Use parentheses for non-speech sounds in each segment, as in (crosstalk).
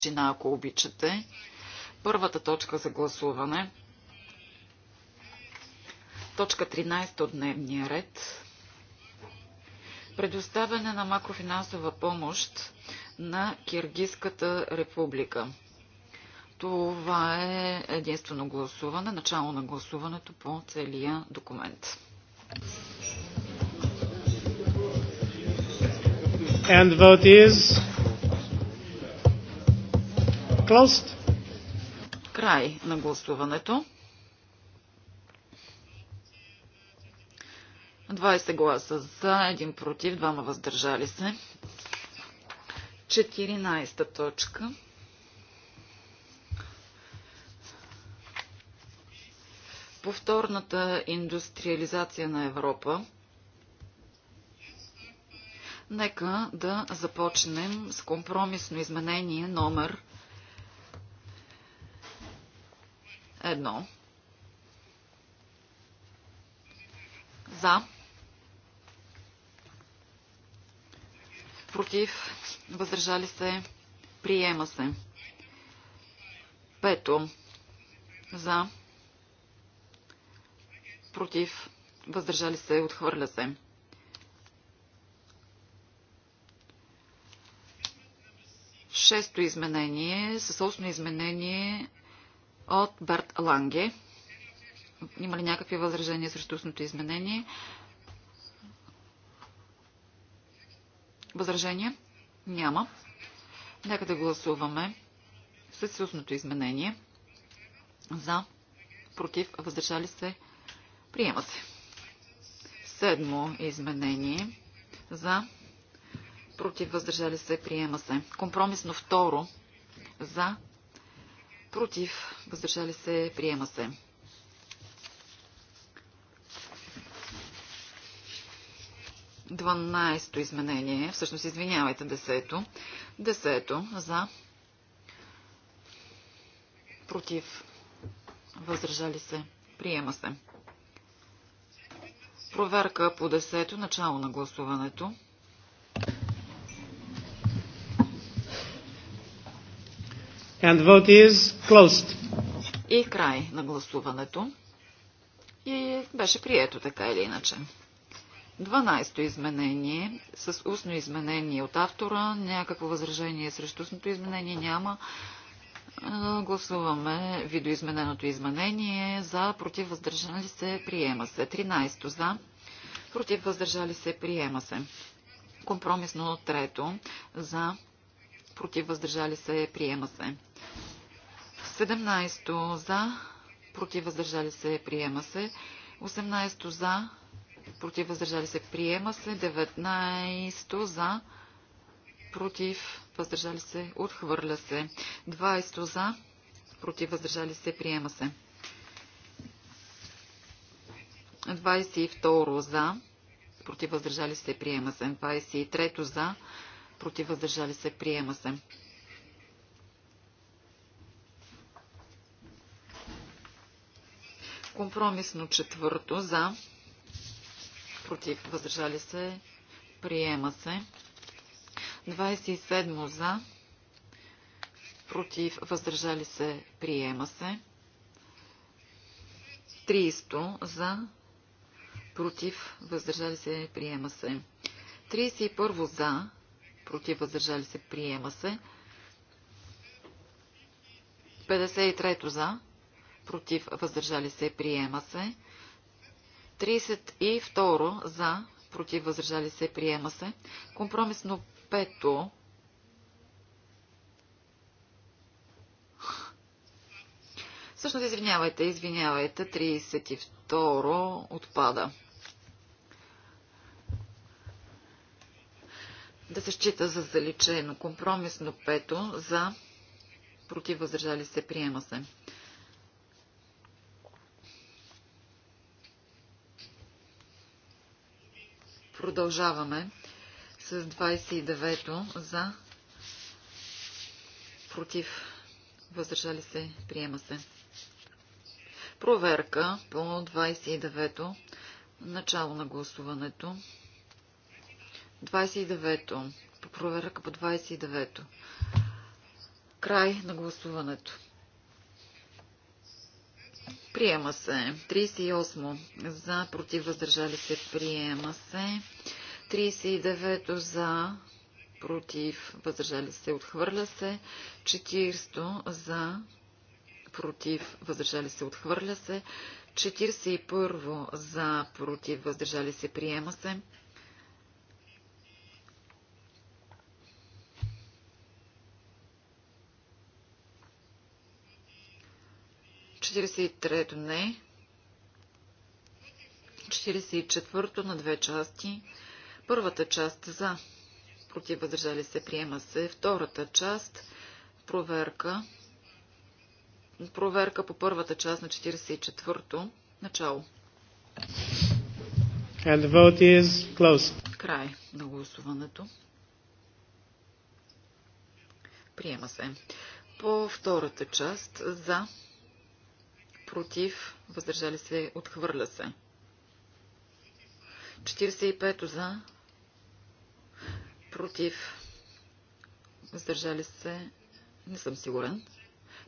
тишина, ако обичате. Първата точка за гласуване. Точка 13 от дневния ред. Предоставяне на макрофинансова помощ на Киргизската република. Това е единствено гласуване, начало на гласуването по целия документ. And vote is closed. Край на гласуването. 20 гласа за, 1 против, 2 въздържали се. 14 точка. Повторната индустриализация на Европа. Нека да започнем с компромисно изменение номер 1. Едно. За. Против. Въздържали се. Приема се. Пето. За. Против. Въздържали се. Отхвърля се. Шесто изменение. Със изменение от Берт Ланге. Има ли някакви възражения срещу устното изменение? Възражения? Няма. Нека да гласуваме с устното изменение. За, против, въздържали се, приема се. Седмо изменение. За, против, въздържали се, приема се. Компромисно второ. За, Против. Въздържали се. Приема се. Дванайсто изменение. Всъщност, извинявайте, десето. Десето. За. Против. Въздържали се. Приема се. Проверка по десето. Начало на гласуването. And vote is closed. И край на гласуването. И беше прието така или иначе. 12-то изменение с устно изменение от автора. Някакво възражение срещу устното изменение няма. Гласуваме видоизмененото изменение. За, против, въздържали се, приема се. 13-то за, против, въздържали се, приема се. Компромисно трето за, против, въздържали се, приема се. 17 за, против, въздържали се, приема се. 18 за, против, въздържали се, приема се. 19 за, против, въздържали се, отхвърля се. 20 за, против, въздържали се, приема се. 22 за, против въздържали се, приема се. 23 за, против въздържали се, приема се. Компромисно четвърто за, против въздържали се, приема се. 27 за, против въздържали се, приема се. 30 за, против въздържали се, приема се. 31 за, против, въздържали се, приема се. 53 за, против, въздържали се, приема се. 32 за, против, въздържали се, приема се. Компромисно 5 Всъщност, извинявайте, извинявайте, 32 отпада. да се счита за заличено. Компромисно пето за против въздържали се приема се. Продължаваме с 29-то за против въздържали се приема се. Проверка по 29-то начало на гласуването. 29-то. По проверка по 29-то. Край на гласуването. Приема се. 38 за, против, въздържали се. Приема се. 39 за, против, въздържали се. Отхвърля се. 40 за, против, въздържали се. Отхвърля се. 41 за, против, въздържали се. Приема се. 43 не. 44 то на две части. Първата част за. Против въздържали се приема се. Втората част проверка. Проверка по първата част на 44-то. Начало. And the vote is closed. Край на гласуването. Приема се. По втората част за против, въздържали се, отхвърля се. 45 за, против, въздържали се, не съм сигурен.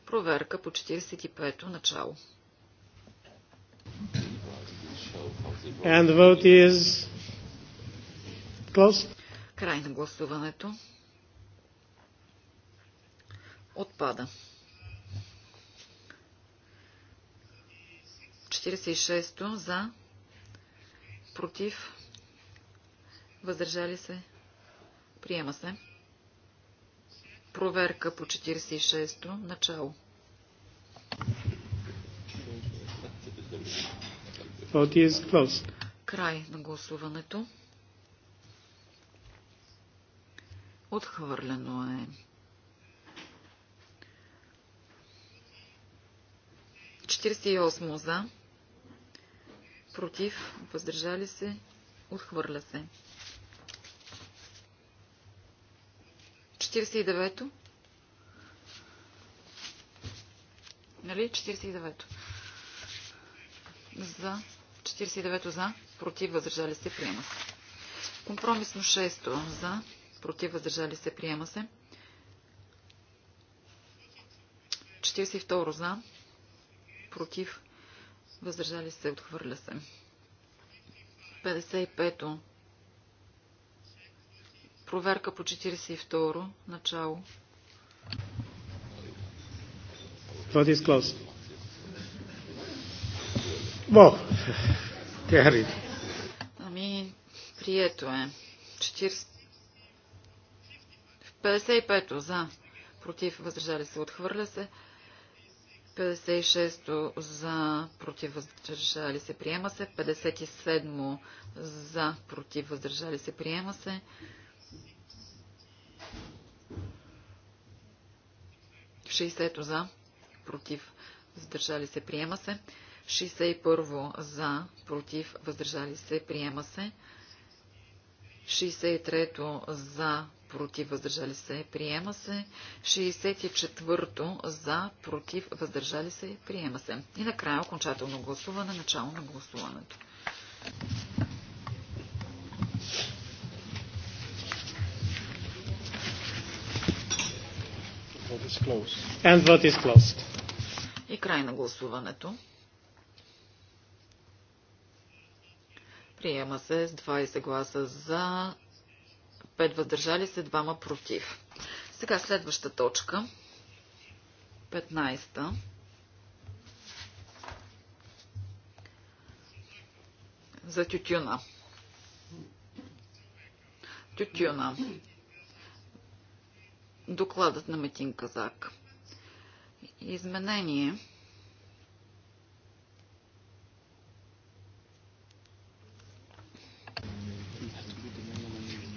Проверка по 45-то начало. And the vote is closed. Край на гласуването. Отпада. 46 за, против, въздържали се, приема се. Проверка по 46-то, начало. Край на гласуването. Отхвърлено е. 48 за против, въздържали се, отхвърля се. 49-то. Нали? 49-то. За. 49-то за. Против, въздържали се, приема се. Компромисно 6-то за. Против, въздържали се, приема се. 42-ро за. Против, Въздържали се. Отхвърля се. 55-то. Проверка по 42-ро. Начало. Това е close? Бо! Тяри. Ами, прието е. 40... 55-то за. Против. Въздържали се. Отхвърля се. 56 за против въздържали се приема се. 57 за против въздържали се приема се. Шейсето за против въздържали се приема се. 61 за против въздържали се приема се. 63 за против, въздържали се, приема се. 64-то за, против, въздържали се, приема се. И накрая окончателно гласуване, начало на гласуването. And is closed. И край на гласуването. Приема се с 20 гласа за, 5 въздържали се, 2 против. Сега следваща точка. 15-та. За тютюна. Тютюна. Докладът на Метин Казак. Изменение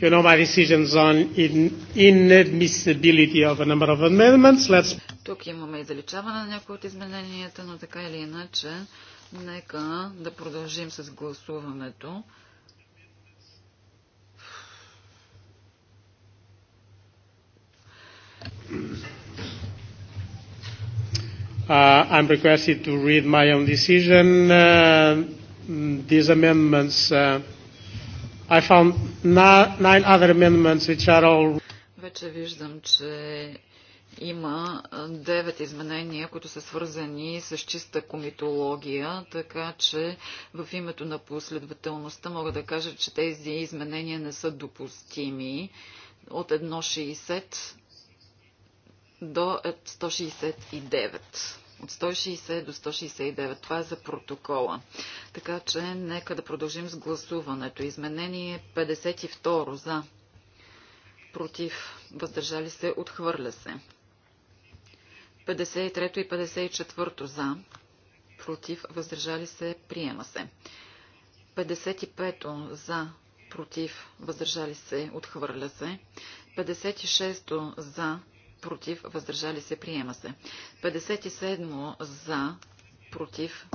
you know my decisions on inadmissibility of a number of amendments. Let's... Тук имаме и заличаване на някои от измененията, но така или иначе, нека да продължим с гласуването. Uh, I'm requested to read my own decision. Uh, these amendments uh, I found nine other amendments which are all... Вече виждам, че има девет изменения, които са свързани с чиста комитология, така че в името на последователността мога да кажа, че тези изменения не са допустими от 1.60 до 169. Е, от 160 до 169. Това е за протокола. Така че нека да продължим с гласуването. Изменение 52 за против, въздържали се, отхвърля се. 53 и 54 за против, въздържали се, приема се. 55 за против, въздържали се, отхвърля се. 56 за против, въздържали се, приема се. 57 за, против,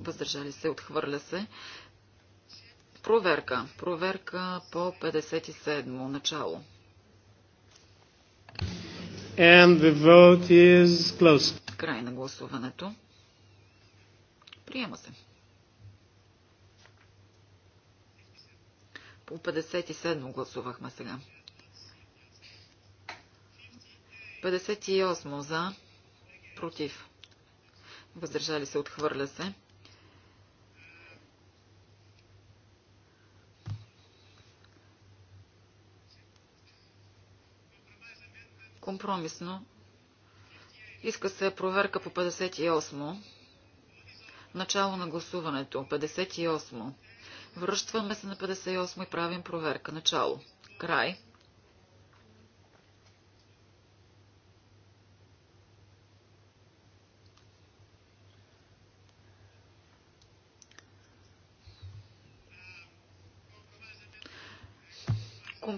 въздържали се, отхвърля се. Проверка. Проверка по 57 начало. And the vote is closed. Край на гласуването. Приема се. По 57 гласувахме сега. 58 за, против, въздържали се, отхвърля се. Компромисно. Иска се проверка по 58. Начало на гласуването. 58. Връщваме се на 58 и правим проверка. Начало. Край.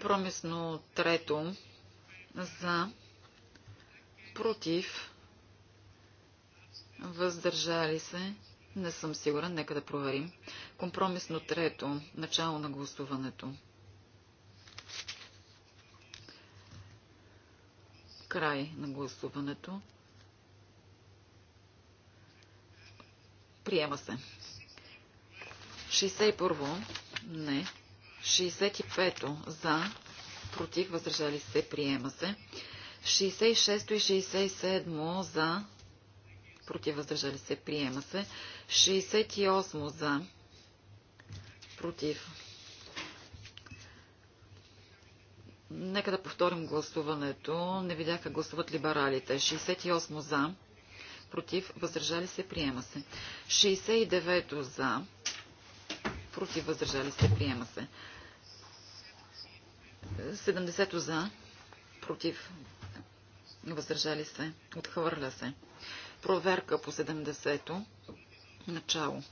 Компромисно трето за против въздържали се. Не съм сигурен, нека да проверим. Компромисно трето, начало на гласуването. Край на гласуването. Приема се. 61. Не. 65-то за, против, въздържали се, приема се. 66-то и 67-то за, против, въздържали се, приема се. 68-то за, против. Нека да повторим гласуването. Не видяха гласуват либералите. 68 за, против, въздържали се, приема се. 69 за, против, въздържали се, приема се. 70 за, против, въздържали се, отхвърля се. Проверка по 70-то, начало.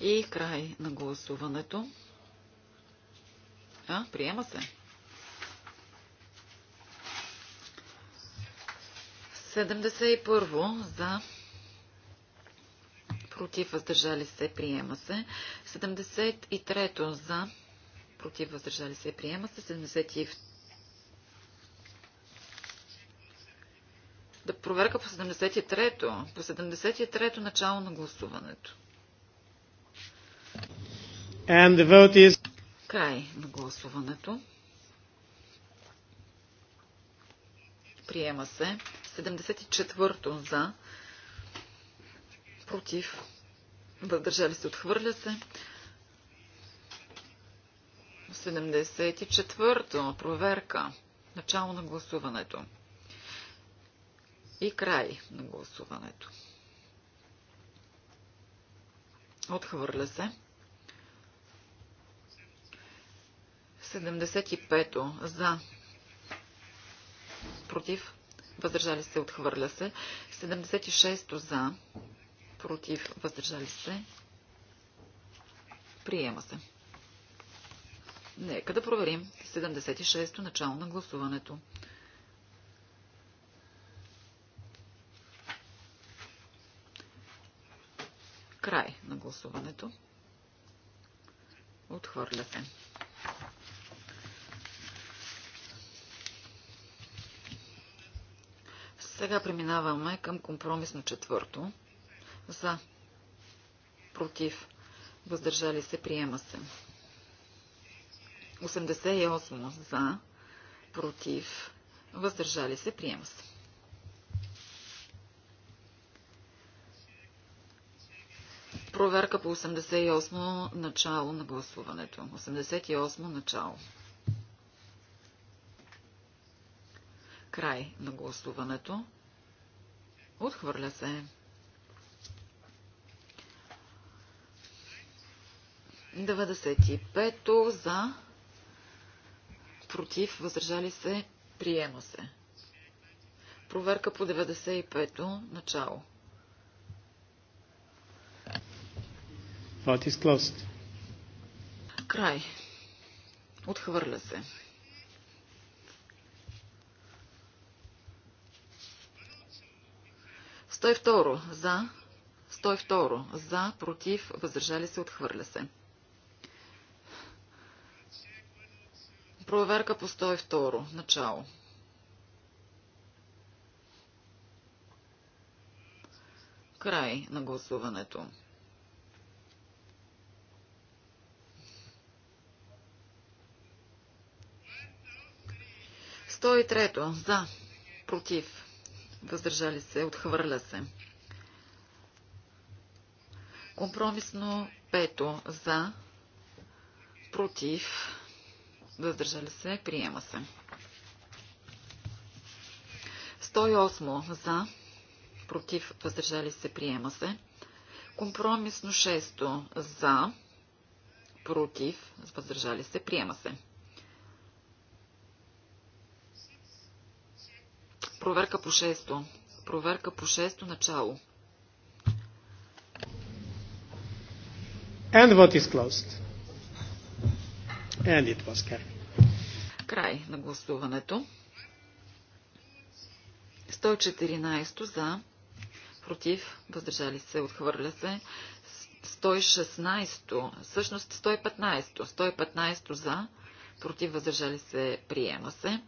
И край на гласуването. А, приема се. 71 за против, въздържали се, приема се. 73-то за, против, въздържали се, приема се. 72 Да проверка по 73-то. По 73-то начало на гласуването. And the vote is... Край на гласуването. Приема се. 74-то за, против, въздържали се, отхвърля се. 74-то проверка. Начало на гласуването. И край на гласуването. Отхвърля се. 75-то за. Против. Въздържали се. Отхвърля се. 76-то за против, въздържали се, приема се. Нека да проверим 76-то начало на гласуването. Край на гласуването. Отхвърля се. Сега преминаваме към компромисно четвърто. За. Против. Въздържали се. Приема се. 88. За. Против. Въздържали се. Приема се. Проверка по 88 начало на гласуването. 88 начало. Край на гласуването. Отхвърля се. 95-то за, против, въздържали се, приема се. Проверка по 95-то, начало. is closed? Край. Отхвърля се. Стой второ. За. Стой второ. За. Против. Въздържали се. Отхвърля се. Проверка по 102. Начало. Край на гласуването. Сто и трето. За. Против. Въздържали се. Отхвърля се. Компромисно пето. За. Против въздържали се, приема се. 108 за, против, въздържали се, приема се. Компромисно 6 за, против, въздържали се, приема се. Проверка по 6. Проверка по 6 начало. And what is closed? And it was carried. Край на гласуването. 114 за, против, въздържали се, отхвърля се. 116, всъщност 115, 115 за, против, въздържали се, приема се.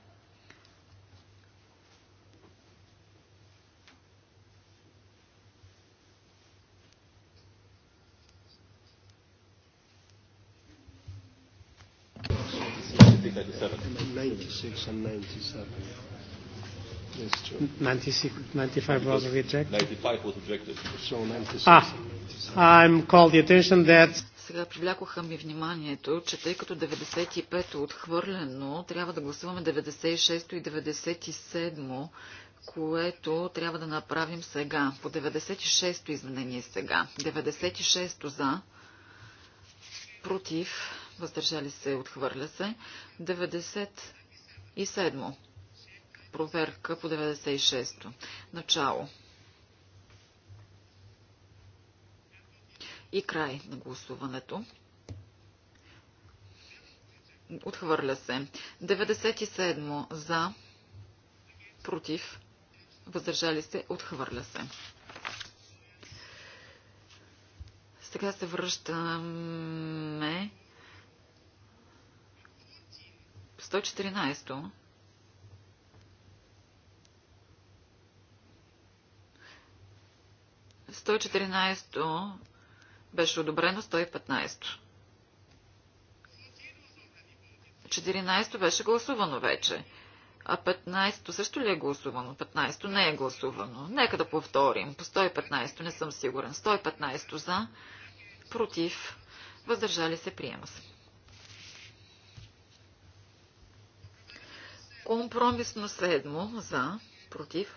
95 was rejected. 95 was rejected. So 96. Ah, I'm called the attention that сега привлякоха ми вниманието, че тъй като 95 е отхвърлено, трябва да гласуваме 96 и 97, което трябва да направим сега. По 96-то изменение сега. 96-то за, против, въздържали се, отхвърля се. 90 и седмо. Проверка по 96-то. Начало. И край на гласуването. Отхвърля се. 97 за. Против. Въздържали се. Отхвърля се. Сега се връщаме 114. Сто беше одобрено 115. 14 то беше гласувано вече. А 15 то също ли е гласувано? 15 то не е гласувано. Нека да повторим. По 115 то не съм сигурен. 115 за, против, въздържали се, приема се. Компромисно седмо за, против,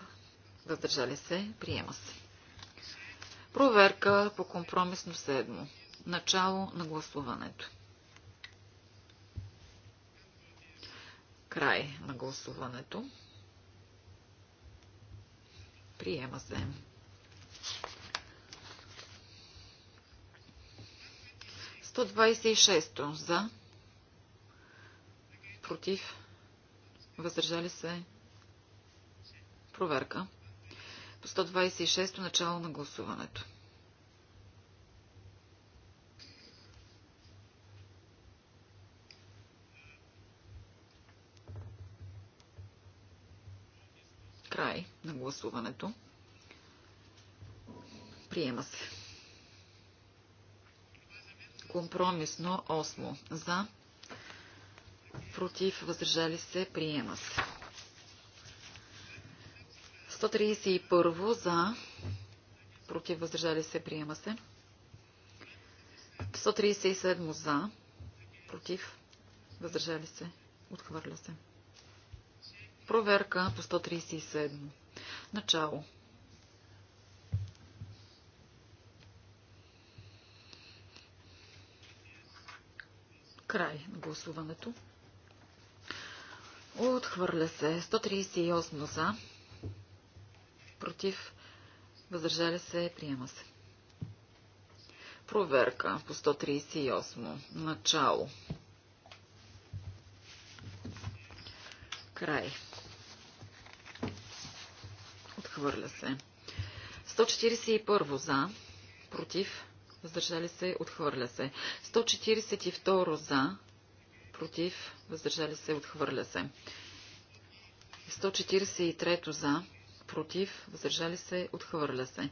въздържали се, приема се. Проверка по компромисно седмо. Начало на гласуването. Край на гласуването. Приема се. Сто двадесет и шесто за. Против. Въздържали се. Проверка. По 126 начало на гласуването. Край на гласуването. Приема се. Компромисно 8. За против, въздържали се, приема се. 131 за, против, въздържали се, приема се. 137 за, против, въздържали се, отхвърля се. Проверка по 137. Начало. Край на гласуването. Отхвърля се. 138 за. Против. Въздържали се. Приема се. Проверка по 138. Начало. Край. Отхвърля се. 141 за. Против. Въздържали се. Отхвърля се. 142 за против, въздържали се, отхвърля се. 143 за, против, въздържали се, отхвърля се.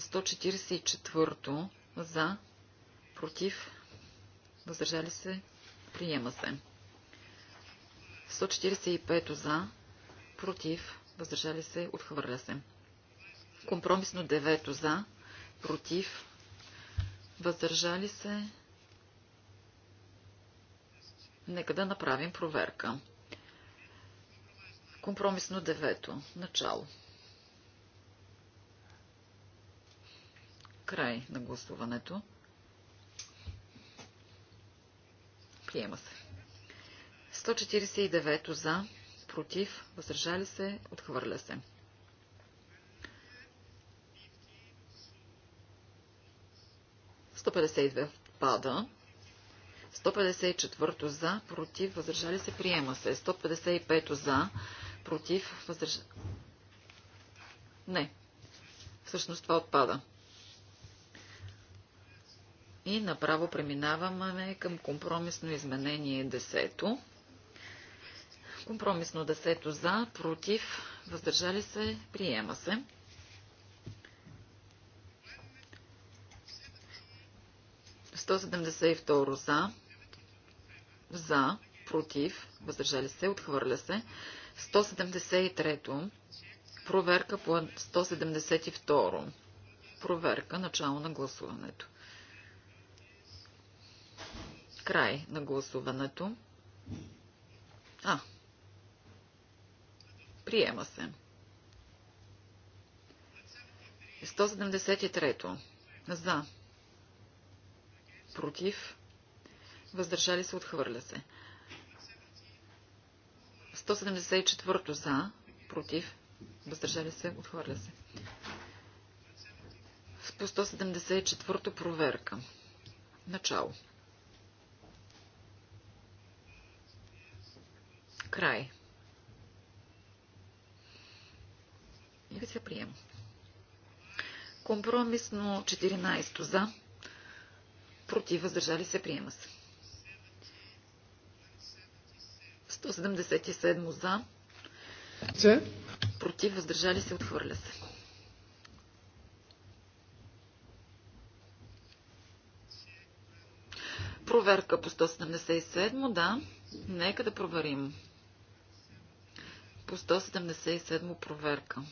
144 за, против, въздържали се, приема се. 145 за, против, въздържали се, отхвърля се. Компромисно 9 за, против, въздържали се, Нека да направим проверка. Компромисно девето. Начало. Край на гласуването. Приема се. 149 за, против, възражали се, отхвърля се. пада. 154 за, против, въздържали се, приема се. 155 за, против, въздържали... Не. Всъщност това отпада. И направо преминаваме към компромисно изменение 10. Компромисно 10 за, против, въздържали се, приема се. Сто за, за, против, въздържали се, отхвърля се. 173. то Проверка по 172. Проверка, начало на гласуването. Край на гласуването. А. Приема се. 173. За. Против въздържали се, отхвърля се. 174 за, против, въздържали се, отхвърля се. По 174 проверка. Начало. Край. И се приема. Компромисно 14 за, против, въздържали се, приема се. 177 за. За. Против, въздържали се, отхвърля се. Проверка по 177, да. Нека да проверим. По 177 проверка.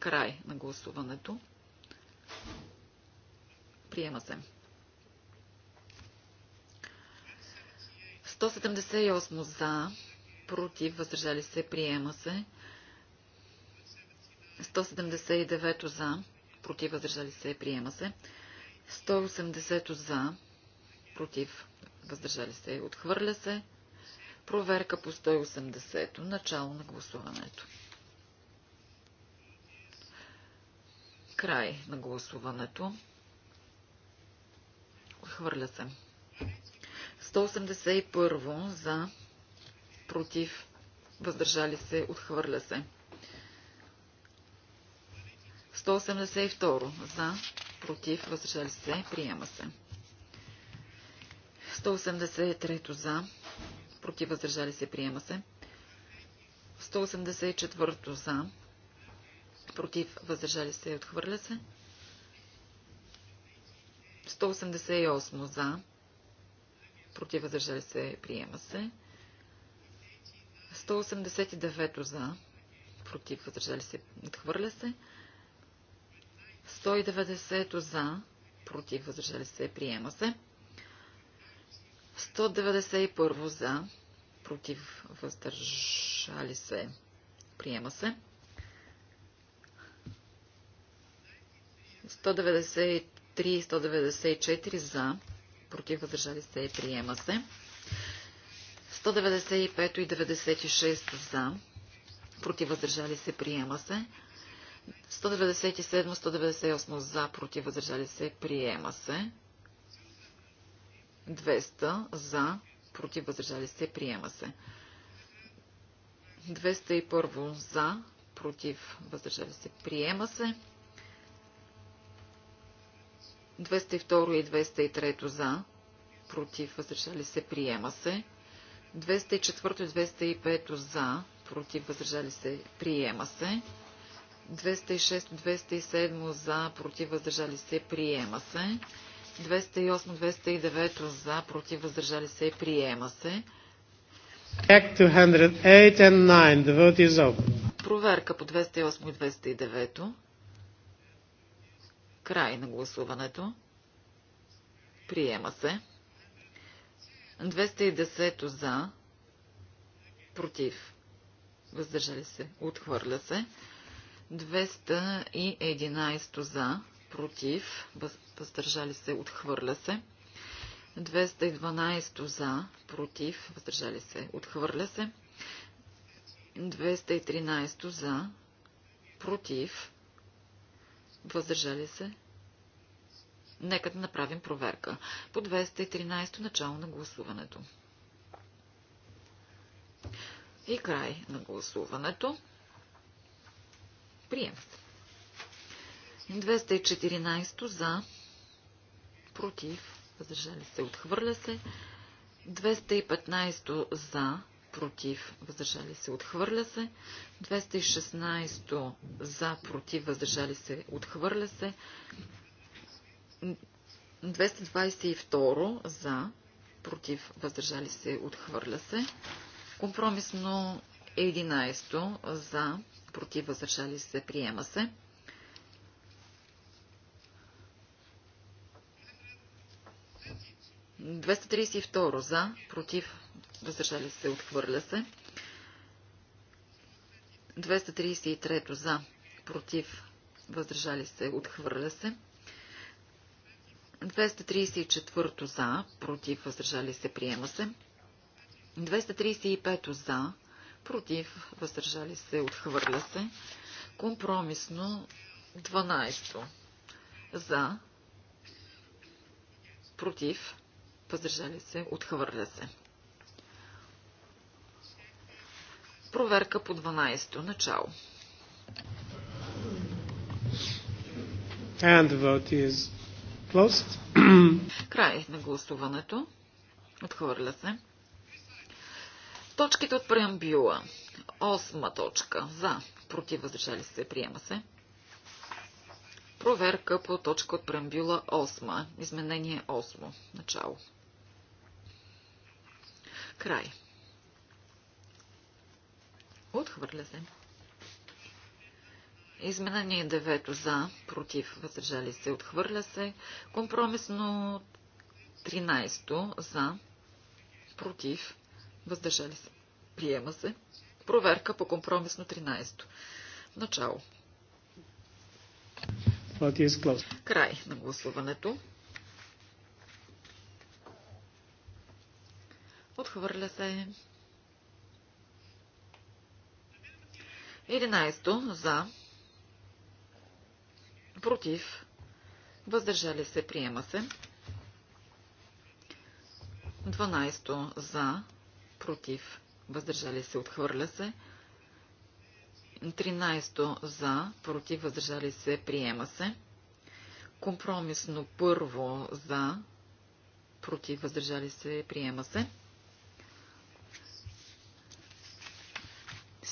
Край на гласуването. Приема се. 178 за, против, въздържали се, приема се. 179 за, против, въздържали се, приема се. 180 за, против, въздържали се, отхвърля се. Проверка по 180 начало на гласуването. Край на гласуването. Отхвърля се. 181 за, против, въздържали се, отхвърля се. 182 за, против, въздържали се, приема се. 183 за, против, въздържали се, приема се. 184 за, против, въздържали се, отхвърля се. 188 за, против, въздържали се, приема се. 189 за, против, въздържали се, отхвърля се. 190 за, против, въздържали се, приема се. 191 за, против, въздържали се, приема се. 193-194 за, против, въздържали се, приема се. 195 и 96 за, против, въздържали се, приема се. 197, 198 за, против, въздържали се, приема се. 200 за, против, въздържали се, приема се. 201 за, против, въздържали се, приема се. 202 и 203 за, против, въздържали се, приема се. 204 и 205 за, против, въздържали се, приема се. 206 207 за, против, въздържали се, приема се. 208 209 за, против, въздържали се, приема се. Act 208 and 9. The vote is open. Проверка по 208 и 209. Край на гласуването. Приема се. 210 за. Против. Въздържали се. Отхвърля се. 211 за. Против. Въздържали се. Отхвърля се. 212 за. Против. Въздържали се. Отхвърля се. 213 за. Против Въздържали се? Нека да направим проверка. По 213 начало на гласуването. И край на гласуването. Прием. 214 за, против, въздържали се, отхвърля се. 215 за, против, въздържали се, отхвърля се. 216 за, против, въздържали се, отхвърля се. 222 за, против, въздържали се, отхвърля се. Компромисно 11 за, против, въздържали се, приема се. 232 за, против, въздържали се, отхвърля се. 233 за, против, въздържали се, отхвърля се. 234 за, против, въздържали се, приема се. 235 за, против, въздържали се, отхвърля се. Компромисно 12 за, против, въздържали се, отхвърля се. Проверка по 12-то. Начало. And the vote is closed. Край на гласуването. Отхвърля се. Точките от преамбюла. Осма точка. За. Против въздържали се. Приема се. Проверка по точка от преамбюла 8. Изменение 8. Начало. Край. Отхвърля се. Изменение 9 за, против, въздържали се, отхвърля се. Компромисно 13 за, против, въздържали се, приема се. Проверка по компромисно 13. Начало. Край на гласуването. Отхвърля се. 11 за, против, въздържали се, приема се. 12 за, против, въздържали се, отхвърля се. 13 за, против, въздържали се, приема се. Компромисно първо за, против, въздържали се, приема се.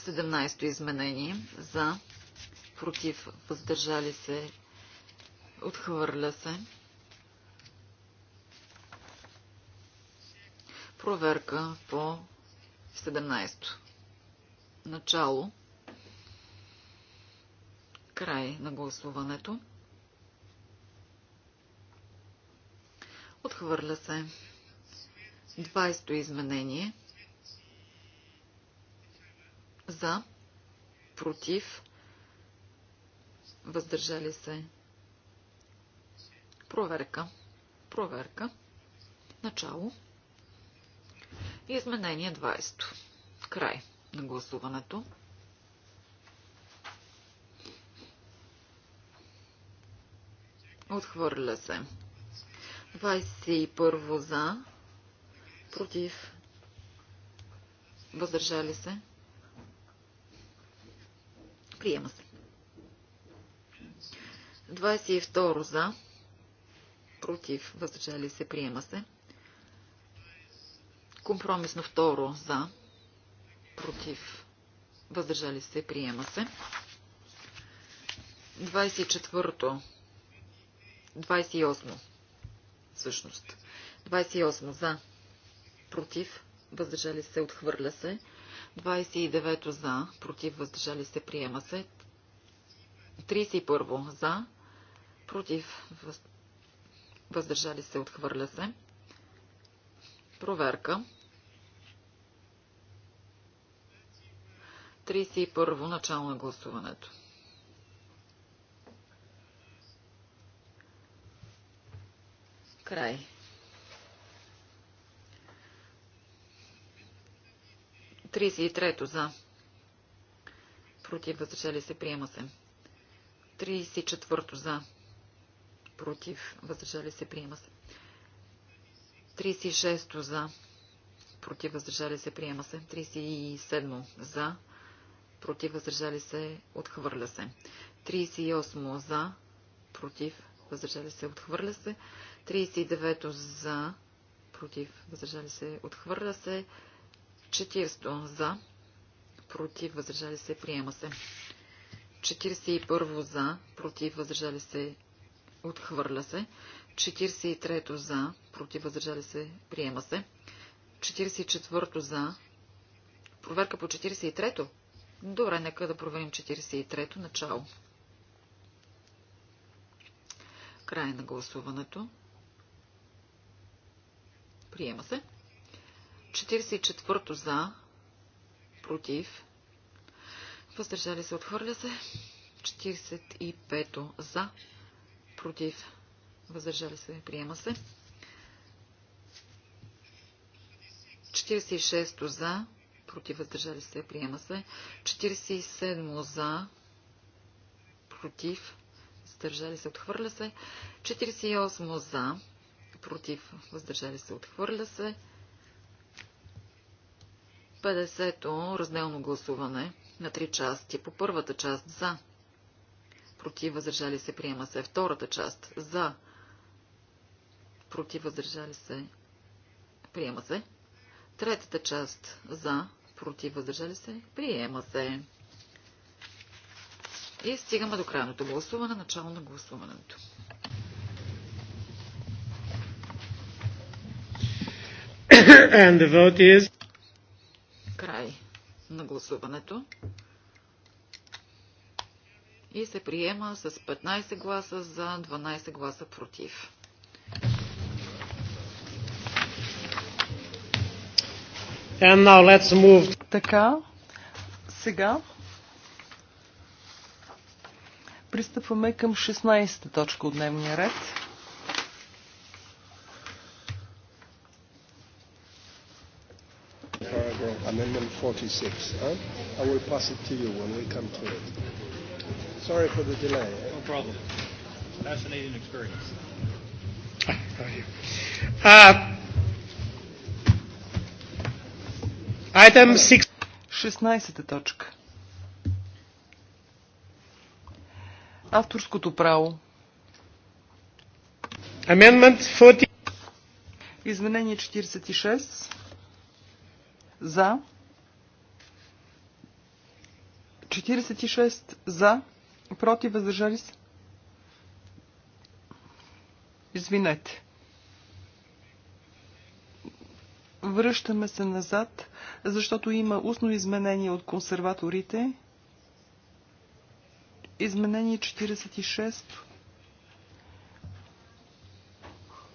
17 изменение за, против, въздържали се, отхвърля се. Проверка по 17. Начало. Край на гласуването. Отхвърля се. 20 изменение. За. Против. Въздържали се. Проверка. Проверка. Начало. изменение 20. Край на гласуването. Отхвърля се. 21 за. Против. Въздържали се. Приема се. 22 за. Против. Въздържали се. Приема се. Компромисно второ за. Против. Въздържали се. Приема се. 24. 28. Всъщност. 28 за. Против. Въздържали се. Отхвърля се. 29 за, против въздържали се, приема се. 31 за, против въздържали се, отхвърля се. Проверка. 31 начало на гласуването. Край. 33 за. Против. Въздържали се. Приема се. 34 за. Против. Въздържали се. Приема се. 36 за. Против. Въздържали се. Приема се. 37 за. Против. Въздържали се. Отхвърля се. 38 за. Против. Въздържали се. Отхвърля се. 39 за. Против. Въздържали се. Отхвърля се. 40 за, против, въздържали се, приема се. 41 за, против, въздържали се, отхвърля се. 43 за, против, въздържали се, приема се. 44 за. Проверка по 43-то? Добре, нека да проверим 43-то начало. Край на гласуването. Приема се. 44-то за, против, въздържали се, отхвърля се. 45-то за, против, въздържали се, приема се. 46-то за, против, въздържали се, приема се. 47-то за, против, въздържали се, отхвърля се. 48-то за, против, въздържали се, отхвърля се. 50-то разделно гласуване на три части. По първата част за. Против въздържали се приема се. Втората част за. Против въздържали се приема се. Третата част за. Против въздържали се приема се. И стигаме до крайното гласуване, начало на гласуването. And the vote is... Край на гласуването. И се приема с 15 гласа за 12 гласа против. And now let's move. Така, сега пристъпваме към 16-та точка от дневния ред. 46. Huh? I will pass it to you when we come to it. Sorry for the delay. Eh? No problem. Fascinating experience. Uh, item 6. 16-та точка. Авторското право. Amendment 40. Изменение 46. За. 46 за, против, въздържали се. Извинете. Връщаме се назад, защото има устно изменение от консерваторите. Изменение 46.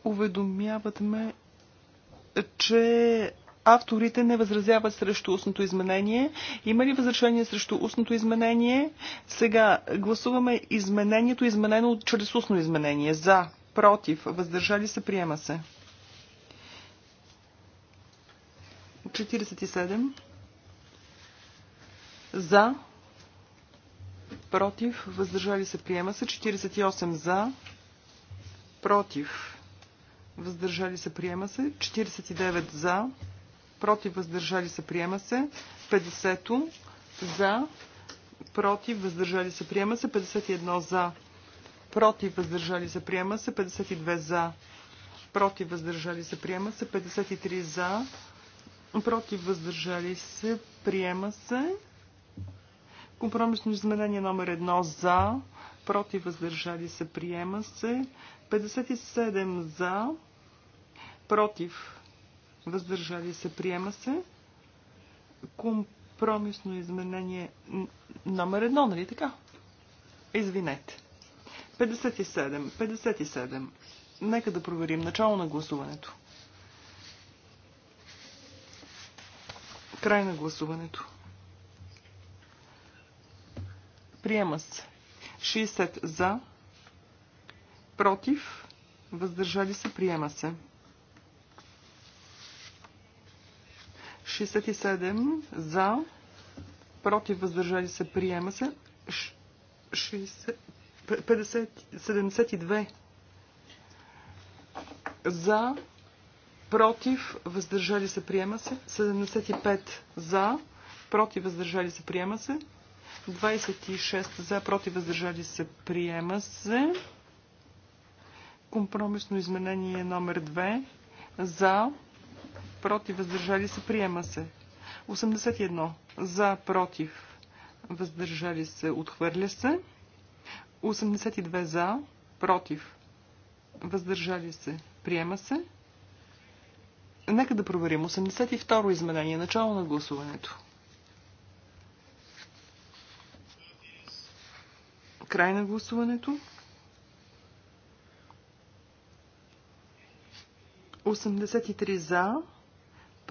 Уведомяват ме, че Авторите не възразяват срещу устното изменение. Има ли възражение срещу устното изменение? Сега гласуваме изменението, изменено чрез устно изменение. За, против, въздържали се, приема се. 47. За, против, въздържали се, приема се. 48 за, против, въздържали се, приема се. 49 за, против, въздържали се, приема се. 50 за, против, въздържали се, приема се. 51 за, против, въздържали се, приема се. 52 за, против, въздържали се, приема се. 53 за, против, въздържали се, приема се. Компромисно изменение номер 1 за, против, въздържали се, приема се. 57 за, против, въздържали се, приема се. Компромисно изменение номер едно, нали така? Извинете. 57, 57. Нека да проверим начало на гласуването. Край на гласуването. Приема се. 60 за, против, въздържали се, приема се. 67 за, против, въздържали се, приема се. 72 за, против, въздържали се, приема се. 75 за, против, въздържали се, приема се. 26 за, против, въздържали се, приема се. Компромисно изменение номер 2 за, против, въздържали се, приема се. 81 за, против, въздържали се, отхвърля се. 82 за, против, въздържали се, приема се. Нека да проверим. 82 изменение, начало на гласуването. Край на гласуването. 83 за,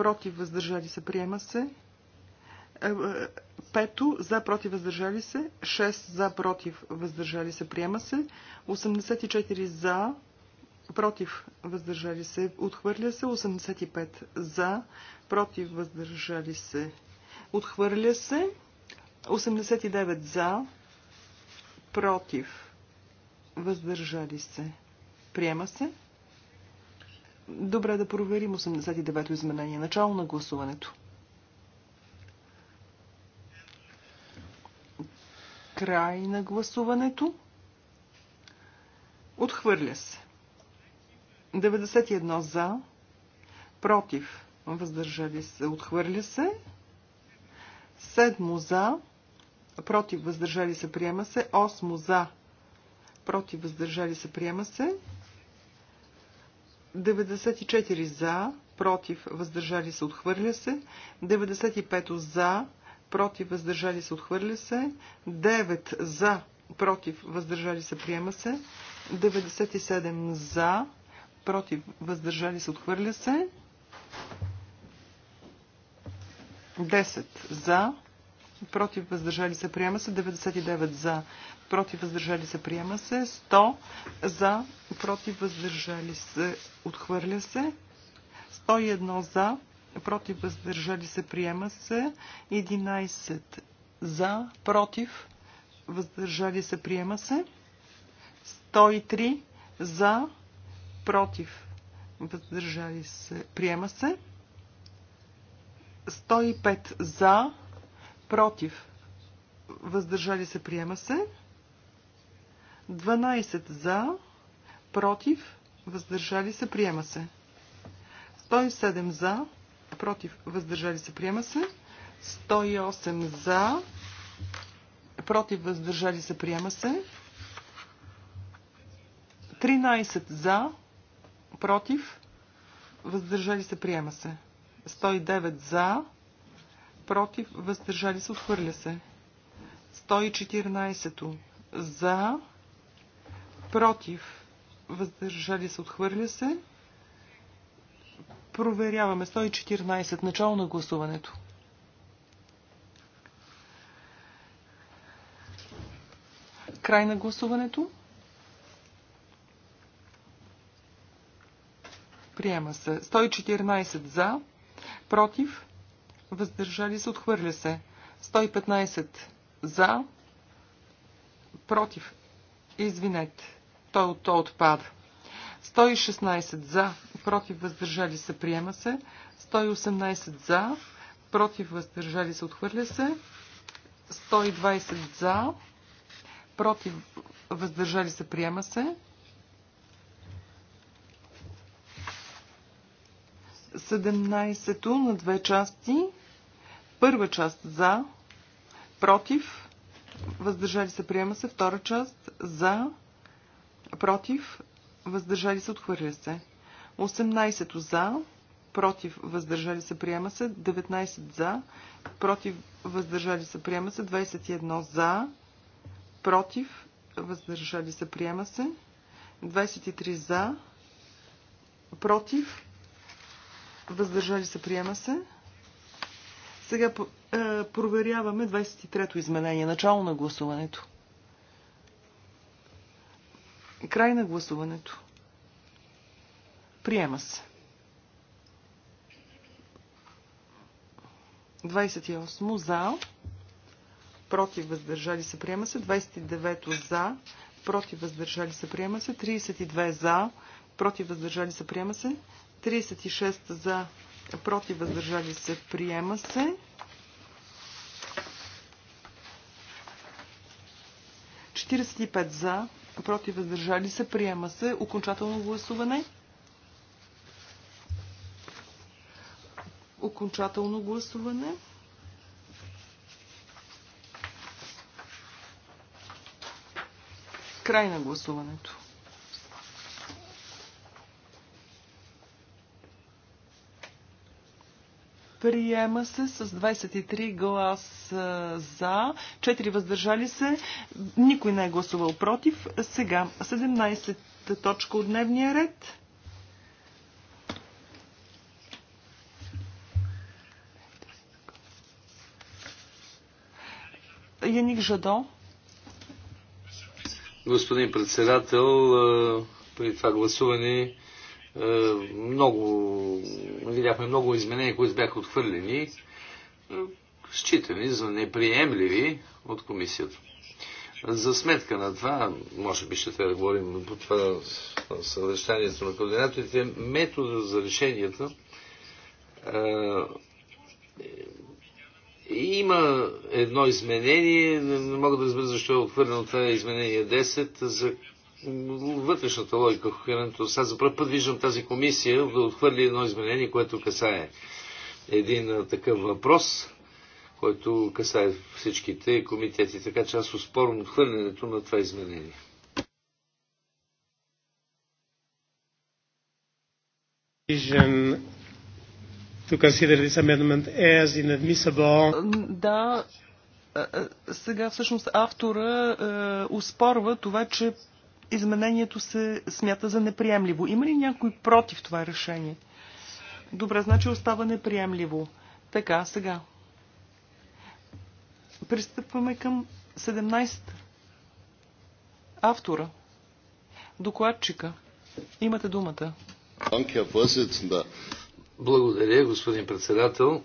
против, въздържали се, приема се. Е, е, пето за против въздържали се, 6 за против въздържали се, приема се, 84 за против въздържали се, отхвърля се, 85 за против въздържали се, отхвърля се, 89 за против въздържали се, приема се, Добре да проверим 89-то изменение. Начало на гласуването. Край на гласуването. Отхвърля се. 91 за, против, въздържали се, отхвърля се. 7 за, против, въздържали се, приема се. 8 за, против, въздържали се, приема се. 94 за, против, въздържали се, отхвърля се. 95 за, против, въздържали се, отхвърля се. 9 за, против, въздържали се, приема се. 97 за, против, въздържали се, отхвърля се. 10 за, против въздържали се приема се, 99 за, против въздържали се приема се, 100 за, против въздържали се отхвърля се, 101 за, против въздържали се приема се, 11 за, против въздържали се приема се, 103 за, против въздържали се приема се, 105 за, против, въздържали се, приема се. 12 за, против, въздържали се, приема се. 107 за, против, въздържали се, приема се. 108 за, против, въздържали се, приема се. 13 за, против, въздържали се, приема се. 109 за, против, въздържали се, отхвърля се. 114 за, против, въздържали се, отхвърля се. Проверяваме 114, начало на гласуването. Край на гласуването. Приема се 114 за, против, въздържали се, отхвърля се. 115 за, против, извинете, той, той отпада. 116 за, против, въздържали се, приема се. 118 за, против, въздържали се, отхвърля се. 120 за, против, въздържали се, приема се. 17 на две части. Първа част за, против, въздържали се, приема се. Втора част за, против, въздържали се, отхвърля се. 18 за, против, въздържали се, приема се. 19 за, против, въздържали се, приема се. 21 за, против, въздържали се, приема се. 23 за, против, въздържали се, приема се. Сега е, проверяваме 23-то изменение. Начало на гласуването. Край на гласуването. Приема се. 28 за, против въздържали се, приема се. 29 за, против въздържали се, приема се. 32 за, против въздържали се, приема се. 36 за, против, въздържали се, приема се. 45 за, против, въздържали се, приема се. Окончателно гласуване. Окончателно гласуване. Край на гласуването. Приема се с 23 глас за, 4 въздържали се, никой не е гласувал против. Сега 17 точка от дневния ред. Яник Жадо. Господин председател, при това гласуване е, много, видяхме много изменения, които бяха отхвърлени, е, считани за неприемливи от комисията. За сметка на това, може би ще трябва да говорим по това съвещанието на координаторите, метода за решенията е, има едно изменение, не мога да разбера защо е отхвърлено това е изменение 10 за вътрешната логика, кохерентно. Сега за първ път виждам тази комисия да отхвърли едно изменение, което касае един такъв въпрос, който касае всичките комитети. Така че аз успорвам отхвърлянето на това изменение. Да, сега всъщност автора успорва това, че изменението се смята за неприемливо. Има ли някой против това решение? Добре, значи остава неприемливо. Така, сега. Пристъпваме към 17. Автора. Докладчика. Имате думата. Благодаря, господин председател.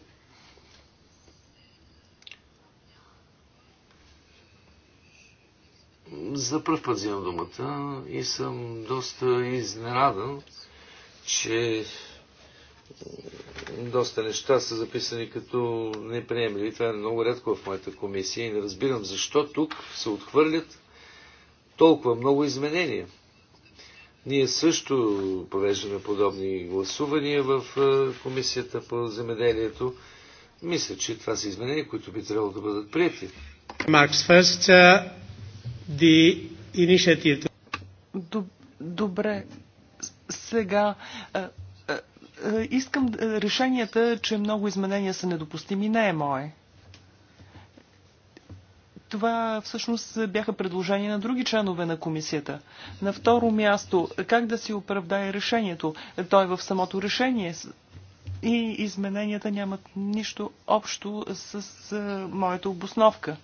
За първ път взимам думата и съм доста изненадан, че доста неща са записани като неприемливи. Това е много рядко в моята комисия и не разбирам защо тук се отхвърлят толкова много изменения. Ние също провеждаме подобни гласувания в е, Комисията по земеделието. Мисля, че това са изменения, които би трябвало да бъдат прияти. Маркс, first, uh, е, the initiative. Добре. Сега искам решенията, че много изменения са недопустими, не е мое. Това всъщност бяха предложения на други членове на комисията. На второ място, как да си оправдае решението? Той е в самото решение и измененията нямат нищо общо с моята обосновка.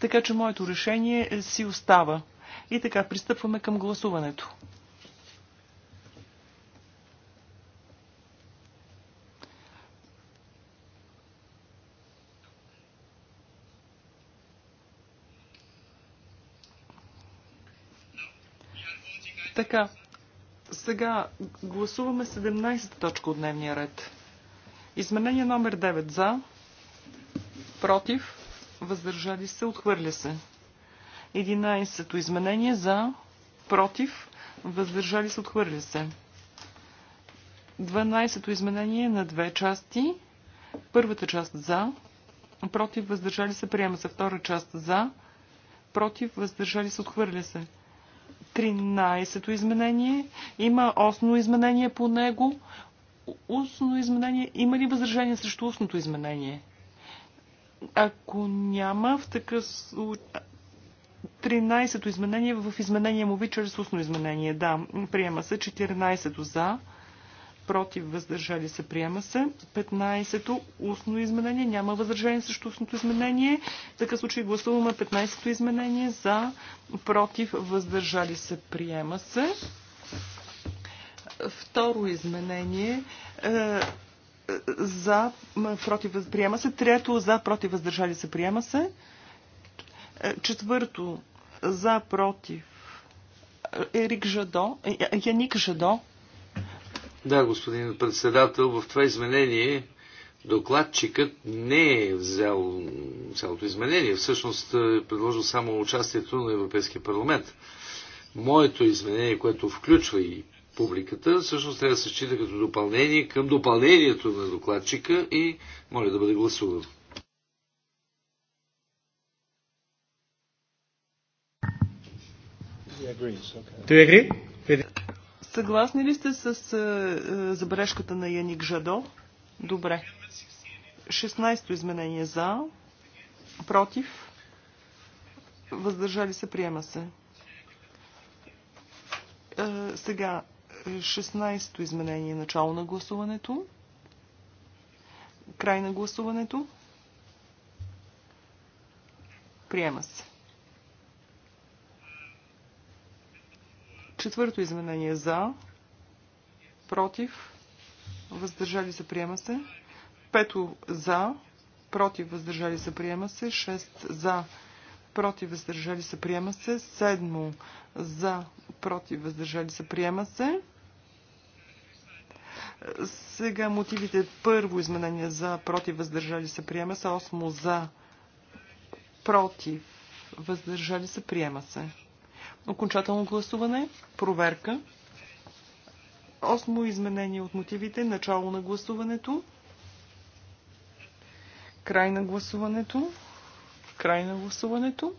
Така че моето решение си остава. И така, пристъпваме към гласуването. Така, сега гласуваме 17 та точка от дневния ред. Изменение номер 9 за, против, въздържали се, отхвърля се. 11-то изменение за, против, въздържали се, отхвърля се. 12-то изменение на две части. Първата част за, против, въздържали се, приема се. Втора част за, против, въздържали се, отхвърля се. 13-то изменение. Има осно изменение по него. Устно изменение. Има ли възражение срещу устното изменение? Ако няма, в такъв 13-то изменение в изменение му ви чрез устно изменение. Да, приема се 14-то за, против въздържали се, приема се. 15-то устно изменение, няма възражение срещу устното изменение. В такъв случай гласуваме 15-то изменение за, против въздържали се, приема се. Второ изменение е, за, против, приема се. Трето, за, против, въздържали се, приема се. Четвърто, за, против, Ерик Жадо, е, е, Яник Жадо. Да, господин председател, в това изменение докладчикът не е взел цялото изменение. Всъщност е предложил само участието на Европейския парламент. Моето изменение, което включва и публиката, всъщност трябва да се счита като допълнение към допълнението на докладчика и моля да бъде гласувано. Съгласни ли сте с uh, забележката на Яник Жадо? Добре. 16-то изменение за, против, въздържали се, приема се. Uh, сега 16-то изменение. Начало на гласуването. Край на гласуването. Приема се. Четвърто изменение за. Против. Въздържали се. Приема се. Пето за. Против. Въздържали се. Приема се. Шест за против въздържали се приема се. Седмо за против въздържали се приема се. Сега мотивите. Първо изменение за против въздържали се приема се. Осмо за против въздържали се приема се. Окончателно гласуване. Проверка. Осмо изменение от мотивите. Начало на гласуването. Край на гласуването. Край на гласуването.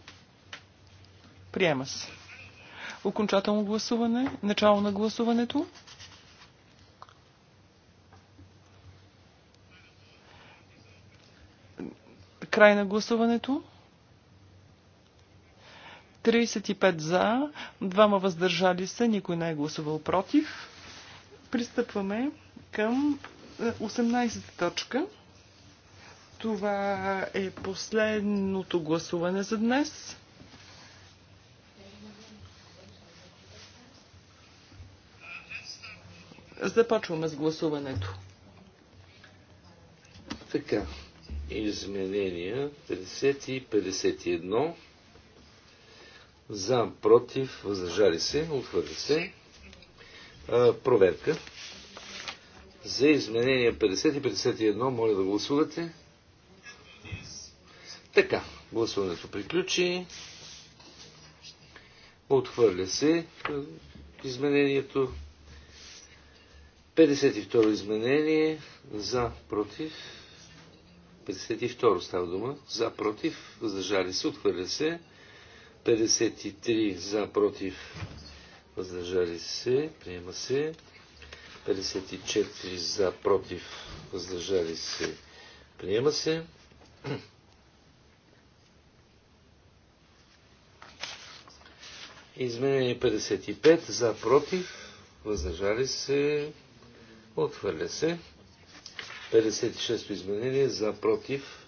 Приема се. Окончателно гласуване. Начало на гласуването. Край на гласуването. 35 за, двама въздържали се, никой не е гласувал против. Пристъпваме към 18 е, точка. Това е последното гласуване за днес. Започваме с гласуването. Така изменения 50 и 51 за, против, въздържали се, отхвърли се. А, проверка. За изменения 50 и 51, моля да гласувате. Така, гласуването приключи. Отхвърля се изменението. 52 изменение за, против, 52 става дума. За, против, въздържали се, отхвърля се. 53 за, против, въздържали се, приема се. 54 за, против, въздържали се, приема се. Изменение 55 за, против, въздържали се, отхвърля се. 56 изменение за против.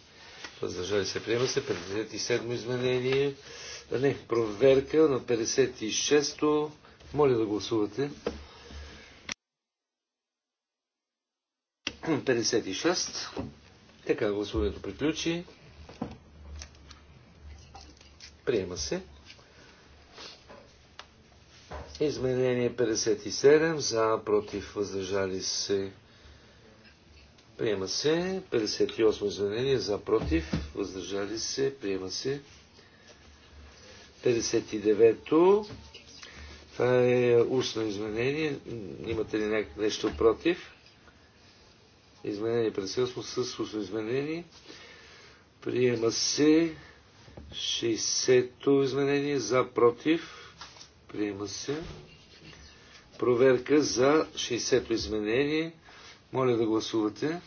Въздържали се, приема се. 57 изменение. А не, проверка на 56-то. Моля да гласувате. 56. Така гласуването приключи. Приема се. Изменение 57. За, против, въздържали се. Приема се. 58 извинения, за против. Въздържали се. Приема се. 59-то. Това е устно изменение. Имате ли нещо против? Изменение 58 с устно изменение. Приема се. 60-то изменение за против. Приема се. Проверка за 60-то изменение. Моля да гласувате.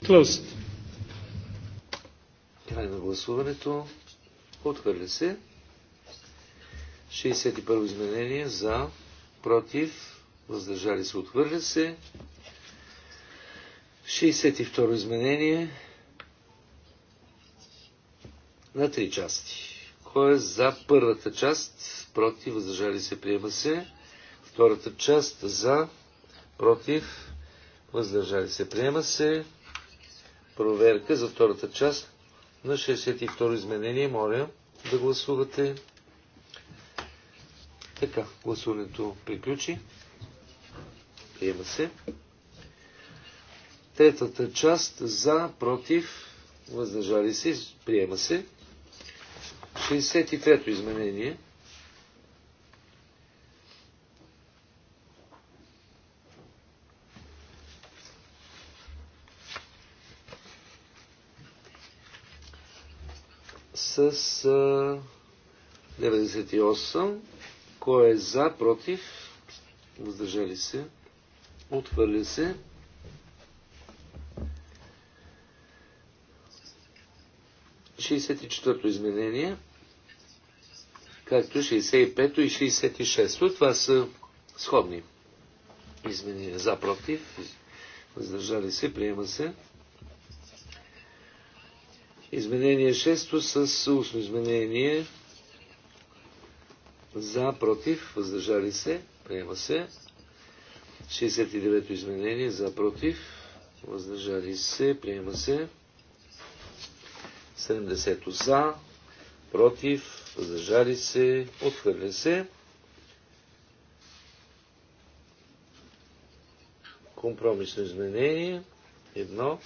Closed. Край на гласуването. Отхвърля се. 61 изменение за, против, въздържали се, отхвърля се. 62 изменение на три части. Кой е за първата част, против, въздържали се, приема се. Втората част за, против, въздържали се. Приема се проверка за втората част на 62 изменение. Моля да гласувате. Така, гласуването приключи. Приема се. Третата част за, против, въздържали се, приема се. 63-то изменение. с 98. Кой е за, против? Въздържали се. Отхвърля се. Шестдесет четвърто изменение, както 65 и 66 Това са сходни изменения за против. Въздържали се, приема се. Изменение 6 с устно изменение за, против, въздържали се, приема се. 69-то изменение за, против, въздържали се, приема се. 70-то за, против, въздържали се, отхвърля се. Компромисно изменение. Едно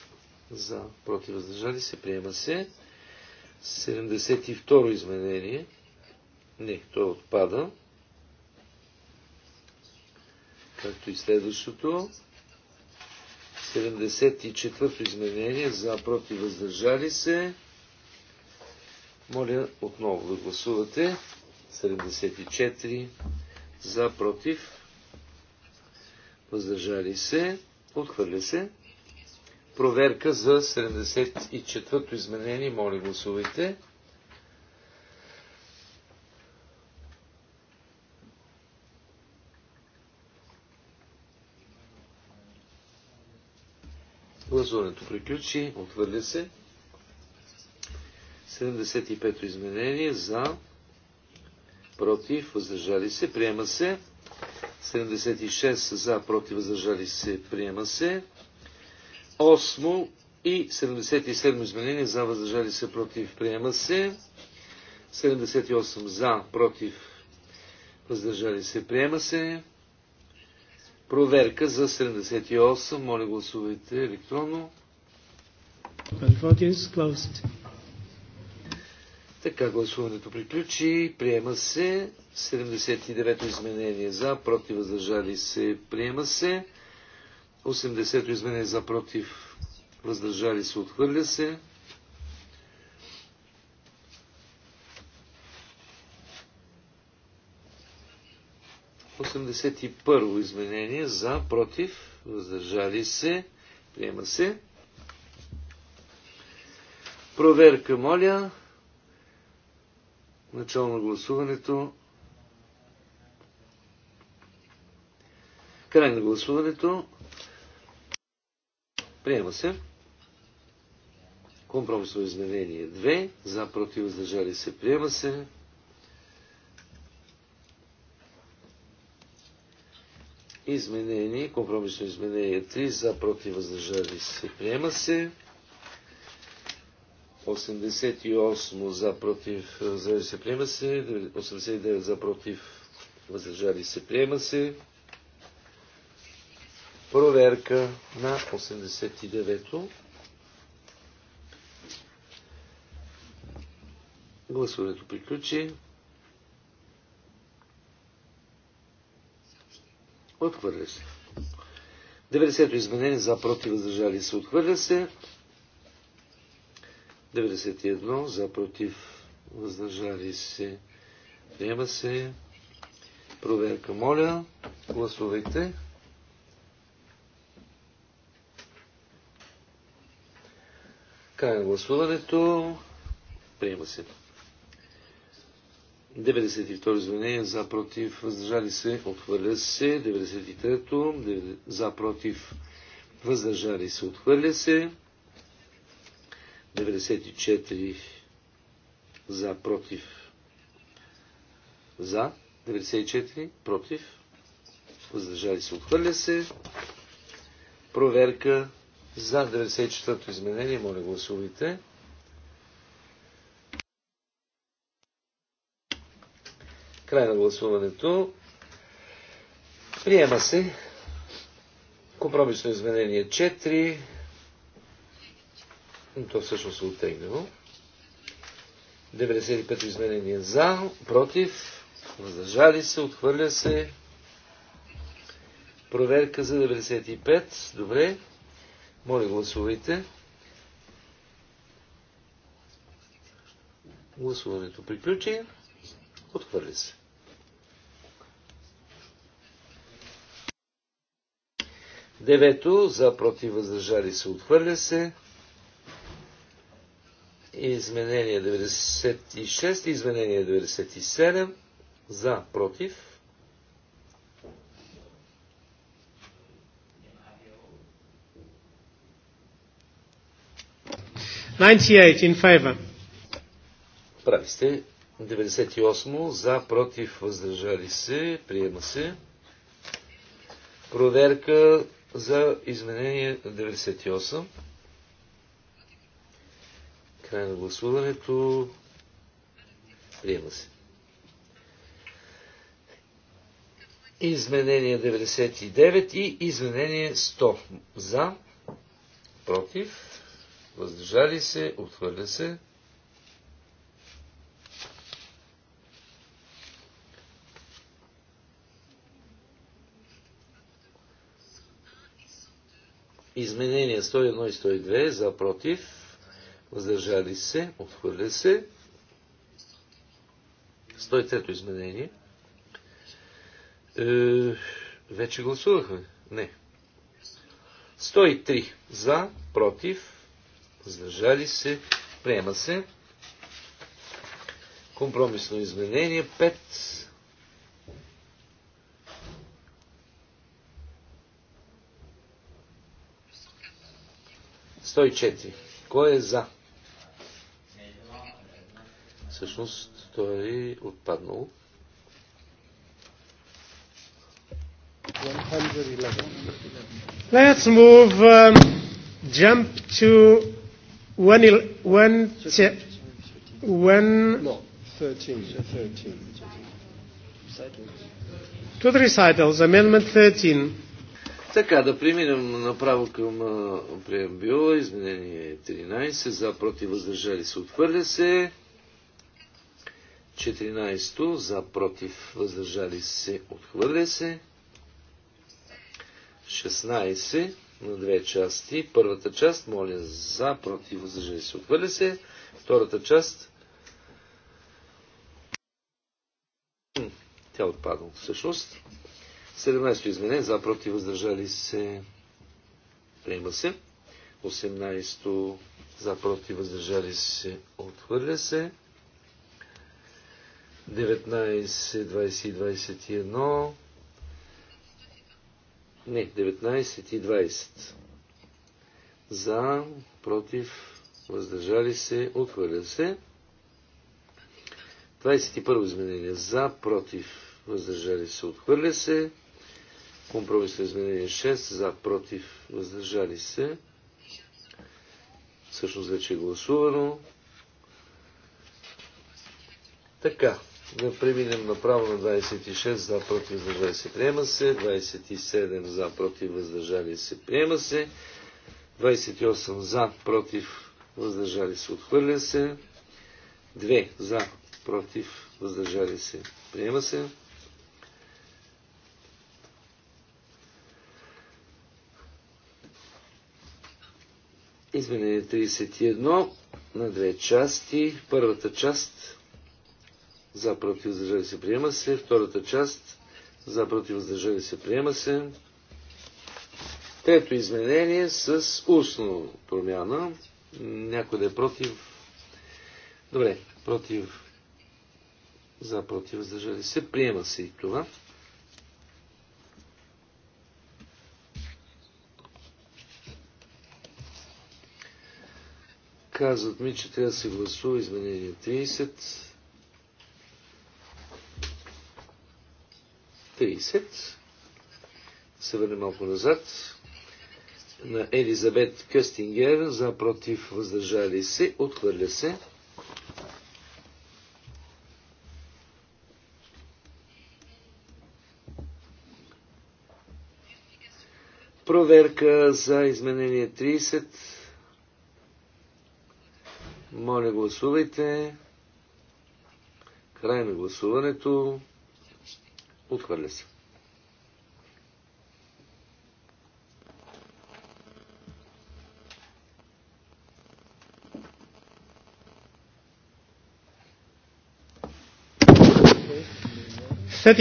за, против, въздържали се, приема се. 72 изменение. Не, то отпада. Както и следващото. 74-то изменение за против въздържали се. Моля отново да гласувате. 74 за против въздържали се. Отхвърля се проверка за 74-то изменение. Моля, гласувайте. Гласуването приключи. Отвърля се. 75-то изменение за против, въздържали се, приема се. 76 за, против, въздържали се, приема се. 8 и 77 изменения за въздържали се против приема се. 78 за против въздържали се приема се. Проверка за 78. Моля гласувайте електронно. Така гласуването приключи. Приема се 79 изменение за, против въздържали се. Приема се 80-то изменение за против, въздържали се, отхвърля се. Осемдесет и първо изменение за, против, въздържали се, приема се. Проверка, моля. Начало на гласуването. Край на гласуването. Приема се. Компромисно изменение 2. За против въздържали се. Приема се. Изменение. Компромисно изменение 3. За против въздържали се. Приема се. 88 за против, въздържали се, приема се. 89 за против, въздържали се, приема се. Проверка на 89-то. Гласуването приключи. Отхвърля се. 90-то изменение за против въздържали се. Отхвърля се. 91 за против въздържали се. Приема се. Проверка, моля. Гласувайте. Край на гласуването. Приема се. 92 извинение за против, въздържали се, отхвърля се. 93-то за против, въздържали се, отхвърля се. 94 за против, за 94 против, въздържали се, отхвърля се. Проверка за 94-то изменение, моля гласувайте. Край на гласуването. Приема се компромисно изменение 4. То всъщност е оттегнало. 95 изменение за, против, въздържали се, отхвърля се. Проверка за 95. Добре. Моля, гласувайте. Гласуването приключи. Отхвърли се. Девето, за против въздържали се, отхвърля се. Изменение 96, изменение 97, за против 98 in favor. Прави сте. 98 за, против, въздържали се, приема се. Проверка за изменение 98. Край на гласуването. Приема се. Изменение 99 и изменение 100. За, против, въздържали се, отхвърля се. Изменения 101 и 102 за против, въздържали се, отхвърля се. 103-то изменение. Е, вече гласувахме. Не. 103 за, против, въздържали се, приема се. Компромисно изменение 5. 104. Кой е за? Всъщност той е отпаднал. 111. Let's move um, jump to When, il, when, che, when no, 13, 13. To the recitals, amendment 13. Така, да преминем направо към преамбюла, изменение 13, за против въздържали се, отхвърля се. 14, за против въздържали се, отхвърля се. 16, на две части. Първата част, моля за, против, въздържали се, отхвърля се. Втората част, тя отпадна всъщност. 17-то изменение, за, против, въздържали се, приема се. 18-то, за, против, въздържали се, отхвърля се. 19, 20 21 не, 19 и 20. За, против, въздържали се, отхвърля се. 21 изменение. За, против, въздържали се, отхвърля се. Компромисно изменение 6. За, против, въздържали се. Всъщност вече е гласувано. Така, да преминем направо на 26 за против въздържали се приема се, 27 за против въздържали се приема се, 28 за против въздържали се отхвърля се, 2 за против въздържали се приема се. Изменение 31 на две части. Първата част за против въздържали се приема се. Втората част за против въздържали се приема се. Трето изменение с устно промяна. Някой да е против. Добре, против. За против въздържали се. Приема се и това. Казват ми, че трябва да се гласува изменение 30. 30. Се върнем малко назад. На Елизабет Къстингер за против въздържали се. Отхвърля се. Проверка за изменение 30. Моля, гласувайте. Край на гласуването. Отхвърля се. Uh,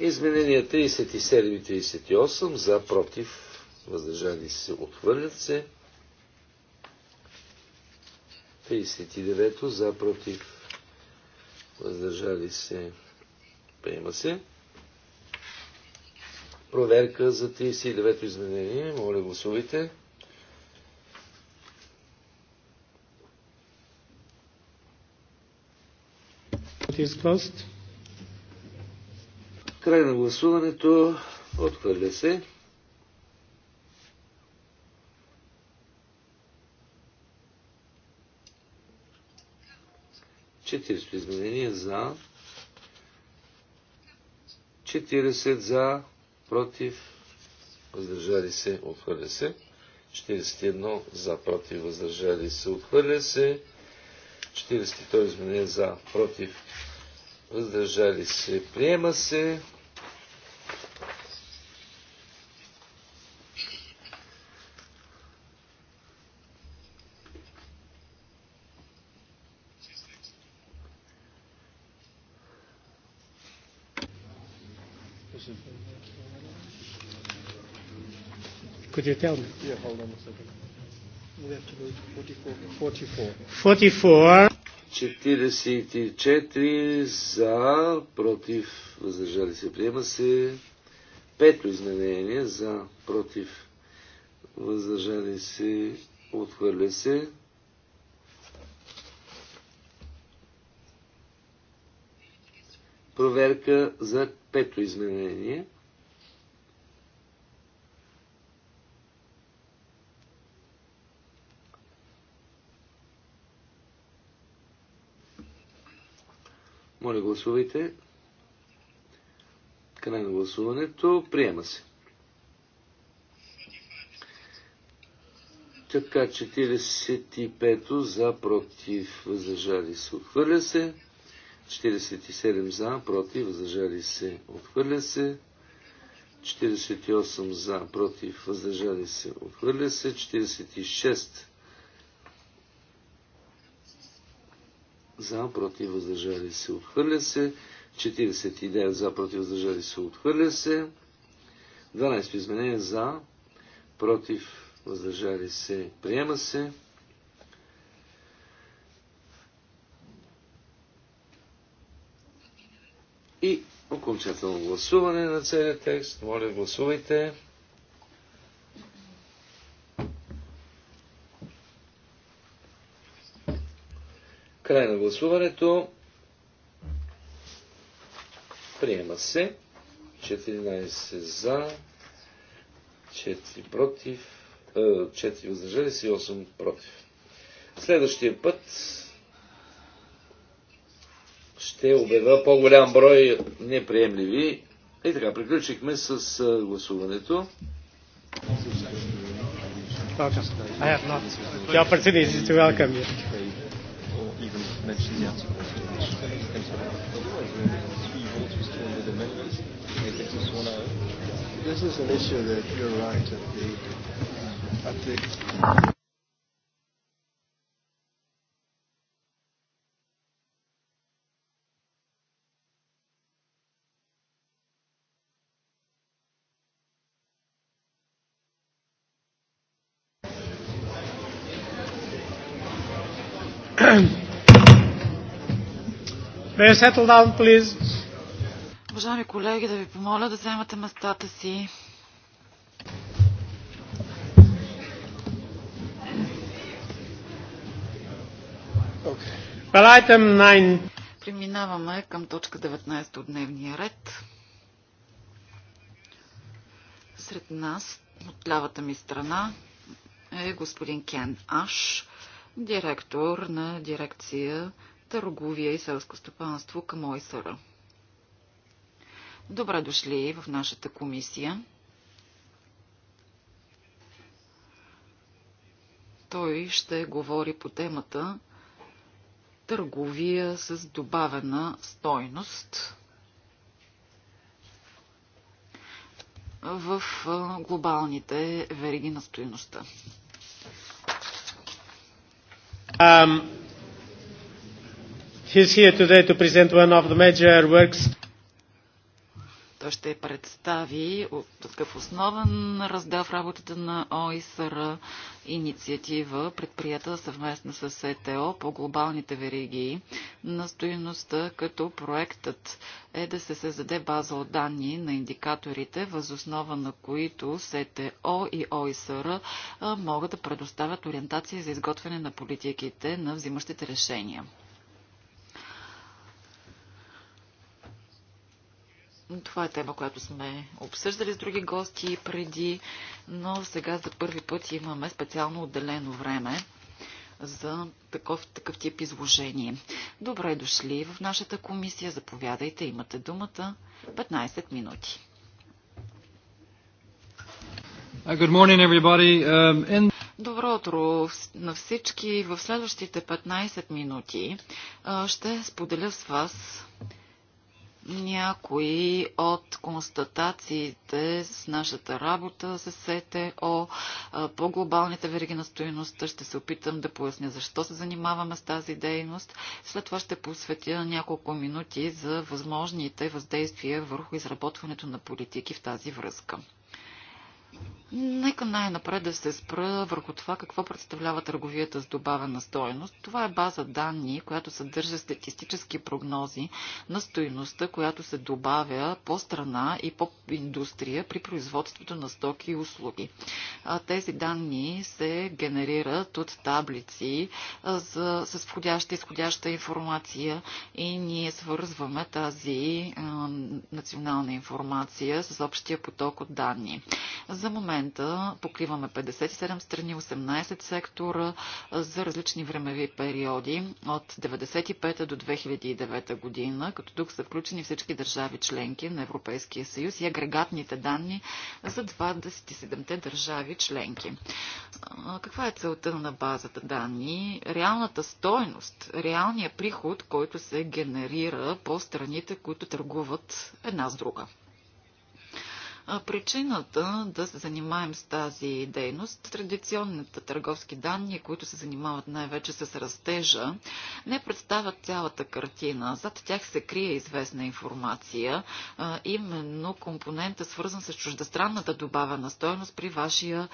Изменения 37 и 38 за против въздържани се отхвърлят се. 39 за против въздържали се, приема се. Проверка за 39-то изменение. Моля, гласувайте. Край на гласуването. Отхвърля се. 40 изменение за. 40 за. Против. Въздържали се. Отхвърля се. 41 за. Против. Въздържали се. Отхвърля се. 42 изменение за. Против. Въздържали се. Приема се. you tell me? Yeah, hold on a second. We have to go to 44. 44. 44 за, против, въздържали се, приема се. Пето изменение за, против, въздържали се, отхвърля се. Проверка за пето изменение. Моля, гласувайте. Край на гласуването. Приема се. Така, 45 за, против, въздържали се, отхвърля се. 47 за, против, въздържали се, отхвърля се. 48 за, против, въздържали се, отхвърля се. 46 за, против, въздържали се, отхвърля се. 49 за, против, въздържали се, отхвърля се. 12 изменение за, против, въздържали се, приема се. И окончателно гласуване на целият текст. Моля, гласувайте. Край на гласуването. Приема се. 14 за, 4 против, 4 е, въздържали се и 8 против. Следващия път ще обявя по-голям брой неприемливи. И така, приключихме с е, гласуването. Tja, predsjednici, welcome you même si les articles This is an issue that you're right at the, at the May settle down, please? Уважаеми колеги, да ви помоля да вземате местата си. Okay. Well, item 9. Преминаваме към точка 19 от дневния ред. Сред нас, от лявата ми страна, е господин Кен Аш, директор на дирекция търговия и селско стопанство към ОСР. Добре дошли в нашата комисия. Той ще говори по темата търговия с добавена стойност в глобалните вериги на стоеността. Um, He's here today to present one of the major works. Той ще представи такъв основен раздел в работата на ОИСР инициатива, предприята съвместно с ЕТО по глобалните вериги на стоиността, като проектът е да се създаде база от данни на индикаторите, възоснова на които СТО и ОИСР могат да предоставят ориентация за изготвяне на политиките на взимащите решения. Това е тема, която сме обсъждали с други гости преди, но сега за първи път имаме специално отделено време за такъв, такъв тип изложение. Добре дошли в нашата комисия. Заповядайте, имате думата. 15 минути. Uh, good morning, everybody. Um, in... Добро утро на всички. В следващите 15 минути uh, ще споделя с вас някои от констатациите с нашата работа с СТО, по-глобалните вериги на стоеността. Ще се опитам да поясня защо се занимаваме с тази дейност. След това ще посветя няколко минути за възможните въздействия върху изработването на политики в тази връзка. Нека най-напред да се спра върху това какво представлява търговията с добавена стоеност. Това е база данни, която съдържа статистически прогнози на стоеността, която се добавя по страна и по индустрия при производството на стоки и услуги. Тези данни се генерират от таблици за, с входяща и изходяща информация и ние свързваме тази национална информация с общия поток от данни. За момент момента покриваме 57 страни, 18 сектора за различни времеви периоди от 1995 до 2009 година, като тук са включени всички държави членки на Европейския съюз и агрегатните данни за 27-те държави членки. Каква е целта на базата данни? Реалната стойност, реалния приход, който се генерира по страните, които търгуват една с друга. Причината да се занимаем с тази дейност, традиционните търговски данни, които се занимават най-вече с растежа, не представят цялата картина. Зад тях се крие известна информация, именно компонента свързан с чуждестранната добавена стоеност при вашия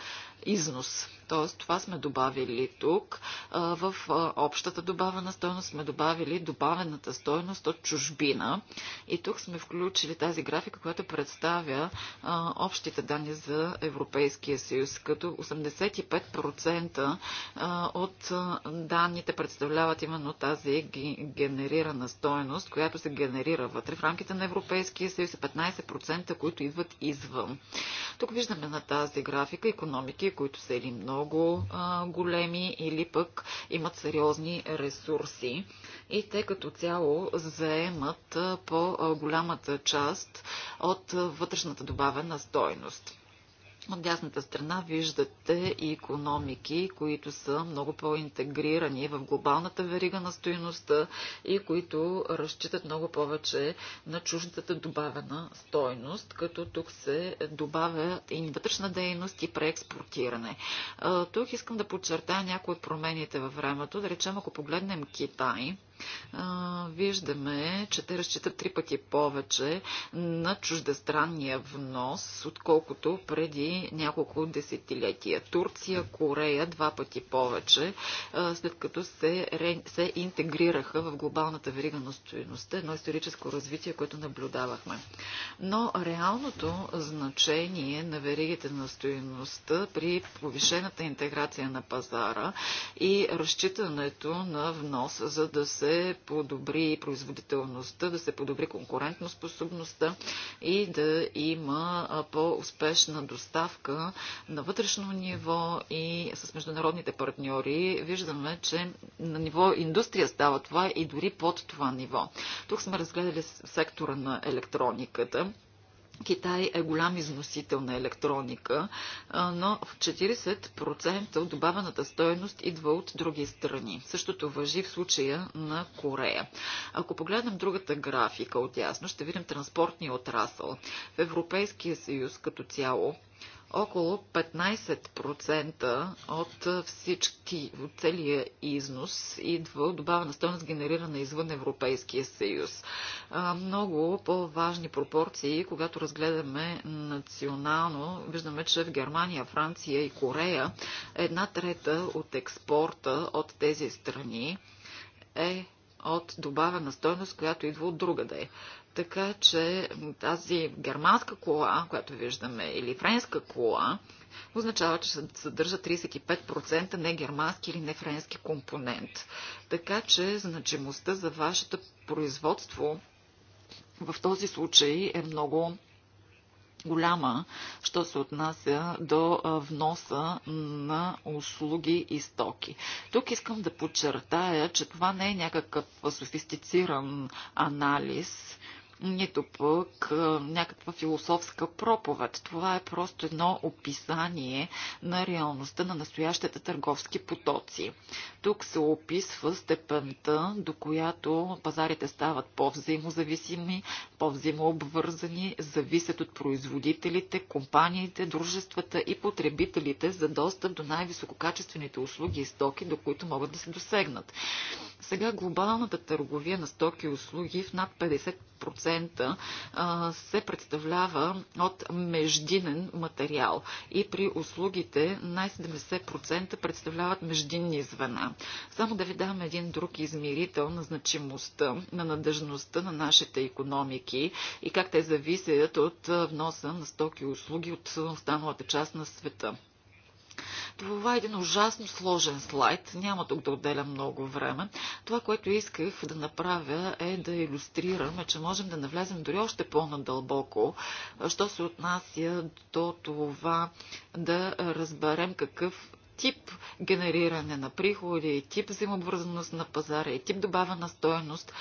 износ. Тоест, това сме добавили тук. В общата добавена стойност сме добавили добавената стойност от чужбина. И тук сме включили тази графика, която представя общите данни за Европейския съюз, като 85% от данните представляват именно тази генерирана стойност, която се генерира вътре в рамките на Европейския съюз и 15%, които идват извън. Тук виждаме на тази графика економики, които са или много много а, големи или пък имат сериозни ресурси. И те като цяло заемат по-голямата част от вътрешната добавена стойност. От дясната страна виждате и економики, които са много по-интегрирани в глобалната верига на стоеността и които разчитат много повече на чуждата добавена стойност, като тук се добавя и вътрешна дейност и преекспортиране. Тук искам да подчертая някои от промените във времето. Да речем, ако погледнем Китай, виждаме, че те разчитат три пъти повече на чуждестранния внос, отколкото преди няколко десетилетия. Турция, Корея два пъти повече, след като се, се интегрираха в глобалната верига на стоеността, едно историческо развитие, което наблюдавахме. Но реалното значение на веригите на стоеността при повишената интеграция на пазара и разчитането на внос, за да се се подобри производителността, да се подобри конкурентноспособността и да има по-успешна доставка на вътрешно ниво и с международните партньори. Виждаме, че на ниво индустрия става това и дори под това ниво. Тук сме разгледали сектора на електрониката. Китай е голям износител на електроника, но в 40% от добавената стоеност идва от други страни. Същото въжи в случая на Корея. Ако погледнем другата графика от ясно, ще видим транспортния отрасъл. В Европейския съюз като цяло около 15% от всички, от целия износ идва от добавена стойност генерирана извън Европейския съюз. Много по-важни пропорции, когато разгледаме национално, виждаме, че в Германия, Франция и Корея една трета от експорта от тези страни е от добавена стойност, която идва от другаде. Да така че тази германска кола, която виждаме, или френска кола, означава, че съдържа 35% не германски или не френски компонент. Така че значимостта за вашето производство в този случай е много голяма, що се отнася до вноса на услуги и стоки. Тук искам да подчертая, че това не е някакъв софистициран анализ нито пък някаква философска проповед. Това е просто едно описание на реалността на настоящите търговски потоци. Тук се описва степента, до която пазарите стават по-взаимозависими, по-взаимообвързани, зависят от производителите, компаниите, дружествата и потребителите за достъп до най-висококачествените услуги и стоки, до които могат да се досегнат. Сега глобалната търговия на стоки и услуги в над 50% 1% се представлява от междинен материал и при услугите най-70% представляват междинни звена. Само да ви дам един друг измерител на значимостта, на надъжността на нашите економики и как те зависят от вноса на стоки и услуги от останалата част на света. Това е един ужасно сложен слайд. Няма тук да отделя много време. Това, което исках да направя е да иллюстрираме, че можем да навлезем дори още по-надълбоко, що се отнася до това да разберем какъв тип генериране на приходи, и тип взаимообвързаност на пазара, и тип добавена стоеност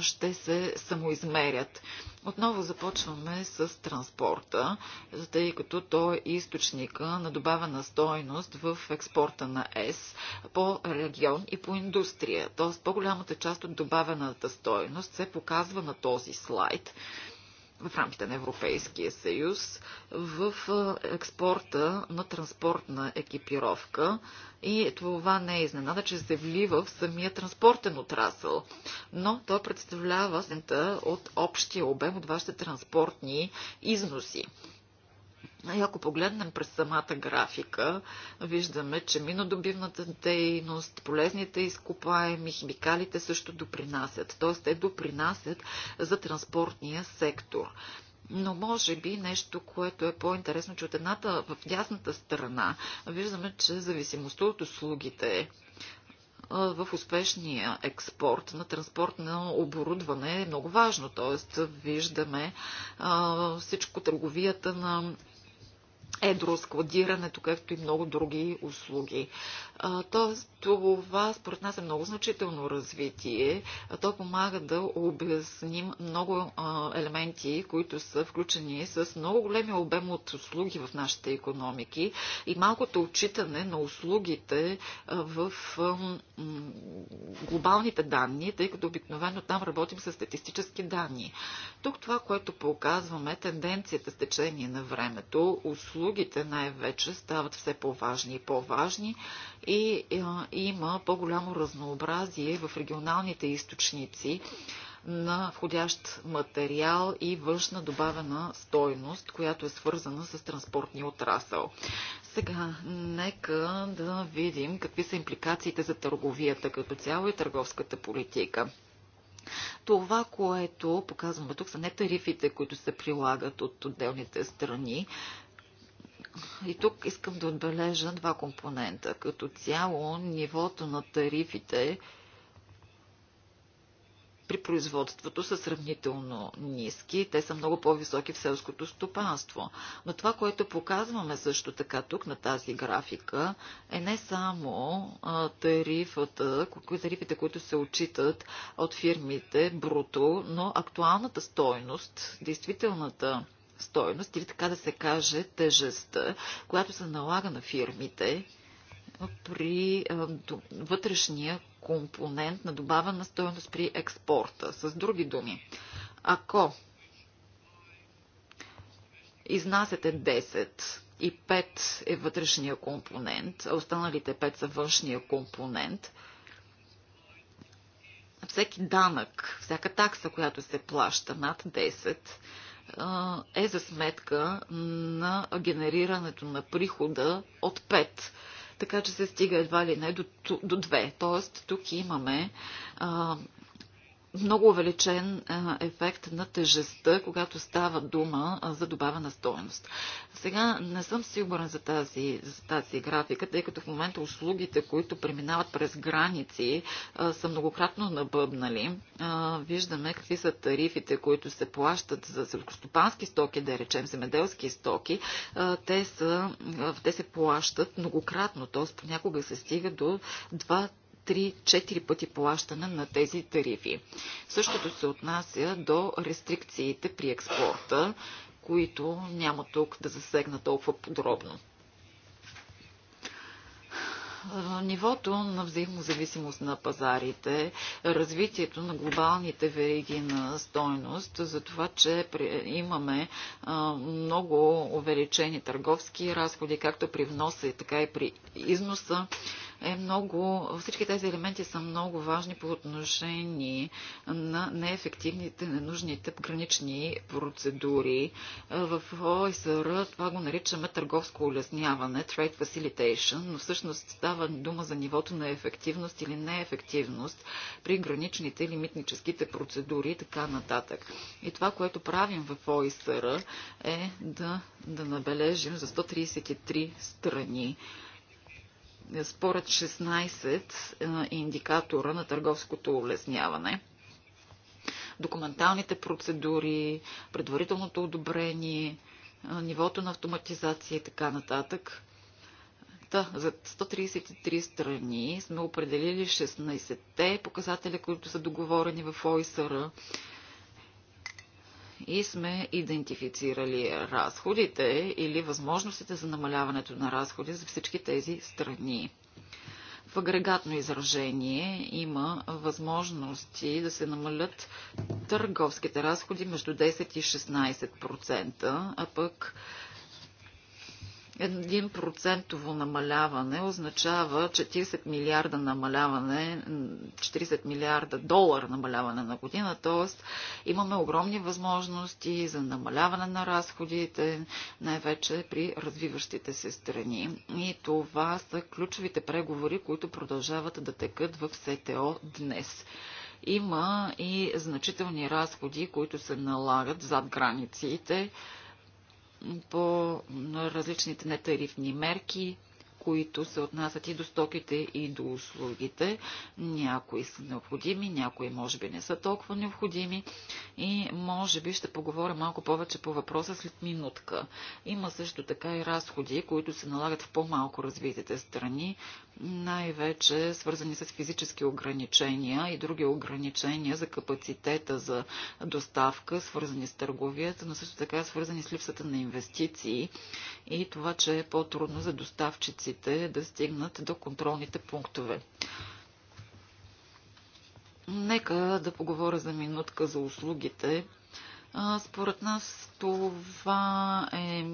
ще се самоизмерят. Отново започваме с транспорта, тъй като той е източника на добавена стоеност в експорта на ЕС по регион и по индустрия. Тоест по-голямата част от добавената стоеност се показва на този слайд в рамките на Европейския съюз в експорта на транспортна екипировка и това не е изненада, че се влива в самия транспортен отрасъл, но то представлява от общия обем от вашите транспортни износи. И ако погледнем през самата графика, виждаме, че минодобивната дейност, полезните изкопаеми, химикалите също допринасят. Т.е. те допринасят за транспортния сектор. Но може би нещо, което е по-интересно, че от едната в дясната страна виждаме, че зависимостта от услугите е, в успешния експорт на транспортно оборудване е много важно. Тоест, виждаме а, всичко търговията на едро складирането, както и много други услуги. Тоест, това според нас е много значително развитие. То помага да обясним много елементи, които са включени с много големи обем от услуги в нашите економики и малкото отчитане на услугите в глобалните данни, тъй като обикновено там работим с статистически данни. Тук това, което показваме, тенденцията с течение на времето, услугите най-вече стават все по-важни и по-важни и е, има по-голямо разнообразие в регионалните източници на входящ материал и външна добавена стойност, която е свързана с транспортния отрасъл. Сега, нека да видим какви са импликациите за търговията като цяло и търговската политика. Това, което показваме тук, са не тарифите, които се прилагат от отделните страни, и тук искам да отбележа два компонента. Като цяло, нивото на тарифите при производството са сравнително ниски. Те са много по-високи в селското стопанство. Но това, което показваме също така тук на тази графика, е не само тарифата, тарифите, които се отчитат от фирмите бруто, но актуалната стойност, действителната стойност или така да се каже тежестта, която се налага на фирмите при вътрешния компонент на добавена стойност при експорта. С други думи, ако изнасяте 10 и 5 е вътрешния компонент, а останалите 5 са външния компонент, всеки данък, всяка такса, която се плаща над 10, е за сметка на генерирането на прихода от 5. Така че се стига едва ли не до, до 2. Тоест, тук имаме а, много увеличен ефект на тежестта, когато става дума за добавена стоеност. Сега не съм сигурен за тази, за тази графика, тъй като в момента услугите, които преминават през граници, са многократно набъбнали. Виждаме какви са тарифите, които се плащат за селскостопански стоки, да речем земеделски стоки. Те, са, те се плащат многократно, т.е. понякога се стига до два 3-4 пъти плащане на тези тарифи. Същото се отнася до рестрикциите при експорта, които няма тук да засегна толкова подробно. Нивото на взаимозависимост на пазарите, развитието на глобалните вериги на стойност, за това, че имаме много увеличени търговски разходи, както при вноса и така и при износа, е много, всички тези елементи са много важни по отношение на неефективните, ненужните гранични процедури. В ОСР това го наричаме търговско улесняване, trade facilitation, но всъщност става дума за нивото на ефективност или неефективност при граничните или митническите процедури и така нататък. И това, което правим в ОСР е да, да набележим за 133 страни според 16 е, индикатора на търговското улесняване. Документалните процедури, предварителното одобрение, е, нивото на автоматизация и така нататък. Та, за 133 страни сме определили 16-те показатели, които са договорени в ОИСР и сме идентифицирали разходите или възможностите за намаляването на разходи за всички тези страни. В агрегатно изражение има възможности да се намалят търговските разходи между 10 и 16%, а пък 1% намаляване означава 40 милиарда намаляване, 40 милиарда долар намаляване на година, т.е. имаме огромни възможности за намаляване на разходите, най-вече при развиващите се страни. И това са ключовите преговори, които продължават да текат в СТО днес има и значителни разходи, които се налагат зад границите по различните нетарифни мерки, които се отнасят и до стоките, и до услугите. Някои са необходими, някои може би не са толкова необходими и може би ще поговоря малко повече по въпроса след минутка. Има също така и разходи, които се налагат в по-малко развитите страни, най-вече свързани с физически ограничения и други ограничения за капацитета за доставка, свързани с търговията, но също така свързани с липсата на инвестиции и това, че е по-трудно за доставчиците да стигнат до контролните пунктове. Нека да поговоря за минутка за услугите. Според нас това е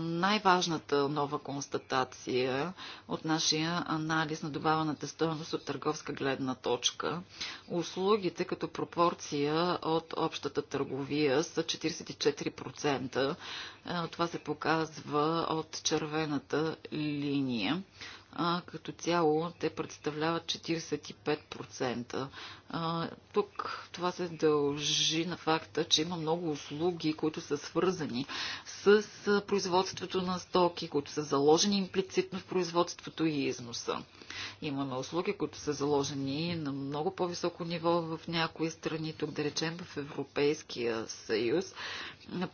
най-важната нова констатация от нашия анализ на добавената стоеност от търговска гледна точка. Услугите като пропорция от общата търговия са 44%. Това се показва от червената линия като цяло те представляват 45% а, тук това се дължи на факта, че има много услуги, които са свързани с производството на стоки, които са заложени имплицитно в производството и износа. Имаме услуги, които са заложени на много по-високо ниво в някои страни, тук да речем в Европейския съюз.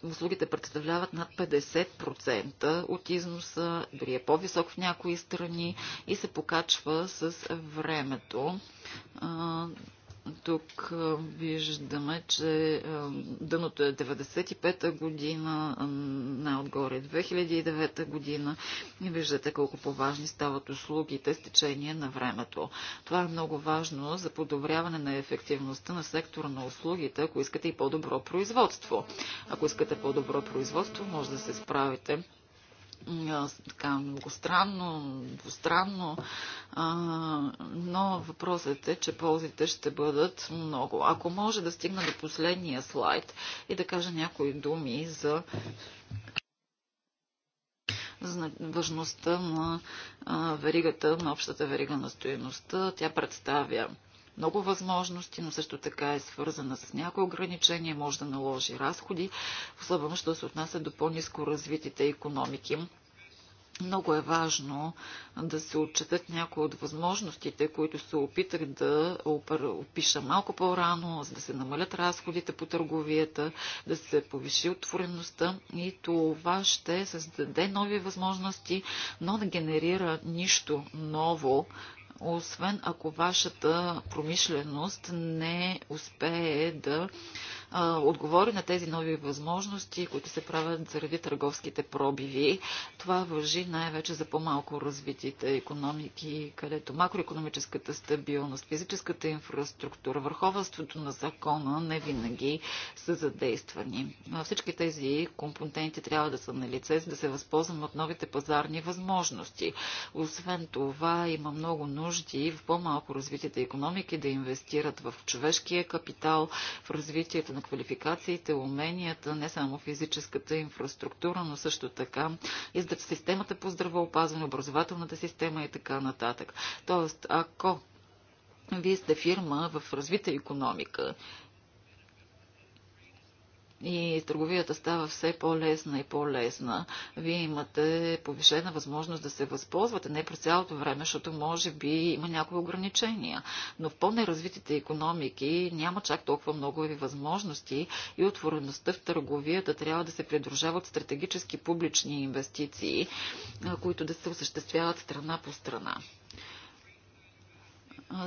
Услугите представляват над 50% от износа, дори е по-висок в някои страни и се покачва с времето. Тук виждаме, че дъното е 95-та година, най-отгоре 2009 е година и виждате колко по-важни стават услугите с течение на времето. Това е много важно за подобряване на ефективността на сектора на услугите, ако искате и по-добро производство. Ако искате по-добро производство, може да се справите така многостранно, двустранно, а, но въпросът е, че ползите ще бъдат много. Ако може да стигна до последния слайд и да кажа някои думи за важността на веригата, на общата верига на стоеността. Тя представя много възможности, но също така е свързана с някои ограничения, може да наложи разходи, особено що се отнася до по-низко развитите економики. Много е важно да се отчетат някои от възможностите, които се опитах да опиша малко по-рано, за да се намалят разходите по търговията, да се повиши отвореността и това ще създаде нови възможности, но да генерира нищо ново освен ако вашата промишленост не успее да отговори на тези нови възможности, които се правят заради търговските пробиви. Това въжи най-вече за по-малко развитите економики, където макроекономическата стабилност, физическата инфраструктура, върховенството на закона не винаги са задействани. Всички тези компоненти трябва да са на лице, за да се възползваме от новите пазарни възможности. Освен това, има много нужди в по-малко развитите економики да инвестират в човешкия капитал, в развитието на квалификациите, уменията, не само физическата инфраструктура, но също така и системата по здравеопазване, образователната система и така нататък. Тоест, ако вие сте фирма в развита економика и търговията става все по-лесна и по-лесна. Вие имате повишена възможност да се възползвате не през цялото време, защото може би има някои ограничения. Но в по-неразвитите економики няма чак толкова много възможности и отвореността в търговията трябва да се придружава от стратегически публични инвестиции, които да се осъществяват страна по страна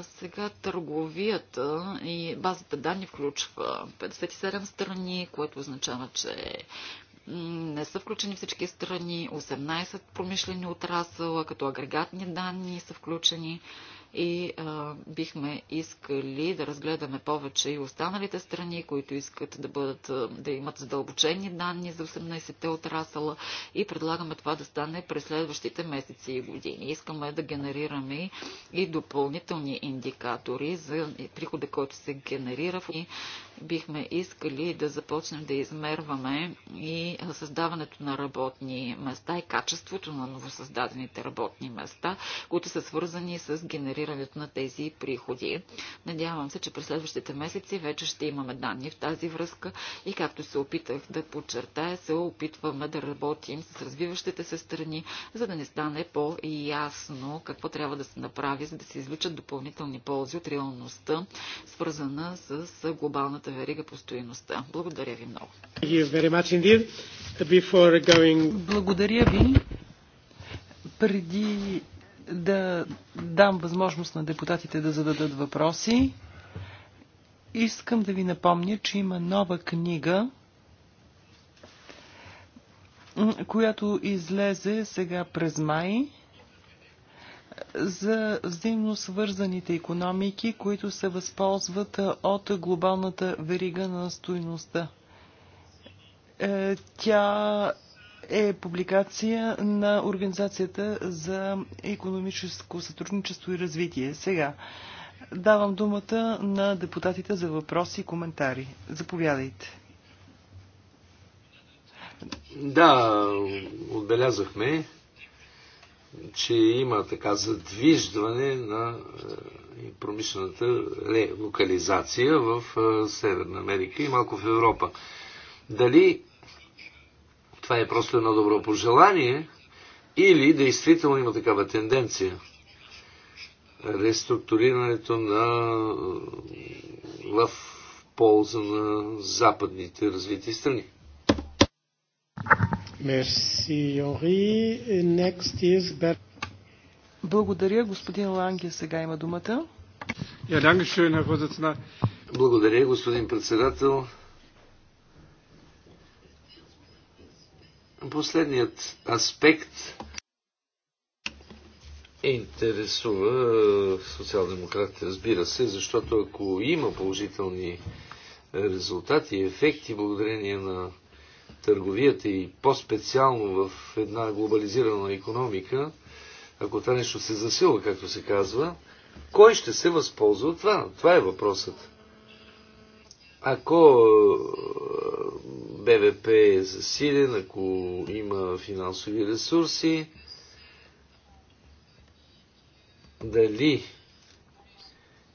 сега търговията и базата данни включва 57 страни, което означава, че не са включени всички страни, 18 промишлени отрасъла, като агрегатни данни са включени и а, бихме искали да разгледаме повече и останалите страни, които искат да, бъдат, да имат задълбочени данни за 18-те отрасъла и предлагаме това да стане през следващите месеци и години. Искаме да генерираме и допълнителни индикатори за прихода, който се генерира и бихме искали да започнем да измерваме и създаването на работни места и качеството на новосъздадените работни места, които са свързани с генерирането формулирането на тези приходи. Надявам се, че през следващите месеци вече ще имаме данни в тази връзка и както се опитах да подчертая, се опитваме да работим с развиващите се страни, за да не стане по-ясно какво трябва да се направи, за да се извличат допълнителни ползи от реалността, свързана с глобалната верига по стоеността. Благодаря ви много. Благодаря ви. Преди да дам възможност на депутатите да зададат въпроси. Искам да ви напомня, че има нова книга, която излезе сега през май за взаимно свързаните економики, които се възползват от глобалната верига на стойността. Е, тя е публикация на Организацията за економическо сътрудничество и развитие. Сега давам думата на депутатите за въпроси и коментари. Заповядайте. Да, отбелязахме, че има така задвиждане на е, промишлената локализация в е, Северна Америка и малко в Европа. Дали това е просто едно добро пожелание, или действително има такава тенденция. Реструктурирането на, в полза на западните развити страни. Merci, Henri. Next is Bert. Благодаря, господин Ланге. Сега има думата. Благодаря, господин председател. Последният аспект интересува е, социал-демократите, разбира се, защото ако има положителни резултати и ефекти благодарение на търговията и по-специално в една глобализирана економика, ако това нещо се засилва, както се казва, кой ще се възползва от това? Това е въпросът. Ако е, БВП е засилен, ако има финансови ресурси, дали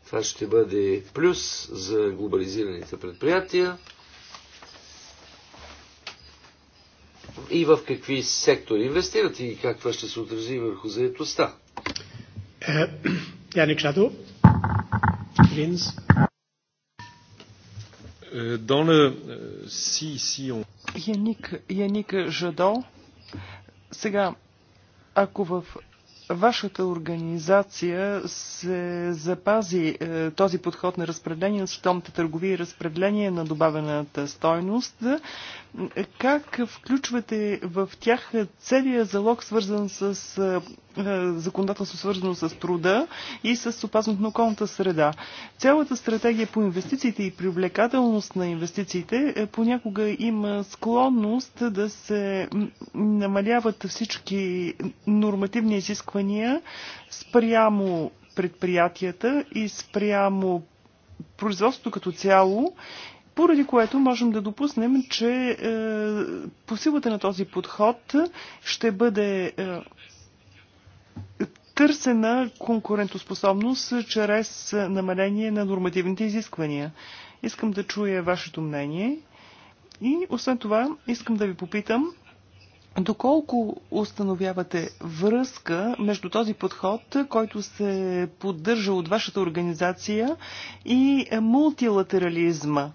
това ще бъде плюс за глобализираните предприятия и в какви сектори инвестират и как това ще се отрази върху заедостта. Janik Shadow, dans le si si on Яник, Жадо, сега, ако в вашата организация се запази е, този подход на разпределение на световната търговия и разпределение на добавената стойност, как включвате в тях целият залог, свързан с законодателство, свързано с труда и с опасност на околната среда? Цялата стратегия по инвестициите и привлекателност на инвестициите е, понякога има склонност да се намаляват всички нормативни изисквания спрямо предприятията и спрямо производството като цяло поради което можем да допуснем, че е, по силата на този подход ще бъде е, търсена конкурентоспособност чрез намаление на нормативните изисквания. Искам да чуя вашето мнение и освен това искам да ви попитам Доколко установявате връзка между този подход, който се поддържа от вашата организация и мултилатерализма?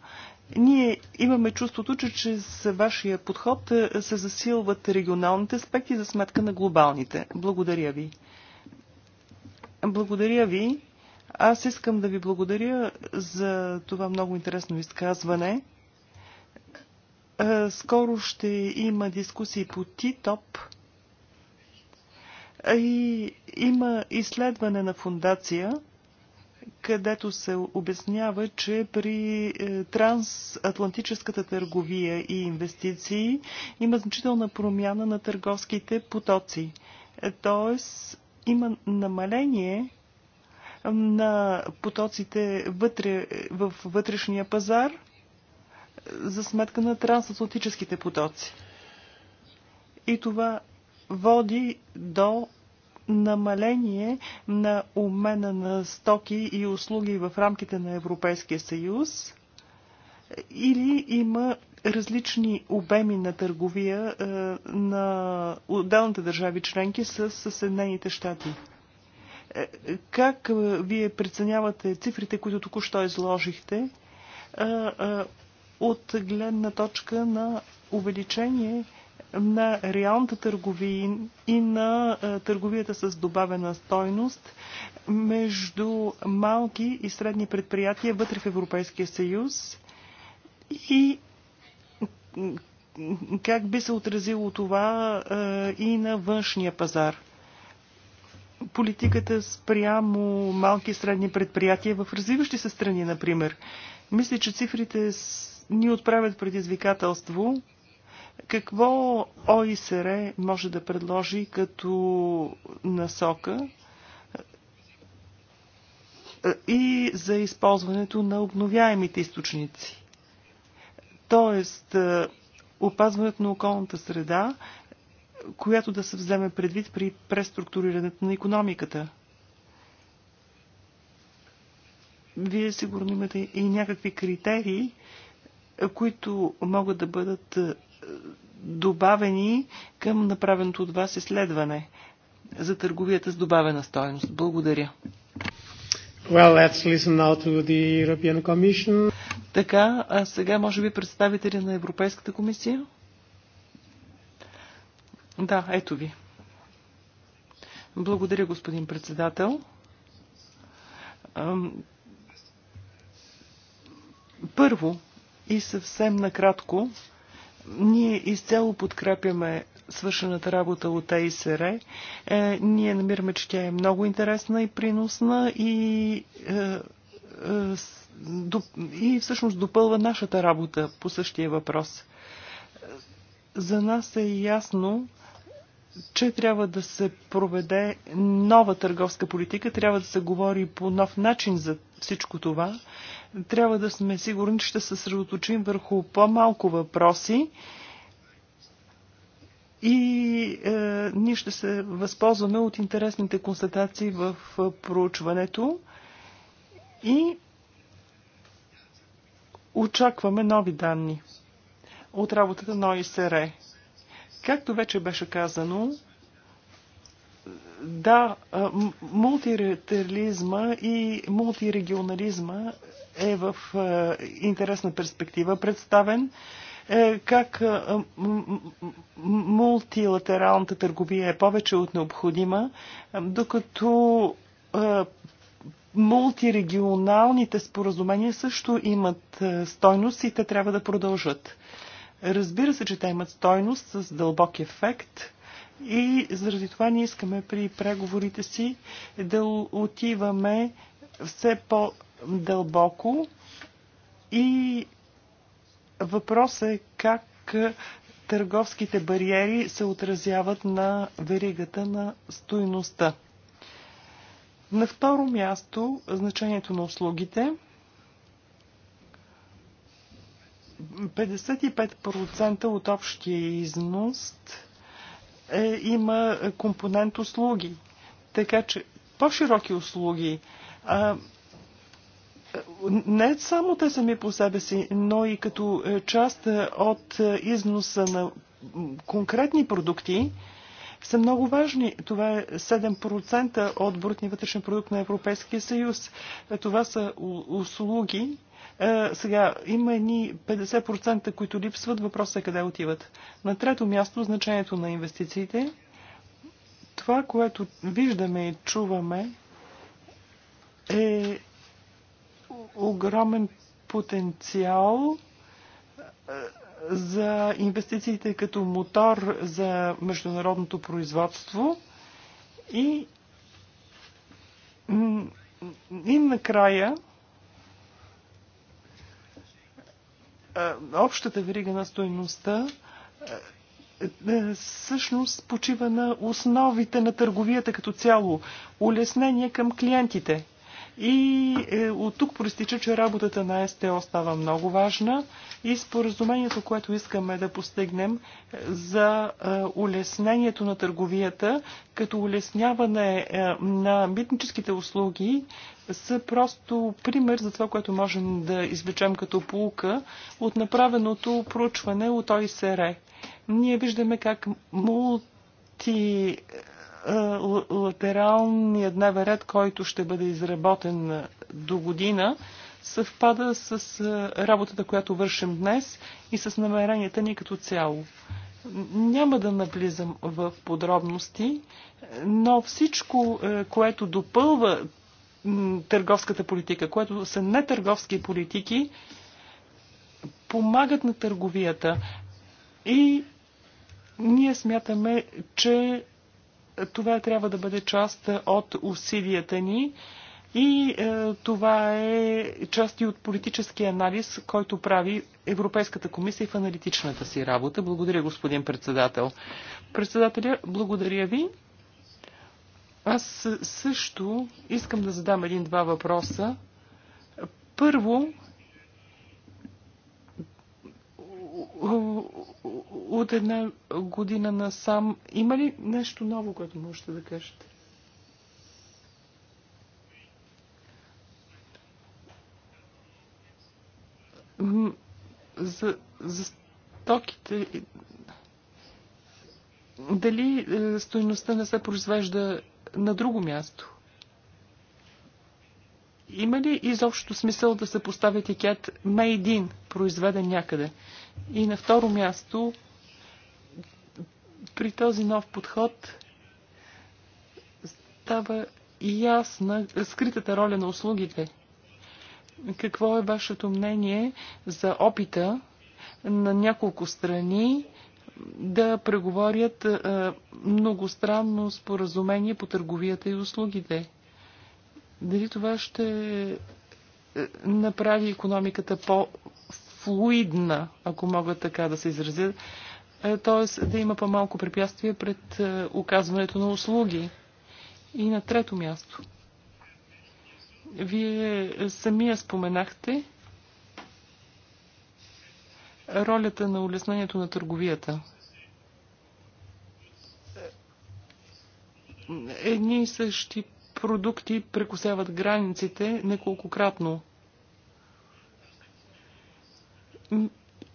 Ние имаме чувството, че чрез вашия подход е, се засилват регионалните аспекти за сметка на глобалните. Благодаря ви. Благодаря ви. Аз искам да ви благодаря за това много интересно изказване. Е, скоро ще има дискусии по ТИТОП. Е, и има изследване на фундация, където се обяснява, че при е, трансатлантическата търговия и инвестиции има значителна промяна на търговските потоци. Тоест има намаление на потоците вътре, в вътрешния пазар – за сметка на трансатлантическите потоци. И това води до намаление на обмена на стоки и услуги в рамките на Европейския съюз или има различни обеми на търговия е, на отделните държави членки с Съединените щати. Е, как е, вие преценявате цифрите, които току-що изложихте? Е, от гледна точка на увеличение на реалната търговия и на е, търговията с добавена стойност между малки и средни предприятия вътре в Европейския съюз и как би се отразило това е, и на външния пазар. Политиката спрямо малки и средни предприятия в развиващи се страни, например. Мисля, че цифрите с ни отправят предизвикателство. Какво ОИСР може да предложи като насока е, и за използването на обновяемите източници? Тоест, е, опазването на околната среда, която да се вземе предвид при преструктурирането на економиката. Вие сигурно имате и някакви критерии, които могат да бъдат е, добавени към направеното от вас изследване за търговията с добавена стоеност. Благодаря. Well, let's listen now to the European Commission. Така, а сега може би представители на Европейската комисия? Да, ето ви. Благодаря, господин председател. Първо, и съвсем накратко, ние изцяло подкрепяме свършената работа от АИСР. Е, ние намираме, че тя е много интересна и приносна и, е, е, и всъщност допълва нашата работа по същия въпрос. За нас е ясно, че трябва да се проведе нова търговска политика, трябва да се говори по нов начин за всичко това. Трябва да сме сигурни, че ще се съсредоточим върху по-малко въпроси и е, ние ще се възползваме от интересните констатации в е, проучването и очакваме нови данни от работата на ОИСР. Както вече беше казано, да, мултилатерализма и мултирегионализма е в интересна перспектива представен. Е, как мултилатералната търговия е повече от необходима, докато мултирегионалните споразумения също имат стойност и те трябва да продължат. Разбира се, че те имат стойност с дълбок ефект и заради това ние искаме при преговорите си да отиваме все по-дълбоко и въпросът е как търговските бариери се отразяват на веригата на стойността. На второ място значението на услугите – 55% от общия износ е, има компонент услуги. Така че по-широки услуги. А, не само те сами по себе си, но и като част от износа на конкретни продукти са много важни. Това е 7% от брутния вътрешен продукт на Европейския съюз. Това са услуги, е, сега, има едни 50%, които липсват. Въпросът е къде отиват. На трето място, значението на инвестициите. Това, което виждаме и чуваме, е огромен потенциал е, за инвестициите като мотор за международното производство и и накрая общата верига на стойността е, е, всъщност почива на основите на търговията като цяло, улеснение към клиентите. И е, от тук проистича, че работата на СТО става много важна и споразумението, което искаме да постигнем е, за е, улеснението на търговията, като улесняване е, на митническите услуги, са просто пример за това, което можем да извлечем като полука от направеното проучване от ОИСР. Ние виждаме как мулти е, латералният дневен ред, който ще бъде изработен е, до година, съвпада с е, работата, която вършим днес и с намеренията ни като цяло. Няма да навлизам в подробности, но всичко, което допълва търговската политика, което са не търговски политики, помагат на търговията. И ние смятаме, че това трябва да бъде част от усилията ни. И е, това е част и от политическия анализ, който прави Европейската комисия в аналитичната си работа. Благодаря, господин председател. Председателя, благодаря ви. Аз също искам да задам един-два въпроса. Първо, от една година насам. Има ли нещо ново, което можете да кажете? За, за стоките. Дали е, стоеността не се произвежда на друго място? Има ли изобщо смисъл да се постави етикет Made in, произведен някъде? И на второ място, при този нов подход става ясна скритата роля на услугите. Какво е вашето мнение за опита на няколко страни да преговорят многостранно споразумение по търговията и услугите? Дали това ще е, направи економиката по флуидна, ако мога така да се изразя, е, т.е. да има по-малко препятствия пред е, оказването на услуги. И на трето място. Вие самия споменахте ролята на улеснението на търговията. Едни и същи продукти прекусяват границите неколкократно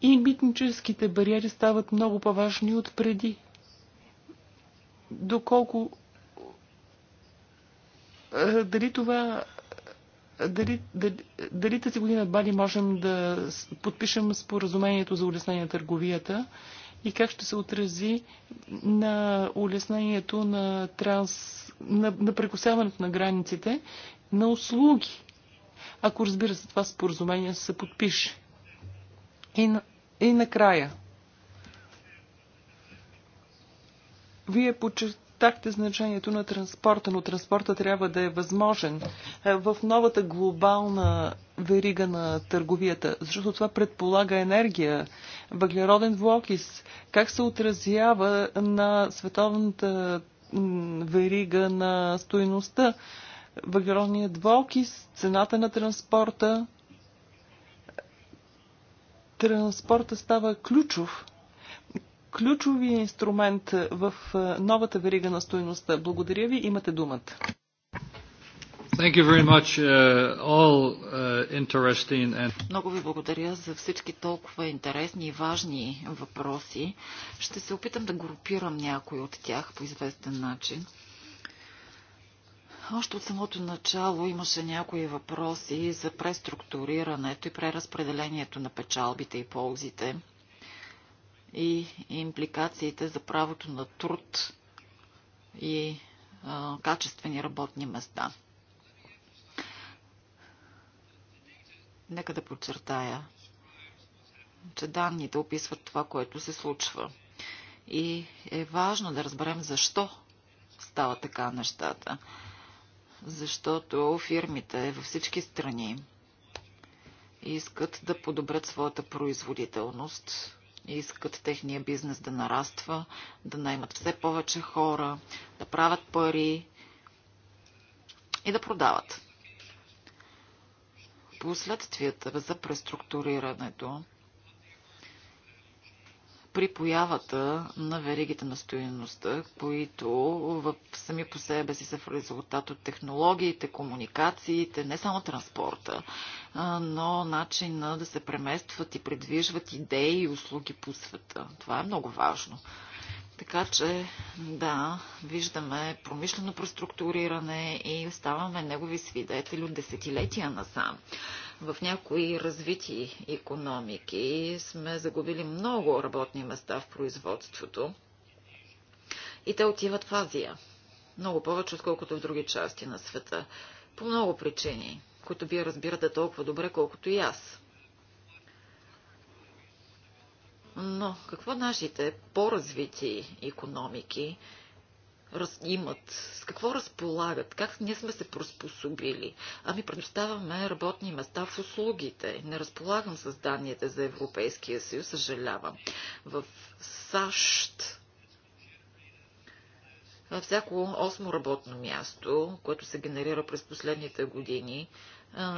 и митническите бариери стават много по-важни от преди. Доколко дали това дали, дали, дали тази година Бали можем да подпишем споразумението за улеснение на търговията и как ще се отрази на улеснението на, транс, на, на прекусяването на границите на услуги, ако разбира се това споразумение се подпише. И, на, и накрая. Вие почертахте значението на транспорта, но транспорта трябва да е възможен е, в новата глобална верига на търговията, защото това предполага енергия, въглероден двуокис, как се отразява на световната верига на стоеността, Въглеродният двуокис, цената на транспорта, Транспорта става ключов ключови инструмент в е, новата верига на стоеността. Благодаря ви, имате думата. Thank you very much, uh, all, uh, and... Много ви благодаря за всички толкова интересни и важни въпроси. Ще се опитам да групирам някои от тях по известен начин. Uh, още от самото начало имаше някои въпроси за преструктурирането и преразпределението на печалбите и ползите и импликациите за правото на труд и а, качествени работни места. Нека да подчертая, че данните описват това, което се случва. И е важно да разберем защо става така нещата защото фирмите във всички страни искат да подобрят своята производителност, искат техния бизнес да нараства, да наймат все повече хора, да правят пари и да продават. Последствията за преструктурирането при появата на веригите на стоеността, които в сами по себе си са в резултат от технологиите, комуникациите, не само транспорта, но начина да се преместват и предвижват идеи и услуги по света. Това е много важно. Така че, да, виждаме промишлено преструктуриране и ставаме негови свидетели от десетилетия насам в някои развити економики сме загубили много работни места в производството и те отиват в Азия. Много повече, отколкото в други части на света. По много причини, които вие разбирате толкова добре, колкото и аз. Но какво нашите по-развити економики – раз, имат, с какво разполагат, как ние сме се проспособили. Ами предоставяме работни места в услугите. Не разполагам с данните за Европейския съюз, съжалявам. В САЩ всяко осмо работно място, което се генерира през последните години,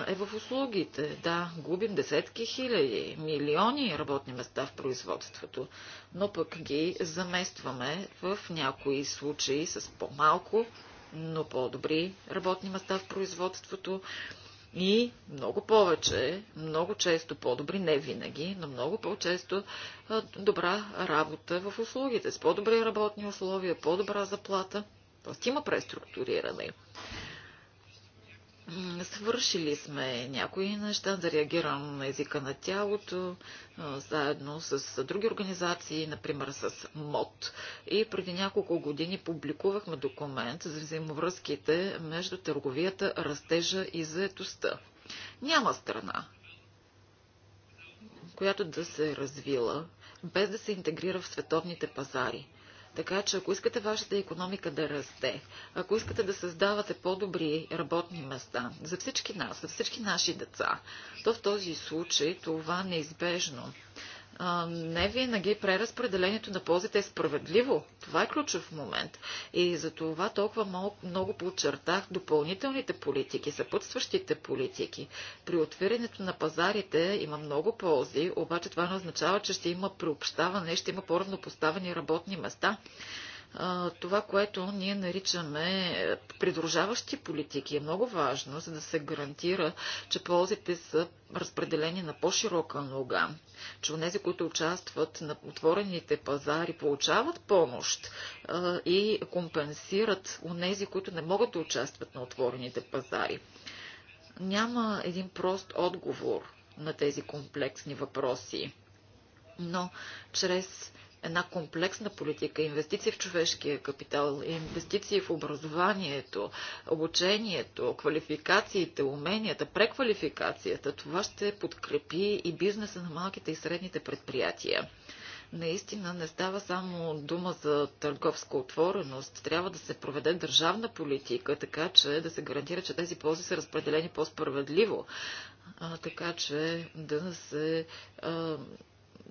е в услугите. Да, губим десетки хиляди, милиони работни места в производството, но пък ги заместваме в някои случаи с по-малко, но по-добри работни места в производството и много повече, много често по-добри, не винаги, но много по-често добра работа в услугите, с по-добри работни условия, по-добра заплата. Тоест има преструктуриране. Свършили сме някои неща, да реагирам на езика на тялото, заедно с други организации, например с МОД. И преди няколко години публикувахме документ за взаимовръзките между търговията, растежа и заетостта. Няма страна, която да се е развила, без да се интегрира в световните пазари – така че ако искате вашата економика да расте, ако искате да създавате по-добри работни места за всички нас, за всички наши деца, то в този случай това неизбежно не винаги е преразпределението на ползите е справедливо. Това е ключов момент. И за това толкова много, много подчертах допълнителните политики, съпътстващите политики. При отвирането на пазарите има много ползи, обаче това не означава, че ще има приобщаване, ще има по-равнопоставени работни места това, което ние наричаме е, придружаващи политики, е много важно, за да се гарантира, че ползите са разпределени на по-широка нога, че онези, които участват на отворените пазари, получават помощ и компенсират нези, които не могат да участват на отворените пазари. Няма един прост отговор на тези комплексни въпроси, но чрез една комплексна политика, инвестиции в човешкия капитал, инвестиции в образованието, обучението, квалификациите, уменията, преквалификацията, това ще подкрепи и бизнеса на малките и средните предприятия наистина не става само дума за търговска отвореност. Трябва да се проведе държавна политика, така че да се гарантира, че тези ползи са разпределени по-справедливо. така че да се а,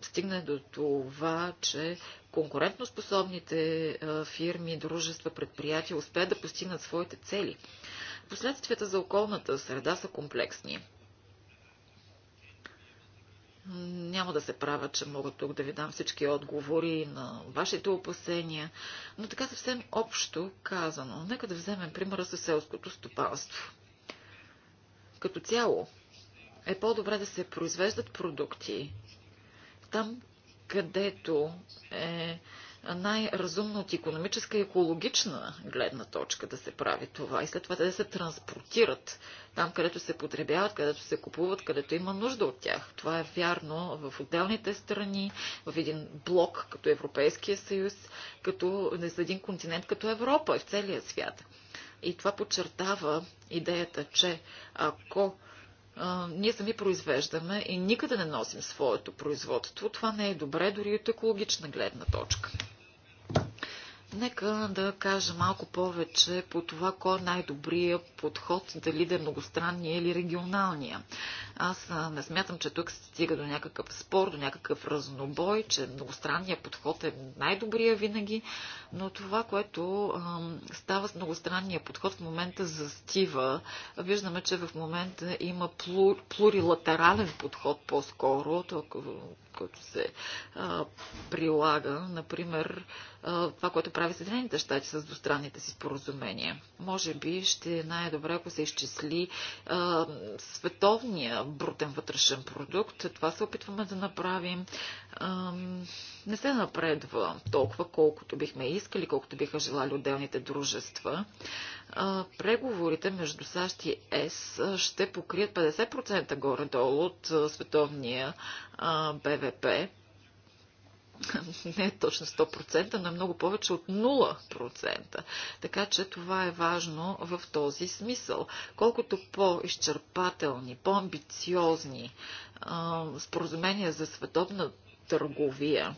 стигне до това, че конкурентоспособните фирми, дружества, предприятия успеят да постигнат своите цели. Последствията за околната среда са комплексни. Няма да се правя, че мога тук да ви дам всички отговори на вашите опасения, но така съвсем общо казано. Нека да вземем примера със селското стопанство. Като цяло е по-добре да се произвеждат продукти, там, където е най-разумно от економическа и екологична гледна точка да се прави това. И след това те да се транспортират там, където се потребяват, където се купуват, където има нужда от тях. Това е вярно в отделните страни, в един блок като Европейския съюз, като за един континент като Европа и в целия свят. И това подчертава идеята, че ако ние сами произвеждаме и никъде не носим своето производство. Това не е добре дори от екологична гледна точка. Нека да кажа малко повече по това, кой е най-добрия подход, дали да е многостранния или регионалния. Аз не смятам, че тук се стига до някакъв спор, до някакъв разнобой, че многостранният подход е най-добрия винаги, но това, което ам, става с многостранния подход в момента застива. Виждаме, че в момента има плур, плурилатерален подход по-скоро, който се а, прилага. Например, а, това, което прави Съединените щати с двустранните си споразумения. Може би ще е най-добре, ако се изчисли а, световния брутен вътрешен продукт. Това се опитваме да направим. А, не се напредва толкова, колкото бихме искали, колкото биха желали отделните дружества. А, преговорите между САЩ и ЕС ще покрият 50% горе-долу от световния а, БВП (laughs) не точно 100%, на е много повече от 0%. Така че това е важно в този смисъл. Колкото по-изчерпателни, по-амбициозни споразумения за световна търговия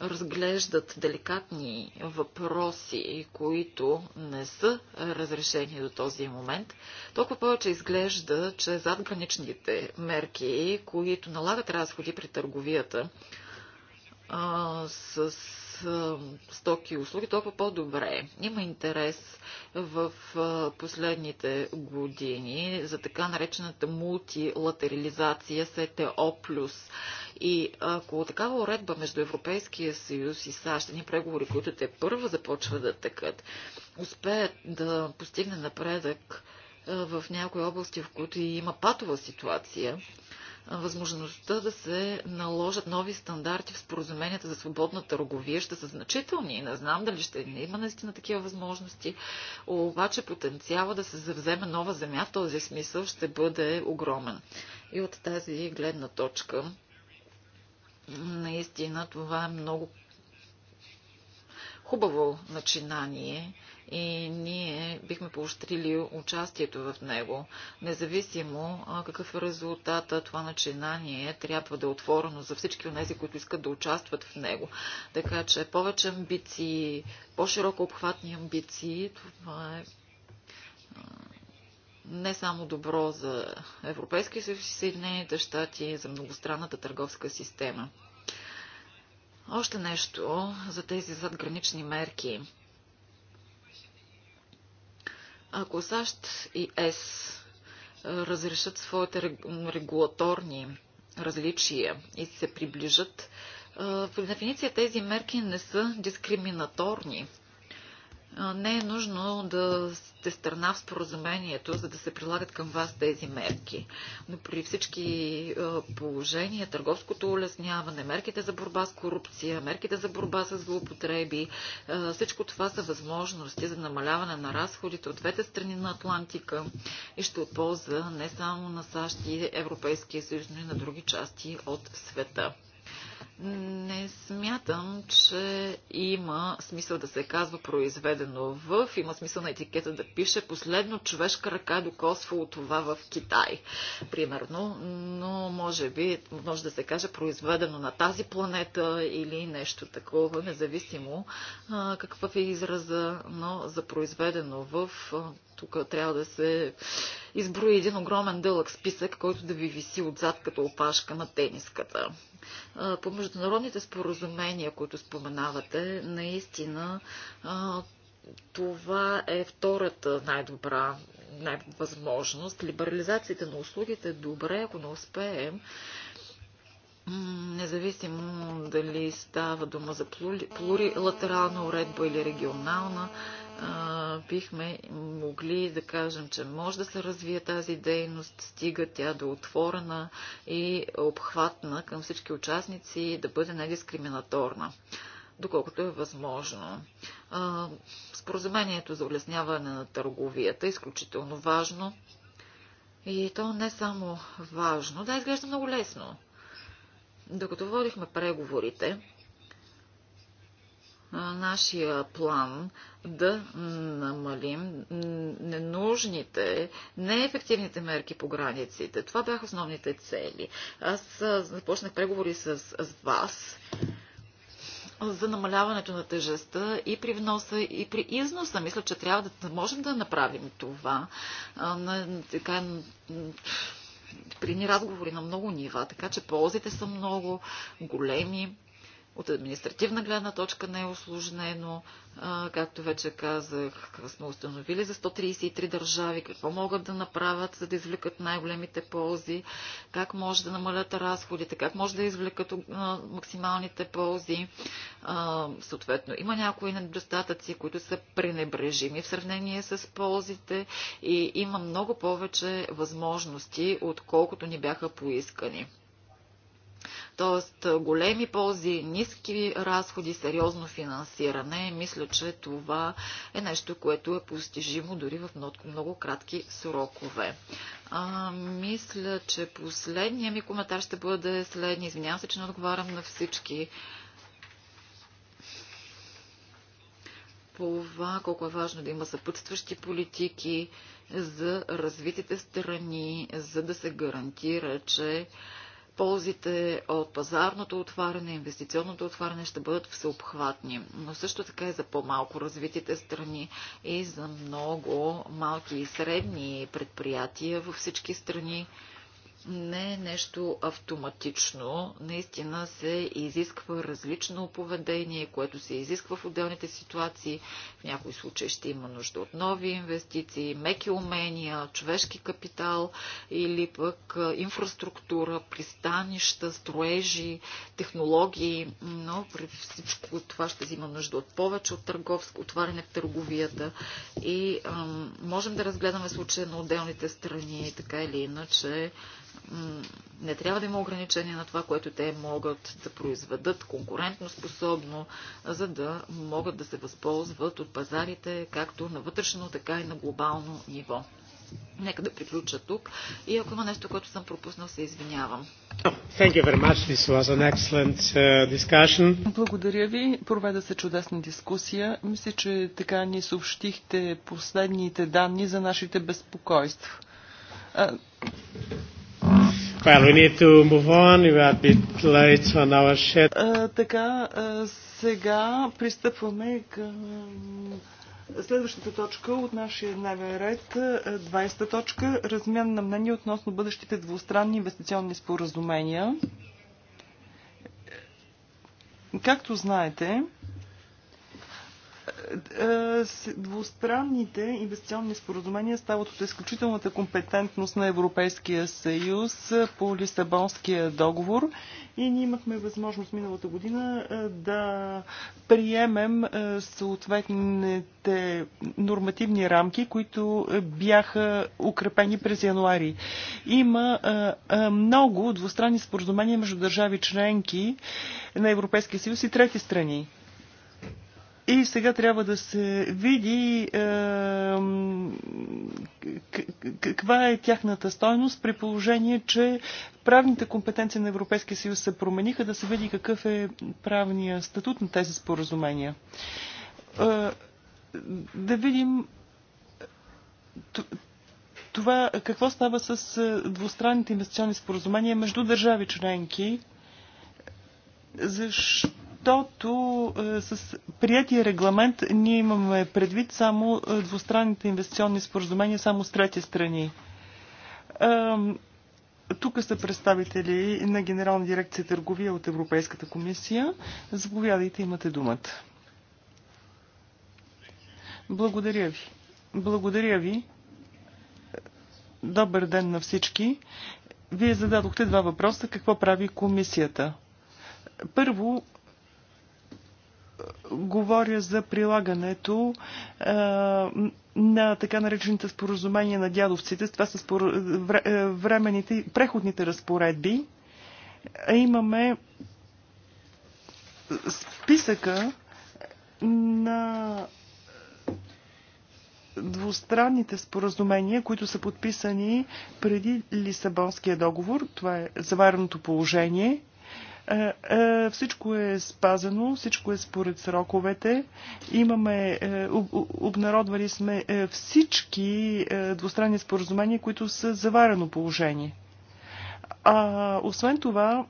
разглеждат деликатни въпроси, които не са разрешени до този момент, толкова повече изглежда, че задграничните мерки, които налагат разходи при търговията, а, с а, стоки и услуги, толкова по-добре. Има интерес в а, последните години за така наречената мултилатерализация СТО+. И ако такава уредба между Европейския съюз и САЩ, ни преговори, които те първо започват да тъкат, успеят да постигне напредък в някои области, в които има патова ситуация, възможността да се наложат нови стандарти в споразуменията за свободна търговия ще са значителни. Не знам дали ще не има наистина такива възможности, обаче потенциала да се завземе нова земя в този смисъл ще бъде огромен. И от тази гледна точка, наистина това е много хубаво начинание и ние бихме поощрили участието в него. Независимо какъв е резултата, това начинание трябва да е отворено за всички от тези, които искат да участват в него. Така че повече амбиции, по-широко обхватни амбиции, това е не само добро за Европейския съюз и Съединените щати, за многостранната търговска система. Още нещо за тези задгранични мерки. Ако САЩ и ЕС разрешат своите регулаторни различия и се приближат, по дефиниция тези мерки не са дискриминаторни не е нужно да сте страна в споразумението, за да се прилагат към вас тези мерки. Но при всички положения, търговското улесняване, мерките за борба с корупция, мерките за борба с злоупотреби, всичко това са възможности за намаляване на разходите от двете страни на Атлантика и ще от полза не само на САЩ и Европейския съюз, но и на други части от света. Не смятам, че има смисъл да се казва произведено в, има смисъл на етикета да пише последно човешка ръка докосва от това в Китай, примерно, но може би може да се каже произведено на тази планета или нещо такова, независимо а, какъв е израза, но за произведено в, тук трябва да се изброи един огромен дълъг списък, който да ви виси отзад като опашка на тениската. По международните споразумения, които споменавате, наистина това е втората най-добра възможност Либерализацията на услугите е добре, ако не успеем независимо дали става дума за плурилатерална уредба или регионална, бихме могли да кажем, че може да се развие тази дейност, стига тя да е отворена и обхватна към всички участници и да бъде недискриминаторна доколкото е възможно. споразумението за улесняване на търговията е изключително важно. И то не само важно, да, изглежда много лесно. Докато водихме преговорите, нашия план да намалим ненужните, неефективните мерки по границите. Това бяха основните цели. Аз започнах преговори с, с вас за намаляването на тежестта и при вноса, и при износа. Мисля, че трябва да можем да направим това. На, така, при ни разговори на много нива, така че ползите са много големи. От административна гледна точка не е осложнено, както вече казах, какво сме установили за 133 държави, какво могат да направят, за да извлекат най-големите ползи, как може да намалят разходите, как може да извлекат максималните ползи. Съответно, има някои недостатъци, които са пренебрежими в сравнение с ползите и има много повече възможности, отколкото ни бяха поискани. Т.е. големи ползи, ниски разходи, сериозно финансиране. Мисля, че това е нещо, което е постижимо дори в много, много кратки срокове. А, мисля, че последния ми коментар ще бъде след. Извинявам се, че не отговарям на всички. това колко е важно да има съпътстващи политики за развитите страни, за да се гарантира, че ползите от пазарното отваряне, инвестиционното отваряне ще бъдат всеобхватни, но също така и за по-малко развитите страни и за много малки и средни предприятия във всички страни не е нещо автоматично. Наистина се изисква различно поведение, което се изисква в отделните ситуации. В някои случаи ще има нужда от нови инвестиции, меки умения, човешки капитал или пък инфраструктура, пристанища, строежи, технологии. Но при всичко това ще взима нужда от повече от търговско, отваряне в търговията. И ам, можем да разгледаме случая на отделните страни, така или иначе не трябва да има ограничения на това, което те могат да произведат конкурентно способно, за да могат да се възползват от пазарите, както на вътрешно, така и на глобално ниво. Нека да приключа тук и ако има нещо, което съм пропуснал, се извинявам. Uh, Благодаря ви. Проведа се чудесна дискусия. Мисля, че така ни съобщихте последните данни за нашите безпокойства. Well, we need to move on. We are a bit late on our schedule. Uh, така, uh, сега пристъпваме към Следващата точка от нашия дневен ред, 20-та точка, Размяна на мнение относно бъдещите двустранни инвестиционни споразумения. Както знаете, е, двустранните инвестиционни споразумения стават от изключителната компетентност на Европейския съюз по Лисабонския договор и ние имахме възможност миналата година е, да приемем е, съответните нормативни рамки, които бяха укрепени през януари. Има много двустранни споразумения между държави членки на Европейския съюз и трети страни. И сега трябва да се види е, каква е тяхната стойност при положение, че правните компетенции на Европейския съюз се промениха, да се види какъв е правния статут на тези споразумения. Е, да видим това какво става с е, двустранните инвестиционни споразумения между държави членки, защото защото е, с приятия регламент ние имаме предвид само е, двустранните инвестиционни споразумения само с трети страни. Тук са представители на Генерална дирекция търговия от Европейската комисия. Заповядайте, имате думата. Благодаря ви. Благодаря ви. Добър ден на всички. Вие зададохте два въпроса. Какво прави комисията? Първо, говоря за прилагането а, на така наречените споразумения на дядовците. Това са спор... времените, преходните разпоредби. Имаме списъка на двустранните споразумения, които са подписани преди Лисабонския договор. Това е завареното положение. Е, е, всичко е спазено, всичко е според сроковете. Имаме, е, обнародвали сме всички двустранни споразумения, които са заварено положение. А, освен това,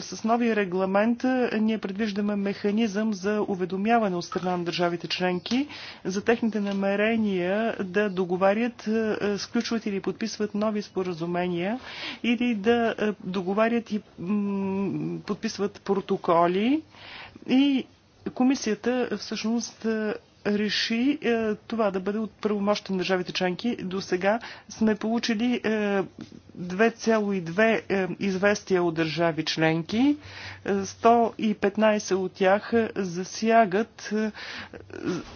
с новия регламент ние предвиждаме механизъм за уведомяване от страна на държавите членки за техните намерения да договарят, сключват или подписват нови споразумения или да договарят и подписват протоколи и Комисията всъщност реши е, това да бъде от правомощите на държавите членки. До сега сме получили е, 2,2 е, известия от държави членки. 115 е, от тях засягат е,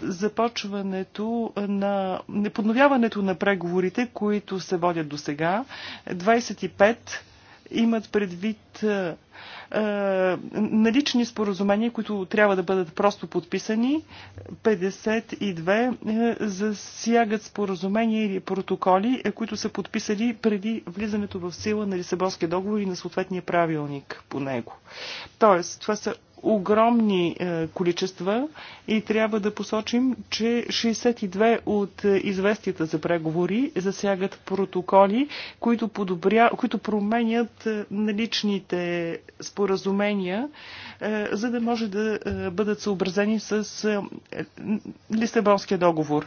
започването на неподновяването на преговорите, които се водят до сега. 25 имат предвид а, е, е, налични споразумения, които трябва да бъдат просто подписани. 52 е, засягат споразумения или протоколи, които са подписали преди влизането в сила на Лисабонския договор и на съответния правилник по него. Тоест, това са огромни е, количества и трябва да посочим, че 62 от е, известията за преговори засягат протоколи, които, подобря, които променят е, наличните споразумения, за да може да бъдат съобразени с Лисабонския договор.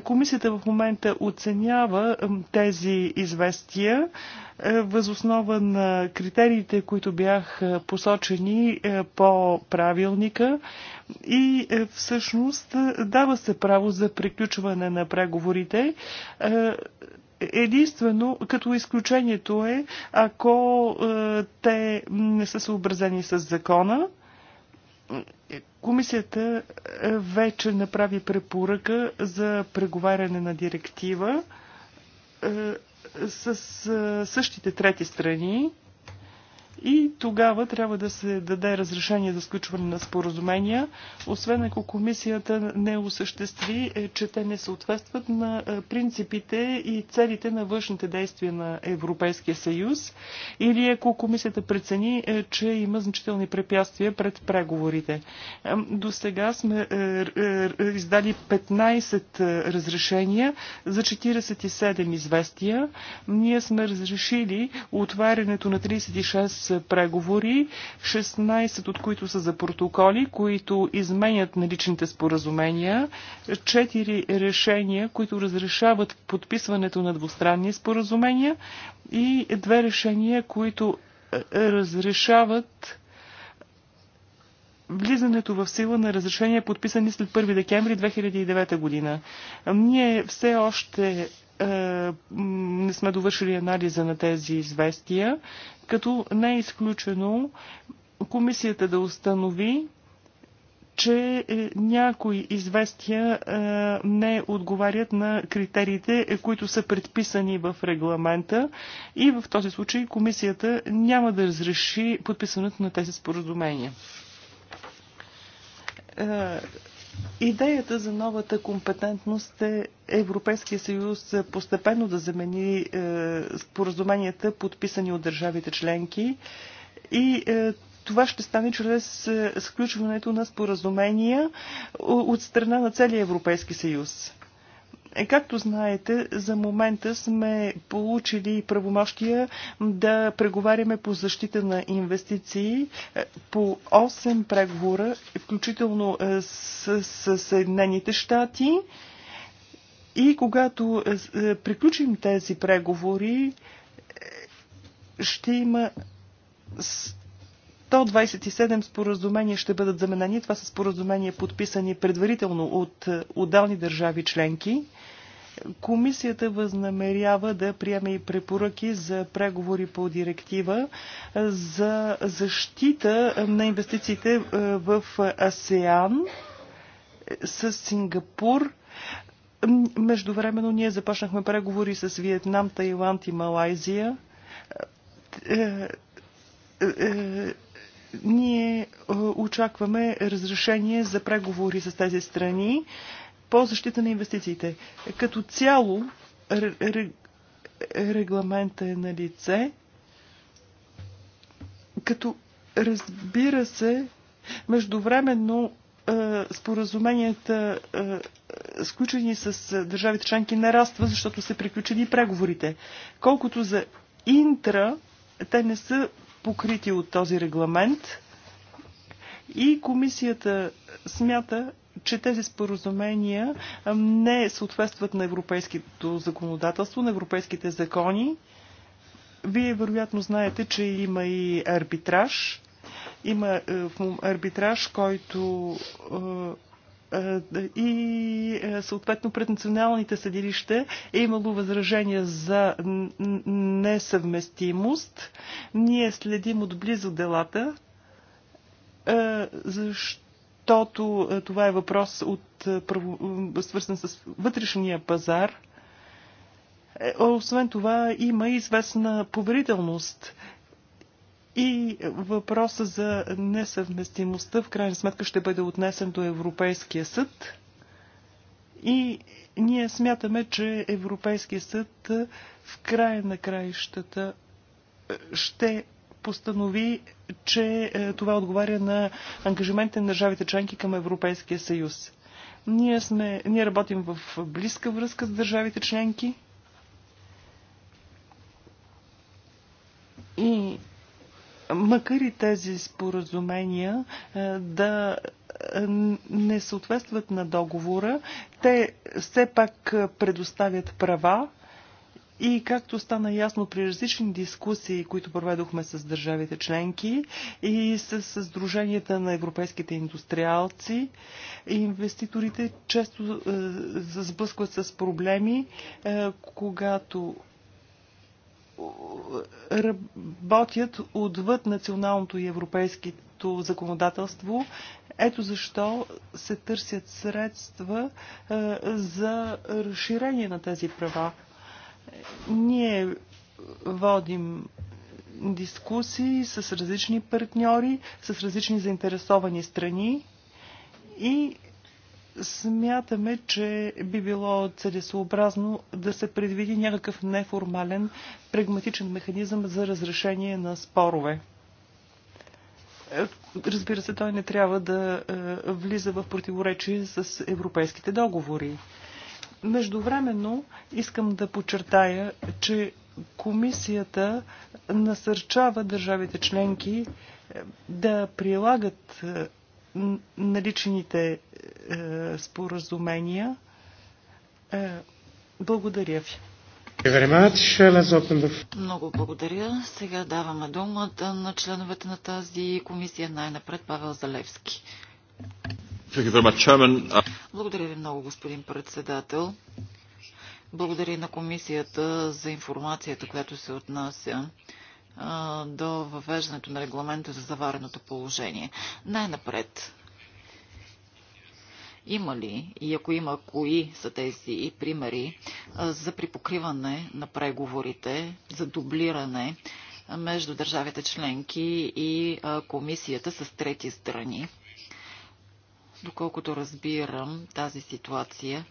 Комисията в момента оценява тези известия е, възоснова на критериите, които бяха посочени е, по правилника и е, всъщност дава се право за приключване на преговорите единствено като изключението е, ако те не са съобразени с закона, Комисията е, вече направи препоръка за преговаряне на директива е, с е, същите трети страни, и тогава трябва да се даде разрешение за сключване на споразумения, освен ако комисията не осъществи, е, че те не съответстват на е, принципите и целите на външните действия на Европейския съюз или ако комисията прецени, е, че има значителни препятствия пред преговорите. До сега сме издали 15 разрешения за 47 известия. Ние сме разрешили отварянето на 36 преговори, 16 от които са за протоколи, които изменят наличните споразумения, 4 решения, които разрешават подписването на двустранни споразумения и 2 решения, които е, разрешават влизането в сила на разрешения, подписани след 1 декември 2009 година. Ние все още е, не сме довършили анализа на тези известия, като не е изключено комисията да установи, че е, някои известия е, не отговарят на критериите, които са предписани в регламента и в този случай комисията няма да разреши подписването на тези споразумения Идеята за новата компетентност е Европейския съюз постепенно да замени е, споразуменията, подписани от държавите членки и е, това ще стане чрез е, сключването на споразумения от страна на целия Европейски съюз. Е, както знаете, за момента сме получили правомощия да преговаряме по защита на инвестиции е, по 8 преговора, включително е, с, с Съединените щати. И когато приключим тези преговори, ще има 127 споразумения ще бъдат заменени. Това са споразумения подписани предварително от е, отдални държави членки. Комисията възнамерява да приеме и препоръки за преговори по директива е, за защита на инвестициите е, в АСЕАН с Сингапур. Междувременно ние започнахме преговори с Виетнам, Тайланд и Малайзия ние е, очакваме разрешение за преговори с тези страни по защита на инвестициите. Като цяло регламента е на лице, като разбира се, междувременно е, споразуменията, е, сключени с държавите членки, нараства, защото се приключили преговорите. Колкото за интра, те не са покрити от този регламент и комисията смята, че тези споразумения не съответстват на европейското законодателство, на европейските закони. Вие вероятно знаете, че има и арбитраж. Има е, арбитраж, който е, е, и е, съответно пред националните съдилища е имало възражения за несъвместимост. Ние следим отблизо делата, е, защото това е въпрос от, свързан с вътрешния пазар. Освен това има известна поверителност. И въпроса за несъвместимостта в крайна сметка ще бъде отнесен до Европейския съд. И ние смятаме, че Европейския съд в края на краищата е, ще постанови, че е, това отговаря на ангажиментите на държавите членки към Европейския съюз. Ние, сме, ние работим в близка връзка с държавите членки и макар и тези споразумения е, да е, не съответстват на договора, те все пак предоставят права и както стана ясно при различни дискусии, които проведохме с държавите членки и с Сдруженията на европейските индустриалци, инвеститорите често е, се сблъскват с проблеми, когато работят отвъд националното и европейското законодателство. Ето защо се търсят средства е, за разширение на тези права. Ние водим дискусии с различни партньори, с различни заинтересовани страни и Смятаме, че би било целесообразно да се предвиди някакъв неформален, прагматичен механизъм за разрешение на спорове. Разбира се, той не трябва да е, влиза в противоречие с европейските договори. Междувременно искам да подчертая, че комисията насърчава държавите членки е, да прилагат е, наличните е, споразумения. Е, Благодаря ви. Много благодаря. Сега даваме думата на членовете на тази комисия. Най-напред Павел Залевски. Благодаря ви много, господин председател. Благодаря на комисията за информацията, която се отнася до въвеждането на регламента за завареното положение. Най-напред, има ли и ако има, кои са тези примери за припокриване на преговорите, за дублиране между държавите членки и комисията с трети страни? Доколкото разбирам тази ситуация,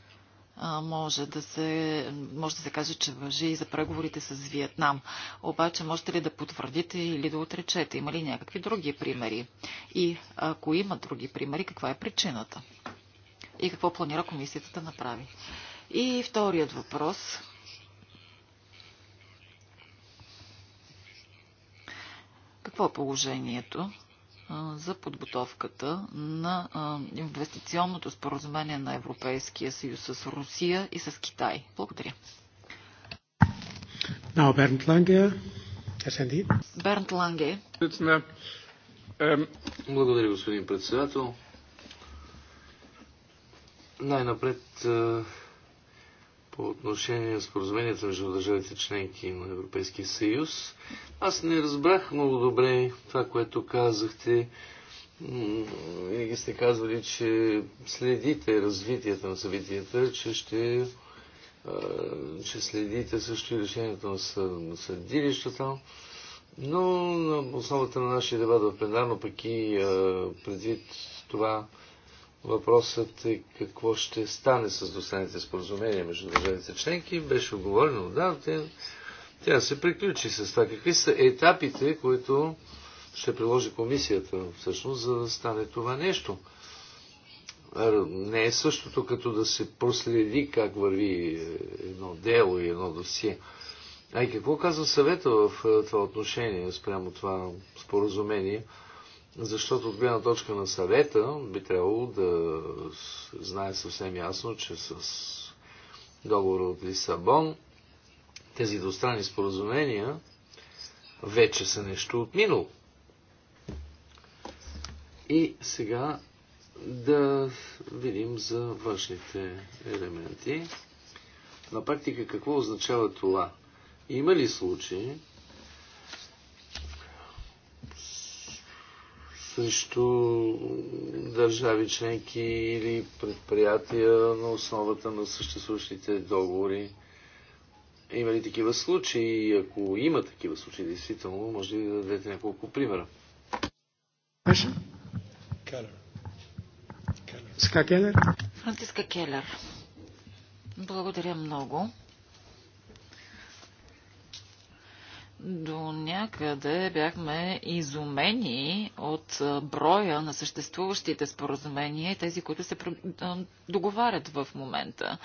може да се, може да се каже, че въжи и за преговорите с Виетнам. Обаче можете ли да потвърдите или да отречете? Има ли някакви други примери? И ако има други примери, каква е причината? И какво планира комисията да направи? И вторият въпрос. Какво е положението за подготовката на инвестиционното споразумение на Европейския съюз с Русия и с Китай. Благодаря. Now, Bernd Lange. Бернт Ланге. Благодаря, господин председател. Най-напред по отношение на споразумението между държавите членки на Европейския съюз. Аз не разбрах много добре това, което казахте. Винаги сте казвали, че следите развитието на събитията, че ще че следите също и решението на съдилищата. Но на основата на нашия дебат в пленарно, пък и предвид това, Въпросът е какво ще стане с достаните споразумения между държавите членки. Беше оговорено отдавна. Тя се приключи с това. Какви са етапите, които ще приложи комисията всъщност, за да стане това нещо? Не е същото като да се проследи как върви е, едно дело и едно досие. А и какво казва съвета в е, това отношение спрямо това споразумение? Защото от гледна точка на съвета би трябвало да знае съвсем ясно, че с договора от Лисабон тези двустранни споразумения вече са нещо отминало. И сега да видим за външните елементи. На практика какво означава това? Има ли случаи, срещу държави членки или предприятия на основата на съществуващите договори. Има ли такива случаи? Ако има такива случаи, действително, може ли да дадете няколко примера? Паша? Келер? Франциска Келер. Благодаря много. до някъде бяхме изумени от броя на съществуващите споразумения и тези, които се договарят в момента.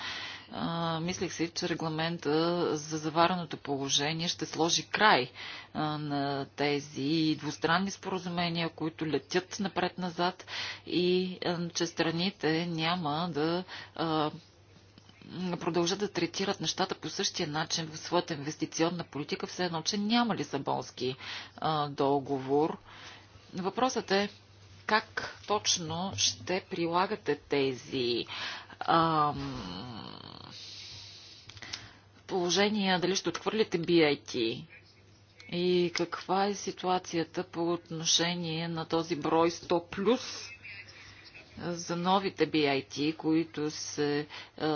Мислих си, че регламента за завареното положение ще сложи край на тези двустранни споразумения, които летят напред-назад и че страните няма да продължат да третират нещата по същия начин в своята инвестиционна политика, все едно, че няма Лисабонски а, договор. Въпросът е как точно ще прилагате тези ам, положения, дали ще отхвърлите BIT и каква е ситуацията по отношение на този брой 100 плюс за новите BIT, които се,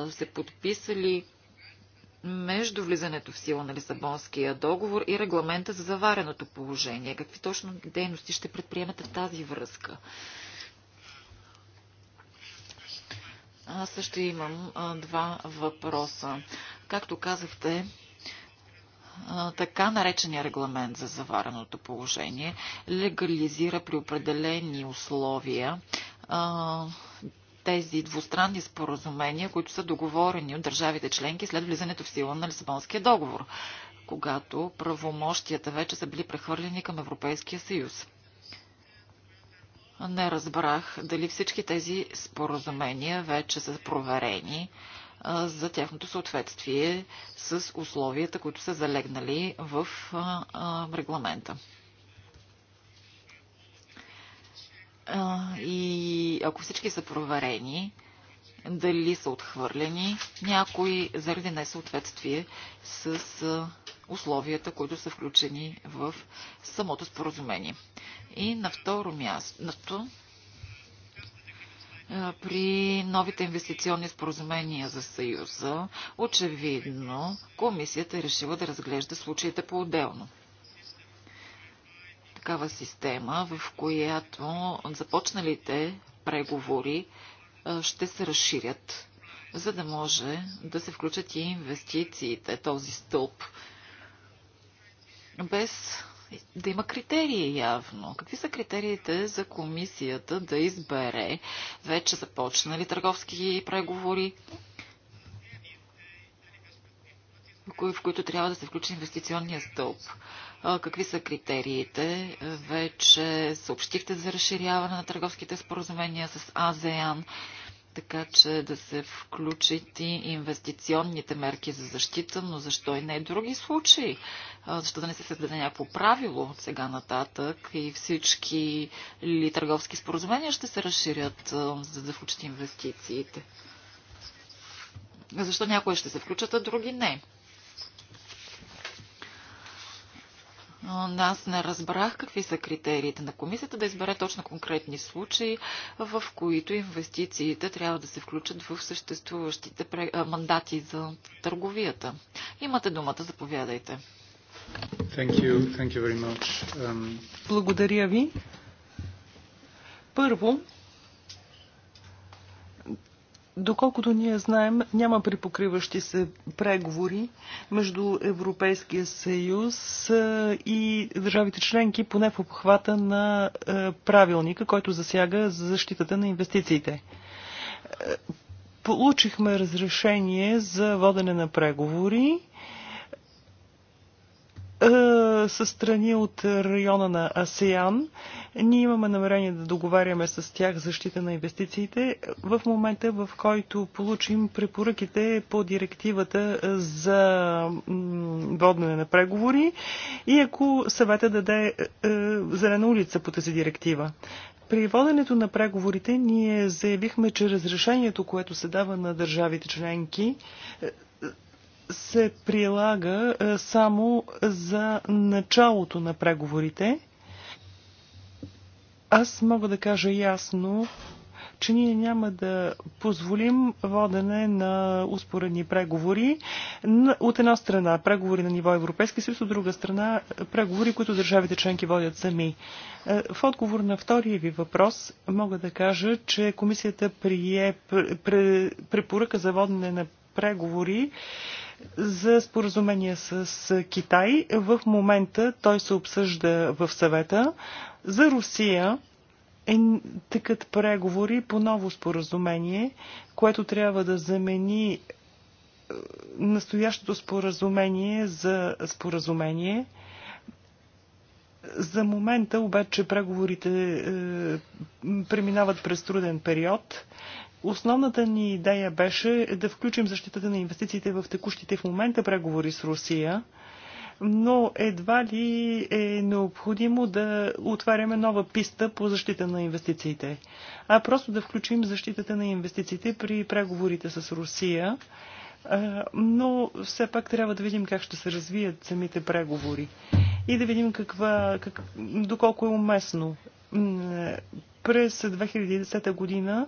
се подписали между влизането в сила на Лисабонския договор и регламента за завареното положение. Какви точно дейности ще предприемете в тази връзка? Аз също имам два въпроса. Както казахте, така наречения регламент за завареното положение легализира при определени условия тези двустранни споразумения, които са договорени от държавите членки след влизането в сила на Лисабонския договор, когато правомощията вече са били прехвърлени към Европейския съюз. Не разбрах дали всички тези споразумения вече са проверени за тяхното съответствие с условията, които са залегнали в регламента. И ако всички са проверени, дали са отхвърлени някои заради несъответствие с условията, които са включени в самото споразумение. И на второ място, при новите инвестиционни споразумения за Съюза, очевидно комисията е решила да разглежда случаите по-отделно. Такава система, в която започналите преговори ще се разширят, за да може да се включат и инвестициите, този стълб, без да има критерии явно. Какви са критериите за комисията да избере вече започнали търговски преговори, в които трябва да се включи инвестиционния стълб? Какви са критериите? Вече съобщихте за разширяване на търговските споразумения с АЗЕАН така че да се включат и инвестиционните мерки за защита, но защо и не и други случаи? Защо да не се създаде някакво правило от сега нататък и всички ли търговски споразумения ще се разширят, за да включат инвестициите? Защо някои ще се включат, а други не? Но аз не разбрах какви са критериите на комисията да избере точно конкретни случаи, в които инвестициите трябва да се включат в съществуващите мандати за търговията. Имате думата, заповядайте. Thank you. Thank you very much. Um... Благодаря ви. Първо, Доколкото ние знаем, няма припокриващи се преговори между Европейския съюз и държавите членки, поне в обхвата на правилника, който засяга защитата на инвестициите. Получихме разрешение за водене на преговори е, са страни от района на АСЕАН. Ние имаме намерение да договаряме с тях защита на инвестициите в момента, в който получим препоръките по директивата за водене на преговори и ако съвета даде е, зелена улица по тази директива. При воденето на преговорите ние заявихме, че разрешението, което се дава на държавите членки, е, се прилага е, само за началото на преговорите. Аз мога да кажа ясно, че ние няма да позволим водене на успоредни преговори. От една страна преговори на ниво Европейски съюз, от друга страна преговори, които държавите членки водят сами. Е, в отговор на втория ви въпрос мога да кажа, че комисията прие препоръка за водене на преговори за споразумение с Китай. В момента той се обсъжда в съвета. За Русия е, тъкат преговори по ново споразумение, което трябва да замени е, настоящото споразумение за споразумение. За момента обаче преговорите е, преминават през труден период. Е, Основната ни идея беше да включим защитата на инвестициите в текущите в момента преговори с Русия, но едва ли е необходимо да отваряме нова писта по защита на инвестициите, а просто да включим защитата на инвестициите при преговорите с Русия. Но все пак трябва да видим как ще се развият самите преговори и да видим каква, как, доколко е уместно през 2010 година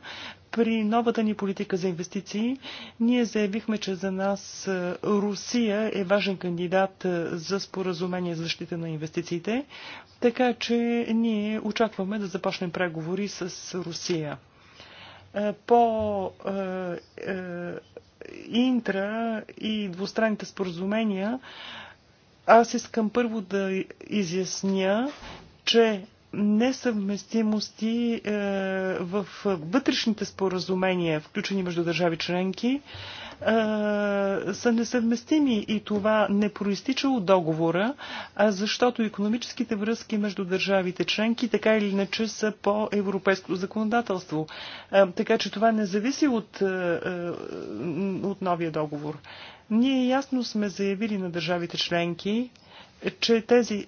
при новата ни политика за инвестиции ние заявихме, че за нас е, Русия е важен кандидат е, за споразумение за защита на инвестициите, така че ние очакваме да започнем преговори с Русия. Е, по интра и двустранните споразумения аз искам първо да изясня, че несъвместимости е, в вътрешните споразумения, включени между държави членки, е, са несъвместими и това не проистича от договора, а защото економическите връзки между държавите членки така или иначе са по европейското законодателство. Е, така че това не зависи от, от новия договор. Ние ясно сме заявили на държавите членки, че тези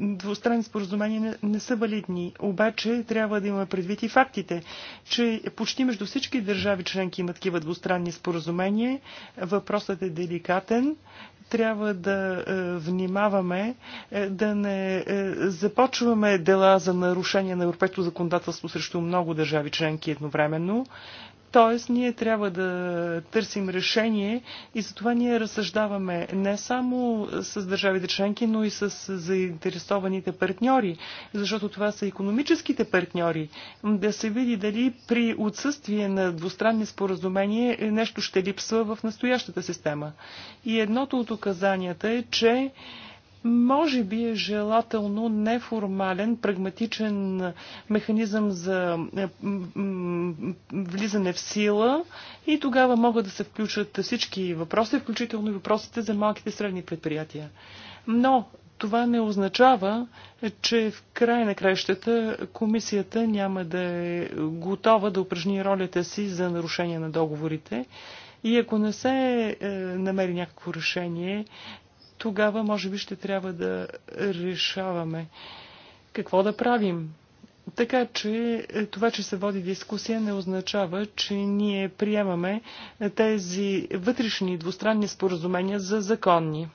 двустранни споразумения не, са валидни. Обаче трябва да имаме предвид и фактите, че почти между всички държави членки има такива двустранни споразумения. Въпросът е деликатен. Трябва да е, внимаваме е, да не е, започваме дела за нарушение на европейското законодателство срещу много държави членки едновременно. Тоест, ние трябва да търсим решение и затова ние разсъждаваме не само с държавите членки, но и с заинтересованите партньори, защото това са економическите партньори. Да се види дали при отсъствие на двустранни споразумения нещо ще липсва в настоящата система. И едното от указанията е, че може би е желателно неформален, прагматичен механизъм за влизане в сила и тогава могат да се включат всички въпроси, включително и въпросите за малките и средни предприятия. Но това не означава, че в край на кращата комисията няма да е готова да упражни ролята си за нарушение на договорите. И ако не се е, намери някакво решение, тогава може би ще трябва да решаваме какво да правим. Така че е, това, че се води дискусия, не означава, че ние приемаме е, тези вътрешни двустранни споразумения за законни.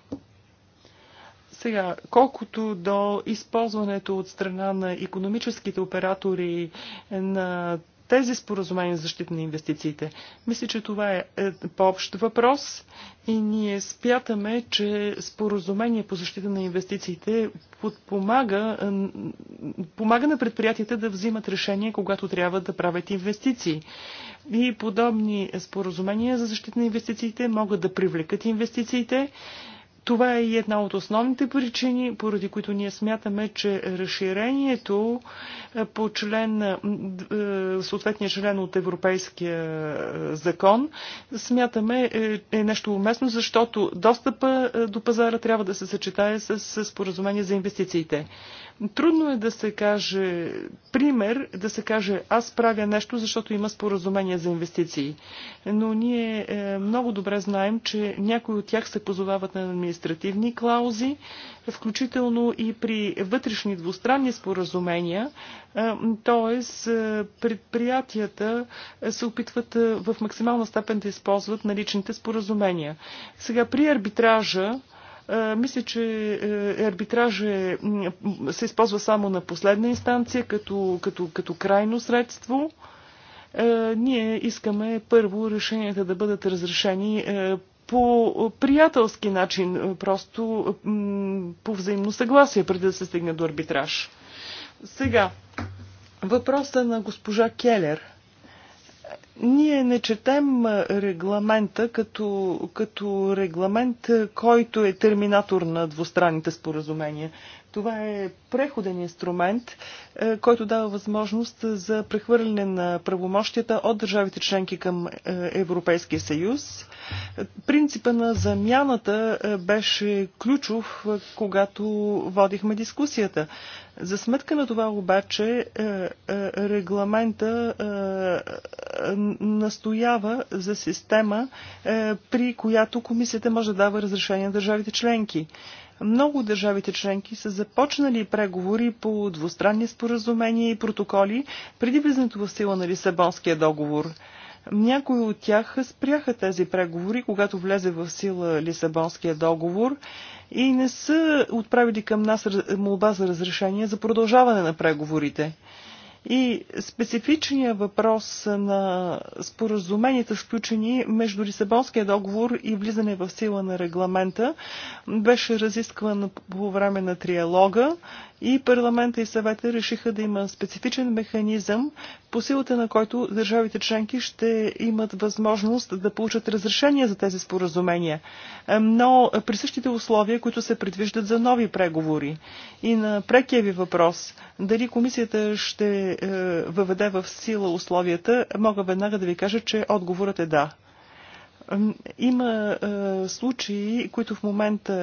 Сега, колкото до използването от страна на економическите оператори на тези споразумения за защита на инвестициите. Мисля, че това е, е по-общ въпрос и ние спятаме, че споразумение по защита на инвестициите подпомага, помага на предприятията да взимат решения, когато трябва да правят инвестиции. И подобни споразумения за защита на инвестициите могат да привлекат инвестициите това е и една от основните причини, поради които ние смятаме, че разширението е, по член, е, е, съответния член от Европейския закон, смятаме е нещо уместно, защото достъпа до пазара трябва да се съчетае с споразумение за инвестициите. Трудно е да се каже пример, да се каже аз правя нещо, защото има споразумение за инвестиции. Но ние е, много добре знаем, че някои от тях се позовават на административни клаузи, включително и при вътрешни двустранни споразумения, т.е. Е, предприятията се опитват е, в максимална степен да използват наличните споразумения. Сега при арбитража е, мисля, че е, арбитраже се използва само на последна инстанция, като, като, като крайно средство. Е, ние искаме първо решенията да бъдат разрешени по приятелски начин, просто по взаимно съгласие, преди да се стигне до арбитраж. Сега, въпроса на госпожа Келер – ние не четем регламента като, като регламент, който е терминатор на двустранните споразумения. Това е преходен инструмент, е, който дава възможност за прехвърляне на правомощията от държавите членки към е, Европейския съюз. Принципа на замяната е, беше ключов, когато водихме дискусията. За сметка на това обаче регламента настоява за система, при която комисията може да дава разрешение на държавите членки. Много държавите членки са започнали преговори по двустранни споразумения и протоколи преди влизането в сила на Лисабонския договор. Някои от тях спряха тези преговори, когато влезе в сила Лисабонския договор и не са отправили към нас молба за разрешение за продължаване на преговорите. И специфичният въпрос на споразуменията, сключени между Лисабонския договор и влизане в сила на регламента, беше разискван по време на триалога и парламента и съвета решиха да има специфичен механизъм, по силата на който държавите членки ще имат възможност да получат разрешение за тези споразумения, е, но при същите условия, които се предвиждат за нови преговори. И на прекия ви въпрос, дали комисията ще е, въведе в сила условията, мога веднага да ви кажа, че отговорът е да. Има е, случаи, които в момента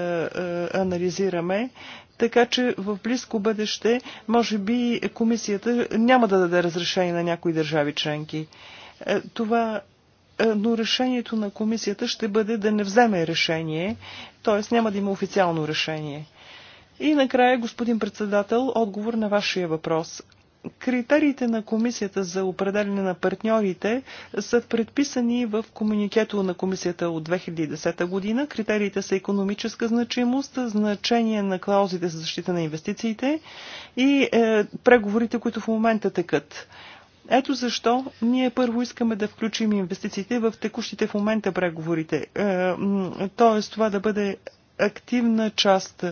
е, анализираме така че в близко бъдеще, може би, комисията няма да даде разрешение на някои държави членки. Е, това е, но решението на комисията ще бъде да не вземе решение, т.е. няма да има официално решение. И накрая, господин председател, отговор на вашия въпрос. Критериите на комисията за определене на партньорите са предписани в комуникето на комисията от 2010 година. Критериите са економическа значимост, значение на клаузите за защита на инвестициите и е, преговорите, които в момента текат. Ето защо ние първо искаме да включим инвестициите в текущите в момента преговорите. Е, тоест .е. това да бъде активна част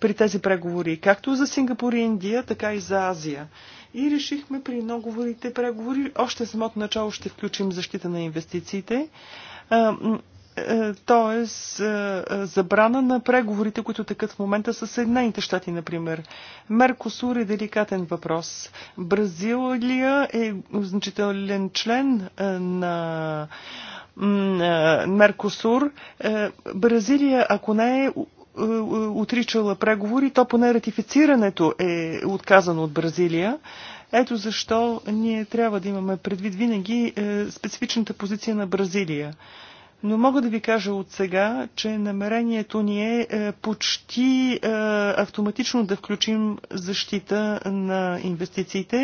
при тези преговори, както за Сингапур и Индия, така и за Азия и решихме при многоворите преговори, още самото начало ще включим защита на инвестициите, т.е. забрана на преговорите, които текат в момента с Съединените щати, например. Меркосур е деликатен въпрос. Бразилия е значителен член на Меркосур. Бразилия, ако не е е, е, отричала преговори, то поне ратифицирането е отказано от Бразилия. Ето защо ние трябва да имаме предвид винаги е, специфичната позиция на Бразилия. Но мога да ви кажа от сега, че намерението ни е, е почти е, автоматично да включим защита на инвестициите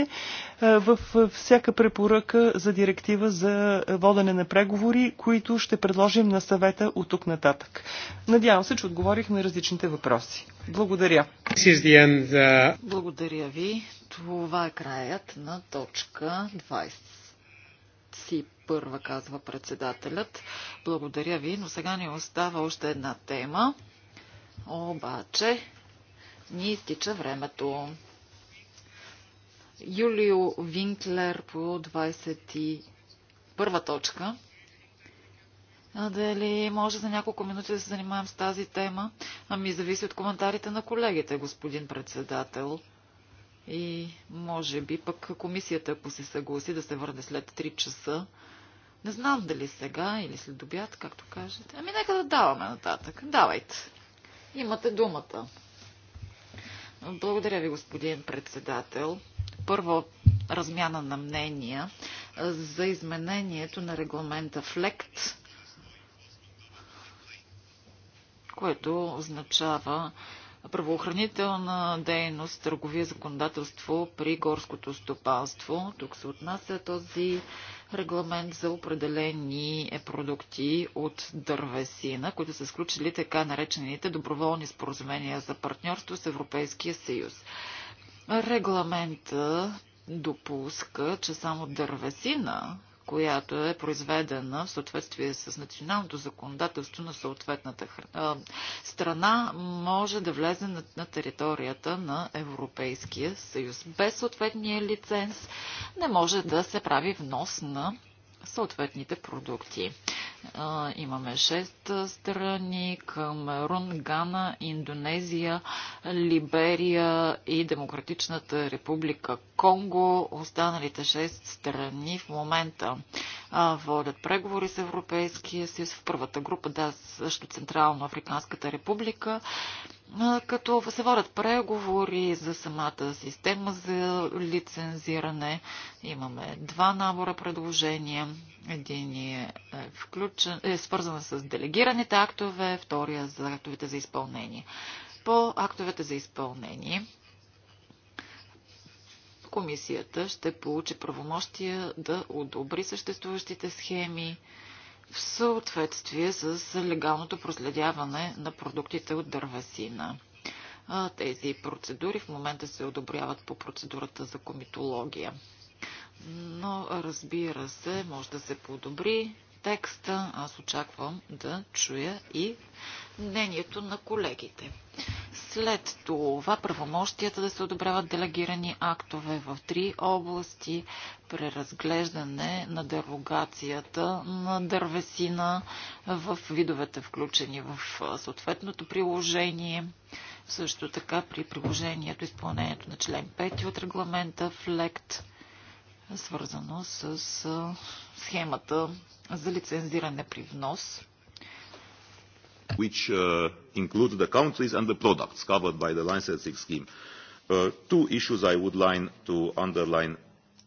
е, в всяка препоръка за директива за водене на преговори, които ще предложим на съвета от тук нататък. Надявам се, че отговорих на различните въпроси. Благодаря. Uh, Благодаря ви. Това е краят на точка 20 първа, казва председателят. Благодаря ви, но сега ни остава още една тема. Обаче, ни изтича времето. Юлио Винклер по 21 точка. дали може за няколко минути да се занимаем с тази тема? Ами зависи от коментарите на колегите, господин председател. И може би пък комисията, ако се съгласи да се върне след 3 часа, не знам дали сега или след обяд, както кажете. Ами нека да даваме нататък. Давайте. Имате думата. Благодаря ви, господин председател. Първо, размяна на мнения за изменението на регламента ФЛЕКТ, което означава правоохранителна дейност, търговия законодателство при горското стопанство. Тук се отнася този регламент за определени продукти от дървесина, които са сключили така наречените доброволни споразумения за партньорство с Европейския съюз. Регламента допуска, че само дървесина която е произведена в съответствие с националното законодателство на съответната страна, може да влезе на, територията на Европейския съюз. Без съответния лиценз не може да се прави внос на съответните продукти. Имаме 6 страни Камерун, Гана, Индонезия, Либерия и Демократичната република Конго. Останалите 6 страни в момента водят преговори с Европейския съюз. В първата група, да, също Централно Африканската република като се водят преговори за самата система за лицензиране. Имаме два набора предложения. Един е, е, включен, е свързан с делегираните актове, втория за актовете за изпълнение. По актовете за изпълнение комисията ще получи правомощия да одобри съществуващите схеми, в съответствие с легалното проследяване на продуктите от дървесина. Тези процедури в момента се одобряват по процедурата за комитология. Но, разбира се, може да се подобри текста. Аз очаквам да чуя и мнението на колегите. След това правомощията да се одобряват делегирани актове в три области, преразглеждане на дерогацията на дървесина в видовете включени в съответното приложение, също така при приложението изпълнението на член 5 от регламента в ЛЕКТ, свързано с схемата за лицензиране при внос. Which uh, include the countries and the products covered by the licensing scheme. Uh, two issues I would like to underline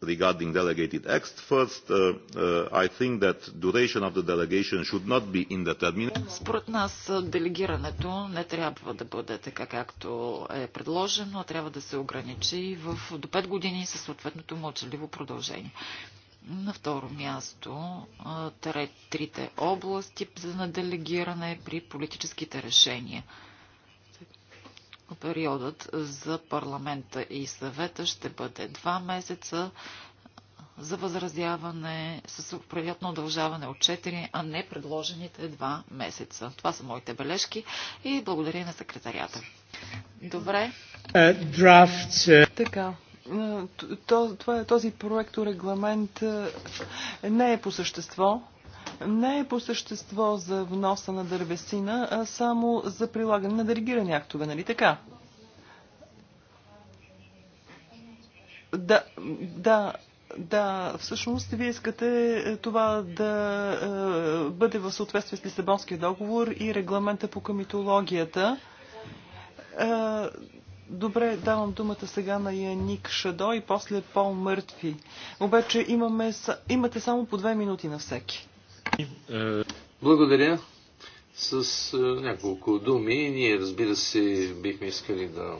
regarding delegated acts. First, uh, uh, I think that duration of the delegation should not be indeterminate. Според нас делегирането не трябва да бъде така както е предложено, а трябва да се ограничи в, до 5 години със съответното мълчаливо продължение. На второ място, трите области на делегиране при политическите решения. Периодът за парламента и съвета ще бъде два месеца за възразяване с приятно удължаване от 4, а не предложените два месеца. Това са моите бележки и благодаря на секретарията. Добре. Uh, така този проект регламент е, не е по същество не е по същество за вноса на дървесина, а само за прилагане на делегирани актове, нали така? Да, да, да, всъщност вие искате е, това да е, бъде в съответствие с Лисабонския договор и регламента по комитологията. Е, Добре, давам думата сега на Яник Шадо и после по-мъртви. Обаче имаме, имате само по две минути на всеки. Благодаря. С е, няколко думи ние, разбира се, бихме искали да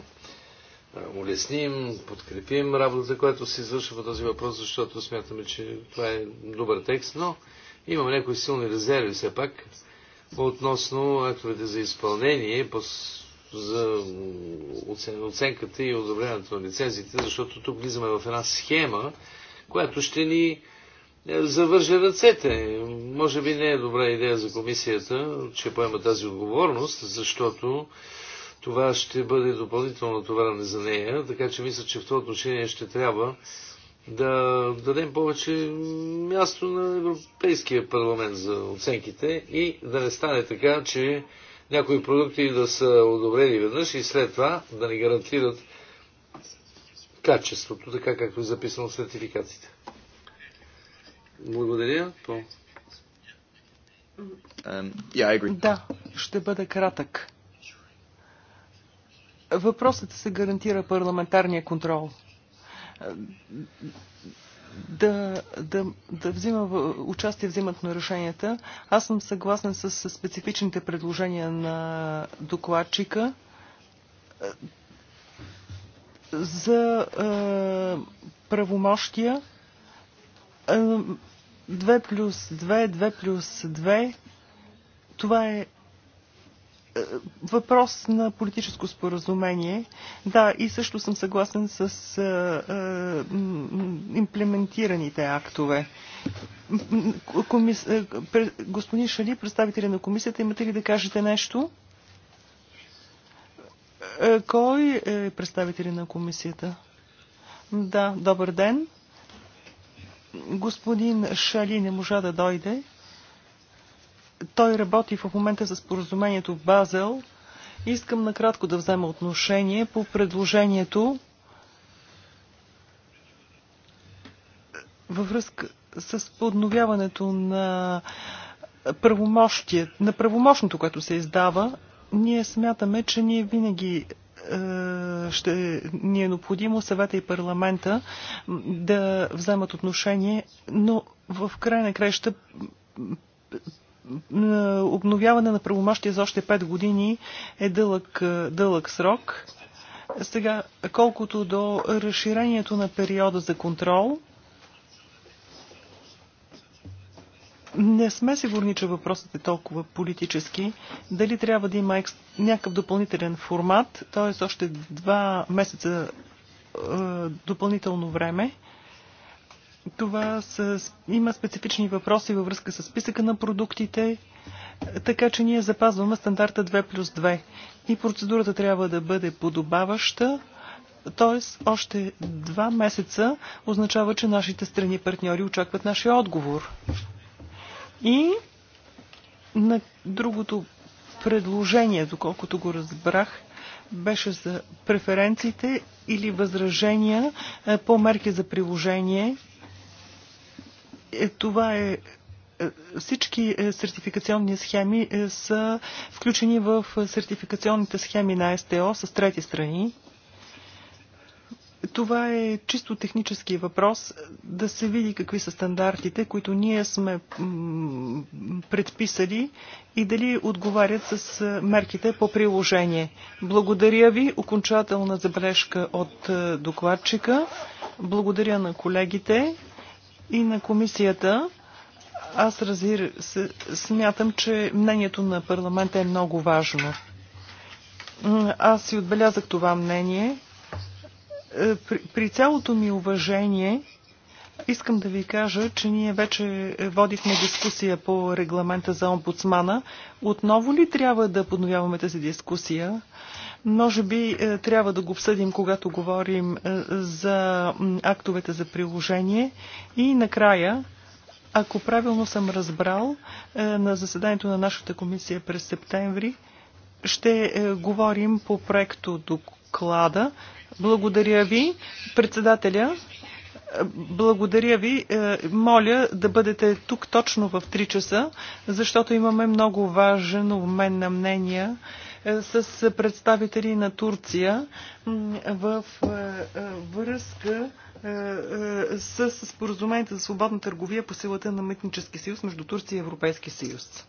е, улесним, подкрепим работата, която се извършва по този въпрос, защото смятаме, че това е добър текст, но имам някои силни резерви все пак относно актовете за изпълнение, за оценката и одобрението на лицензите, защото тук влизаме в една схема, която ще ни е, завърже ръцете. Може би не е добра идея за комисията, че поема тази отговорност, защото това ще бъде допълнително натоварване за нея, така че мисля, че в това отношение ще трябва да дадем повече място на Европейския парламент за оценките и да не стане така, че някои продукти да са одобрени веднъж и след това да не гарантират качеството, така както е записано в сертификациите. Благодаря. По... Yeah, да, ще бъда кратък. Въпросът се гарантира парламентарния контрол да, да, да взима участие в взимат на решенията. Аз съм съгласен с специфичните предложения на докладчика за е, правомощия. 2 плюс 2, 2 плюс 2. Това е въпрос на политическо споразумение. Да, и също съм съгласен с а, а, имплементираните актове. Комис... Господин Шали, представители на комисията, имате ли да кажете нещо? Кой е представители на комисията? Да, добър ден. Господин Шали не можа да дойде. Той работи в момента с поразумението в Базел. Искам накратко да взема отношение по предложението във връзка с подновяването на правомощие, на правомощното, което се издава, ние смятаме, че ние винаги е, ще ни е необходимо съвета и парламента да вземат отношение, но в край на краища обновяване на правомощия за още 5 години е дълъг, е, дълъг срок. Сега, колкото до разширението на периода за контрол, Не сме сигурни, че въпросът е толкова политически. Дали трябва да има екс... някакъв допълнителен формат, т.е. още два месеца е, допълнително време. Това са, има специфични въпроси във връзка с списъка на продуктите, така че ние запазваме стандарта 2 плюс 2 и процедурата трябва да бъде подобаваща, т.е. още два месеца означава, че нашите страни партньори очакват нашия отговор. И на другото предложение, доколкото го разбрах, беше за преференциите или възражения по мерки за приложение – е, това е, е всички е, сертификационни схеми е, са включени в сертификационните схеми на СТО с трети страни. Това е чисто технически въпрос, да се види какви са стандартите, които ние сме предписали и дали отговарят с мерките по приложение. Благодаря ви. Окончателна забележка от докладчика. Благодаря на колегите и на комисията. Аз разбира смятам, че мнението на парламента е много важно. Аз си отбелязах това мнение. Е, при, при цялото ми уважение, Искам да ви кажа, че ние вече водихме дискусия по регламента за омбудсмана. Отново ли трябва да подновяваме тази дискусия? Може би е, трябва да го обсъдим, когато говорим е, за актовете за приложение. И накрая, ако правилно съм разбрал, е, на заседанието на нашата комисия през септември ще говорим по проекто доклада. Благодаря ви, председателя. Благодаря ви. Моля да бъдете тук точно в 3 часа, защото имаме много важен обмен на мнения е, с представители на Турция в е, е, връзка с споразумението за свободна търговия по силата на Митнически съюз между Турция и Европейски съюз.